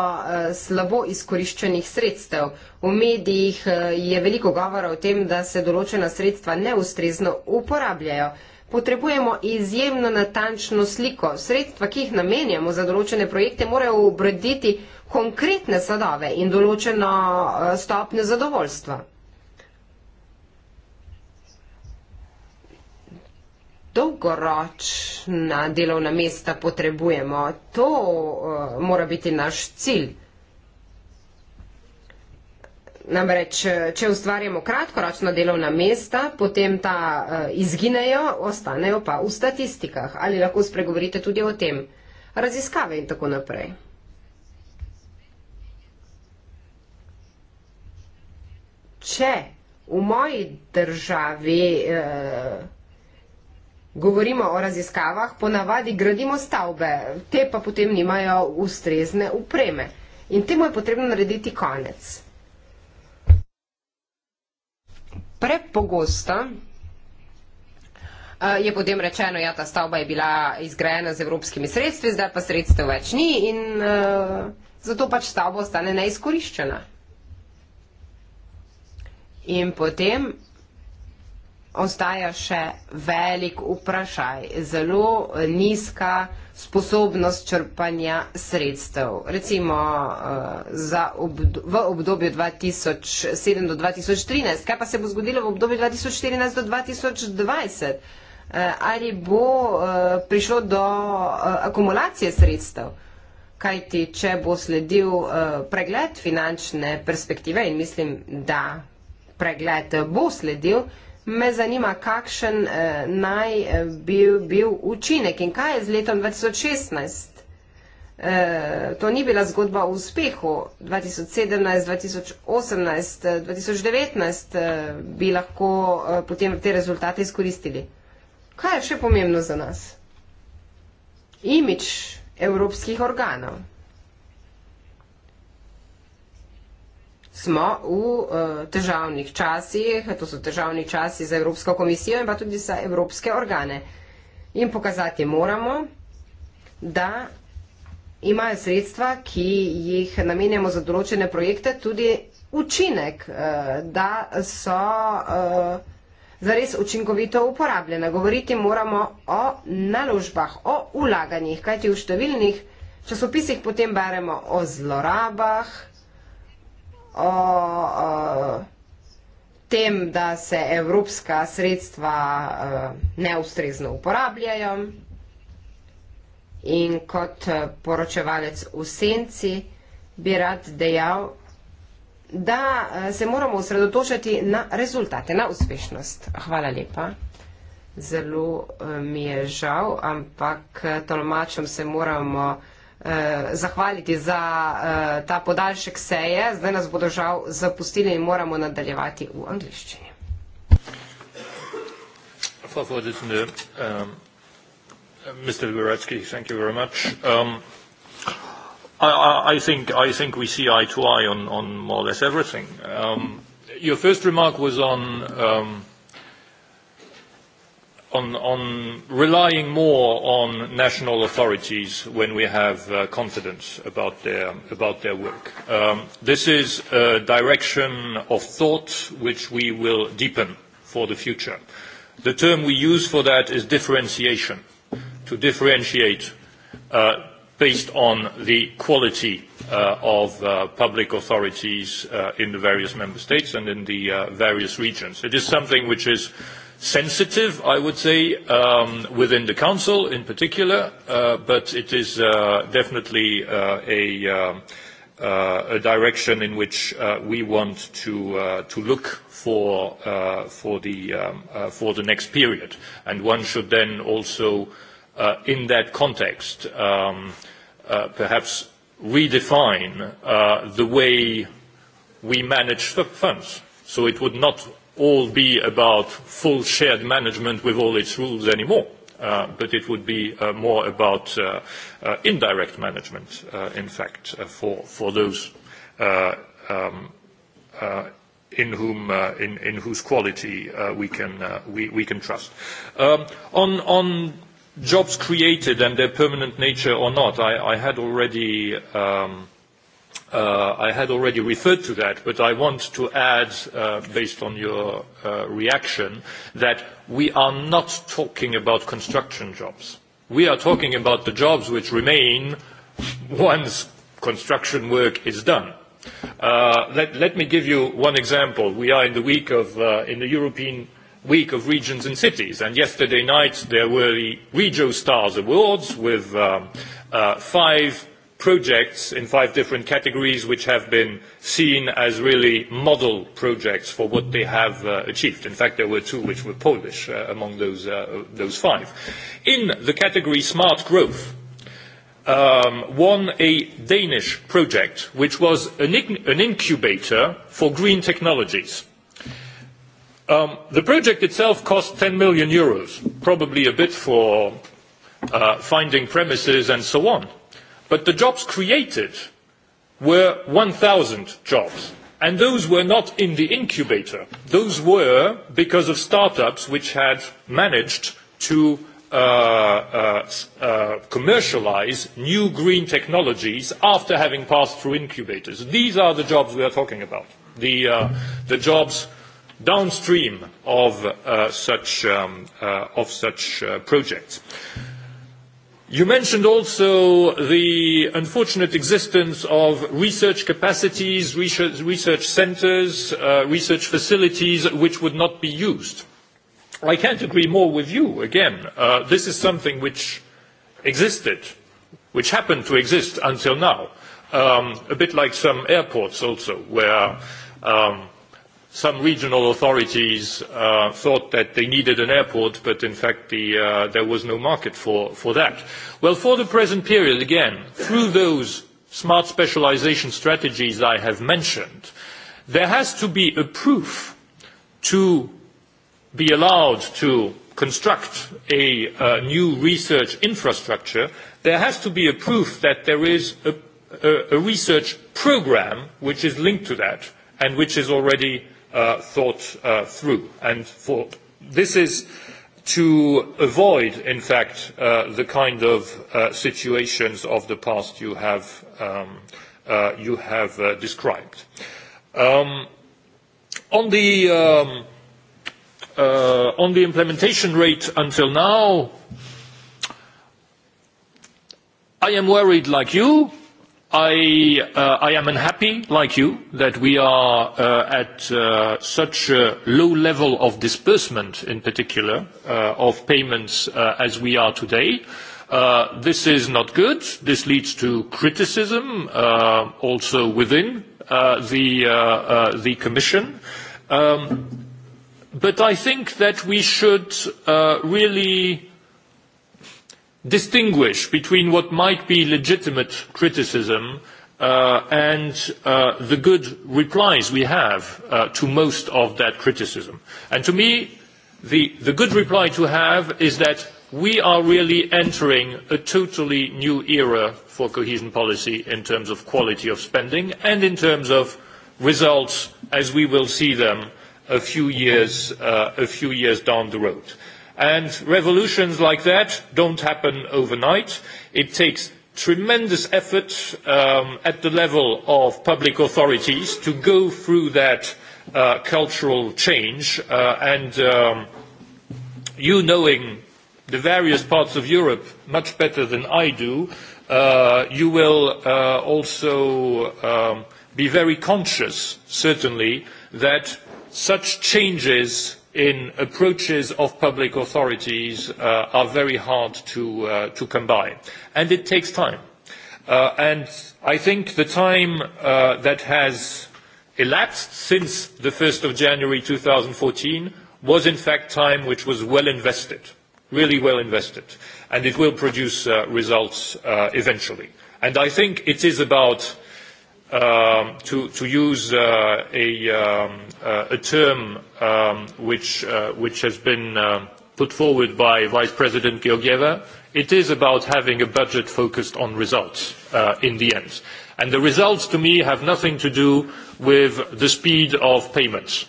slabo izkoriščenih sredstev. V medijih je veliko govora o tem, da se določena sredstva neustrezno uporabljajo potrebujemo izjemno natančno sliko. Sredstva, ki jih namenjamo za določene projekte, morajo obrediti konkretne sadove in določeno eh, stopnjo zadovoljstva. Dolgoročna delovna mesta potrebujemo, to uh, mora biti naš cilj. Namreč, eh, če ustvarjamo kratkoročna delovna mesta, potem ta eh, izginejo, ostanejo pa v statistikah. Ali lahko spregovorite tudi o tem? Raziskave in tako naprej. Če v moji državi eh, govorimo o raziskavah, ponavadi gradimo stavbe, te pa potem nimajo ustrezne upreme. In temu je potrebno narediti konec. prepogosta, eh, je potem rečeno, ja, ta stavba je bila izgrajena z evropskimi sredstvi, zdaj pa sredstev več ni in eh, zato pač stavba ostane neizkoriščena. In potem ostaja še velik vprašaj, zelo nizka vprašaj, sposobnost črpanja sredstev. Recimo eh, za ob, v obdobju 2007 do 2013. Kaj pa se bo zgodilo v obdobju 2014 do 2020? Eh, ali bo eh, prišlo do akumulacije sredstev? Kajti, če bo sledil pregled finančne perspektive in mislim, da pregled bo sledil, me zanima, kakšen eh, naj eh, bi bil učinek in kaj je z letom 2016. Eh, to ni bila zgodba o uspehu 2017, 2018, 2019 eh, bi lahko eh, potem te rezultate izkoristili. Kaj je še pomembno za nas? Imič evropskih organov. smo v uh, težavnih časih, to so težavni časi za Evropsko komisijo in pa tudi za evropske organe. In pokazati moramo, da imajo sredstva, ki jih namenjamo za določene projekte, tudi učinek, uh, da so uh, zares učinkovito uporabljene. Govoriti moramo o naložbah, o ulaganjih, kajti v številnih časopisih potem beremo o zlorabah, o uh, tem, da se evropska sredstva uh, neustrezno uporabljajo in kot eh, poročevalec v senci bi rad dejal, da eh, se moramo osredotočati na rezultate, na uspešnost. Hvala lepa. Zelo mi je žal, ampak tolmačem se moramo eh, zahvaliti za eh, ta podaljšek seje. Zdaj nas bodo žal zapustili in moramo nadaljevati v angliščini. Mr. Ähm, Goretsky, thank you very much. Um, I, I, think, I think we see eye to eye on, on more or less everything. Um, your first remark was on um, uh, on, on relying more on national authorities when we have uh, confidence about their, about their work. Um, this is a direction of thought which we will deepen for the future. The term we use for that is differentiation, to differentiate uh, based on the quality uh, of uh, public authorities uh, in the various member states and in the uh, various regions. It is something which is uh, sensitive, I would say, um, within the Council in particular, uh, but it is uh, definitely uh, a, uh, uh, a direction in which uh, we want to, uh, to look for, uh, for, the, um, uh, for the next period. And one should then also, uh, in that context, um, uh, perhaps redefine uh, the way we manage the funds. So it would not all be about full shared management with all its rules anymore, uh, but it would be uh, more about uh, uh, indirect management, uh, in fact, uh, for, for those uh, um, uh, in, whom, uh, in, in whose quality uh, we, can, uh, we, we can trust. Um, on, on jobs created and their permanent nature or not, I, I had already... Um, uh, I had already referred to that, but I want to add, uh, based on your uh, reaction, that we are not talking about construction jobs. We are talking about the jobs which remain once construction work is done. Uh, let, let me give you one example. We are in the week of, uh, in the European week of regions and cities, and yesterday night there were the Regio Stars Awards with um, uh, five projects in five different categories which have been seen as really model projects for what they have uh, achieved. In fact, there were two which were Polish uh, among those, uh, those five. In the category smart growth, um, won a Danish project which was an, an incubator for green technologies. Um, the project itself cost 10 million euros, probably a bit for uh, finding premises and so on. But the jobs created were 1,000 jobs. And those were not in the incubator. Those were because of startups which had managed to uh, uh, uh, commercialize new green technologies after having passed through incubators. These are the jobs we are talking about. The, uh, the jobs downstream of uh, such, um, uh, of such uh, projects. You mentioned also the unfortunate existence of research capacities, research, research centers, uh, research facilities which would not be used. I can't agree more with you. Again, uh, this is something which existed, which happened to exist until now, um, a bit like some airports also, where um, some regional authorities uh, thought that they needed an airport, but in fact, uh, there was no market for that. Well, for the present period, again, through those smart specialization strategies I have mentioned, there has to be a proof to be allowed to construct a uh, new research infrastructure. There has to be a proof that there is a research program which is linked to that and which is already Uh, thought uh, through and thought. This is to avoid, in fact, uh, the kind of uh, situations of the past you have, um, uh, you have uh, described. Um, on, the, um, uh, on the implementation rate until now, I am worried like you, I, uh, I am unhappy, like you, that we are uh, at uh, such a low level of disbursement, in particular, uh, of payments uh, as we are today. Uh, this is not good. This leads to criticism uh, also within uh, the, uh, uh, the Commission. Um, but I think that we should uh, really uh, distinguish between what might be legitimate criticism uh, and uh, the good replies we have uh, to most of that criticism. And to me, the, the good reply to have is that we are really entering a totally new era for cohesion policy in terms of quality of spending and in terms of results as we will see them a few years, uh, a few years down the road and revolutions like that don't happen overnight. It takes tremendous effort um, at the level of public authorities to go through that uh, cultural change uh, and um, you knowing the various parts of Europe much better than I do, uh, you will uh, also um, be very conscious, certainly, that such changes in approaches of public authorities uh, are very hard to, uh, to come by. And it takes time. Uh, and I think the time uh, that has elapsed since the 1st of January 2014 was in fact time which was well invested, really well invested. And it will produce uh, results uh, eventually. And I think it is about uh, um, to, to use uh, a, um, uh, a term um, which, uh, which has been uh, put forward by Vice President Georgieva, it is about having a budget focused on results uh, in the end. And the results to me have nothing to do with the speed of payments.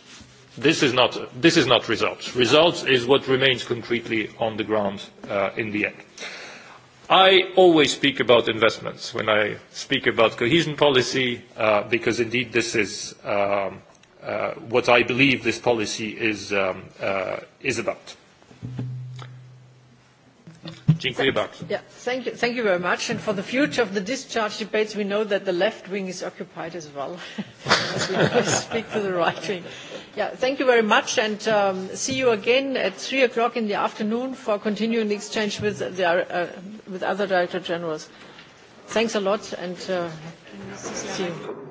This is not, this is not results. Results is what remains concretely on the ground uh, in the end. Uh, I always speak about investments when I speak about cohesion policy uh, because indeed this is um, uh, what I believe this policy is, um, uh, is about. Thank, yeah, thank you. Thank you very much. And for the future of the discharge debates, we know that the left wing is occupied as well. as we speak to the right wing. Yeah, thank you very much, and um, see you again at three o'clock in the afternoon for continuing exchange with the. Uh, with other director generals. thanks a lot and uh, see you.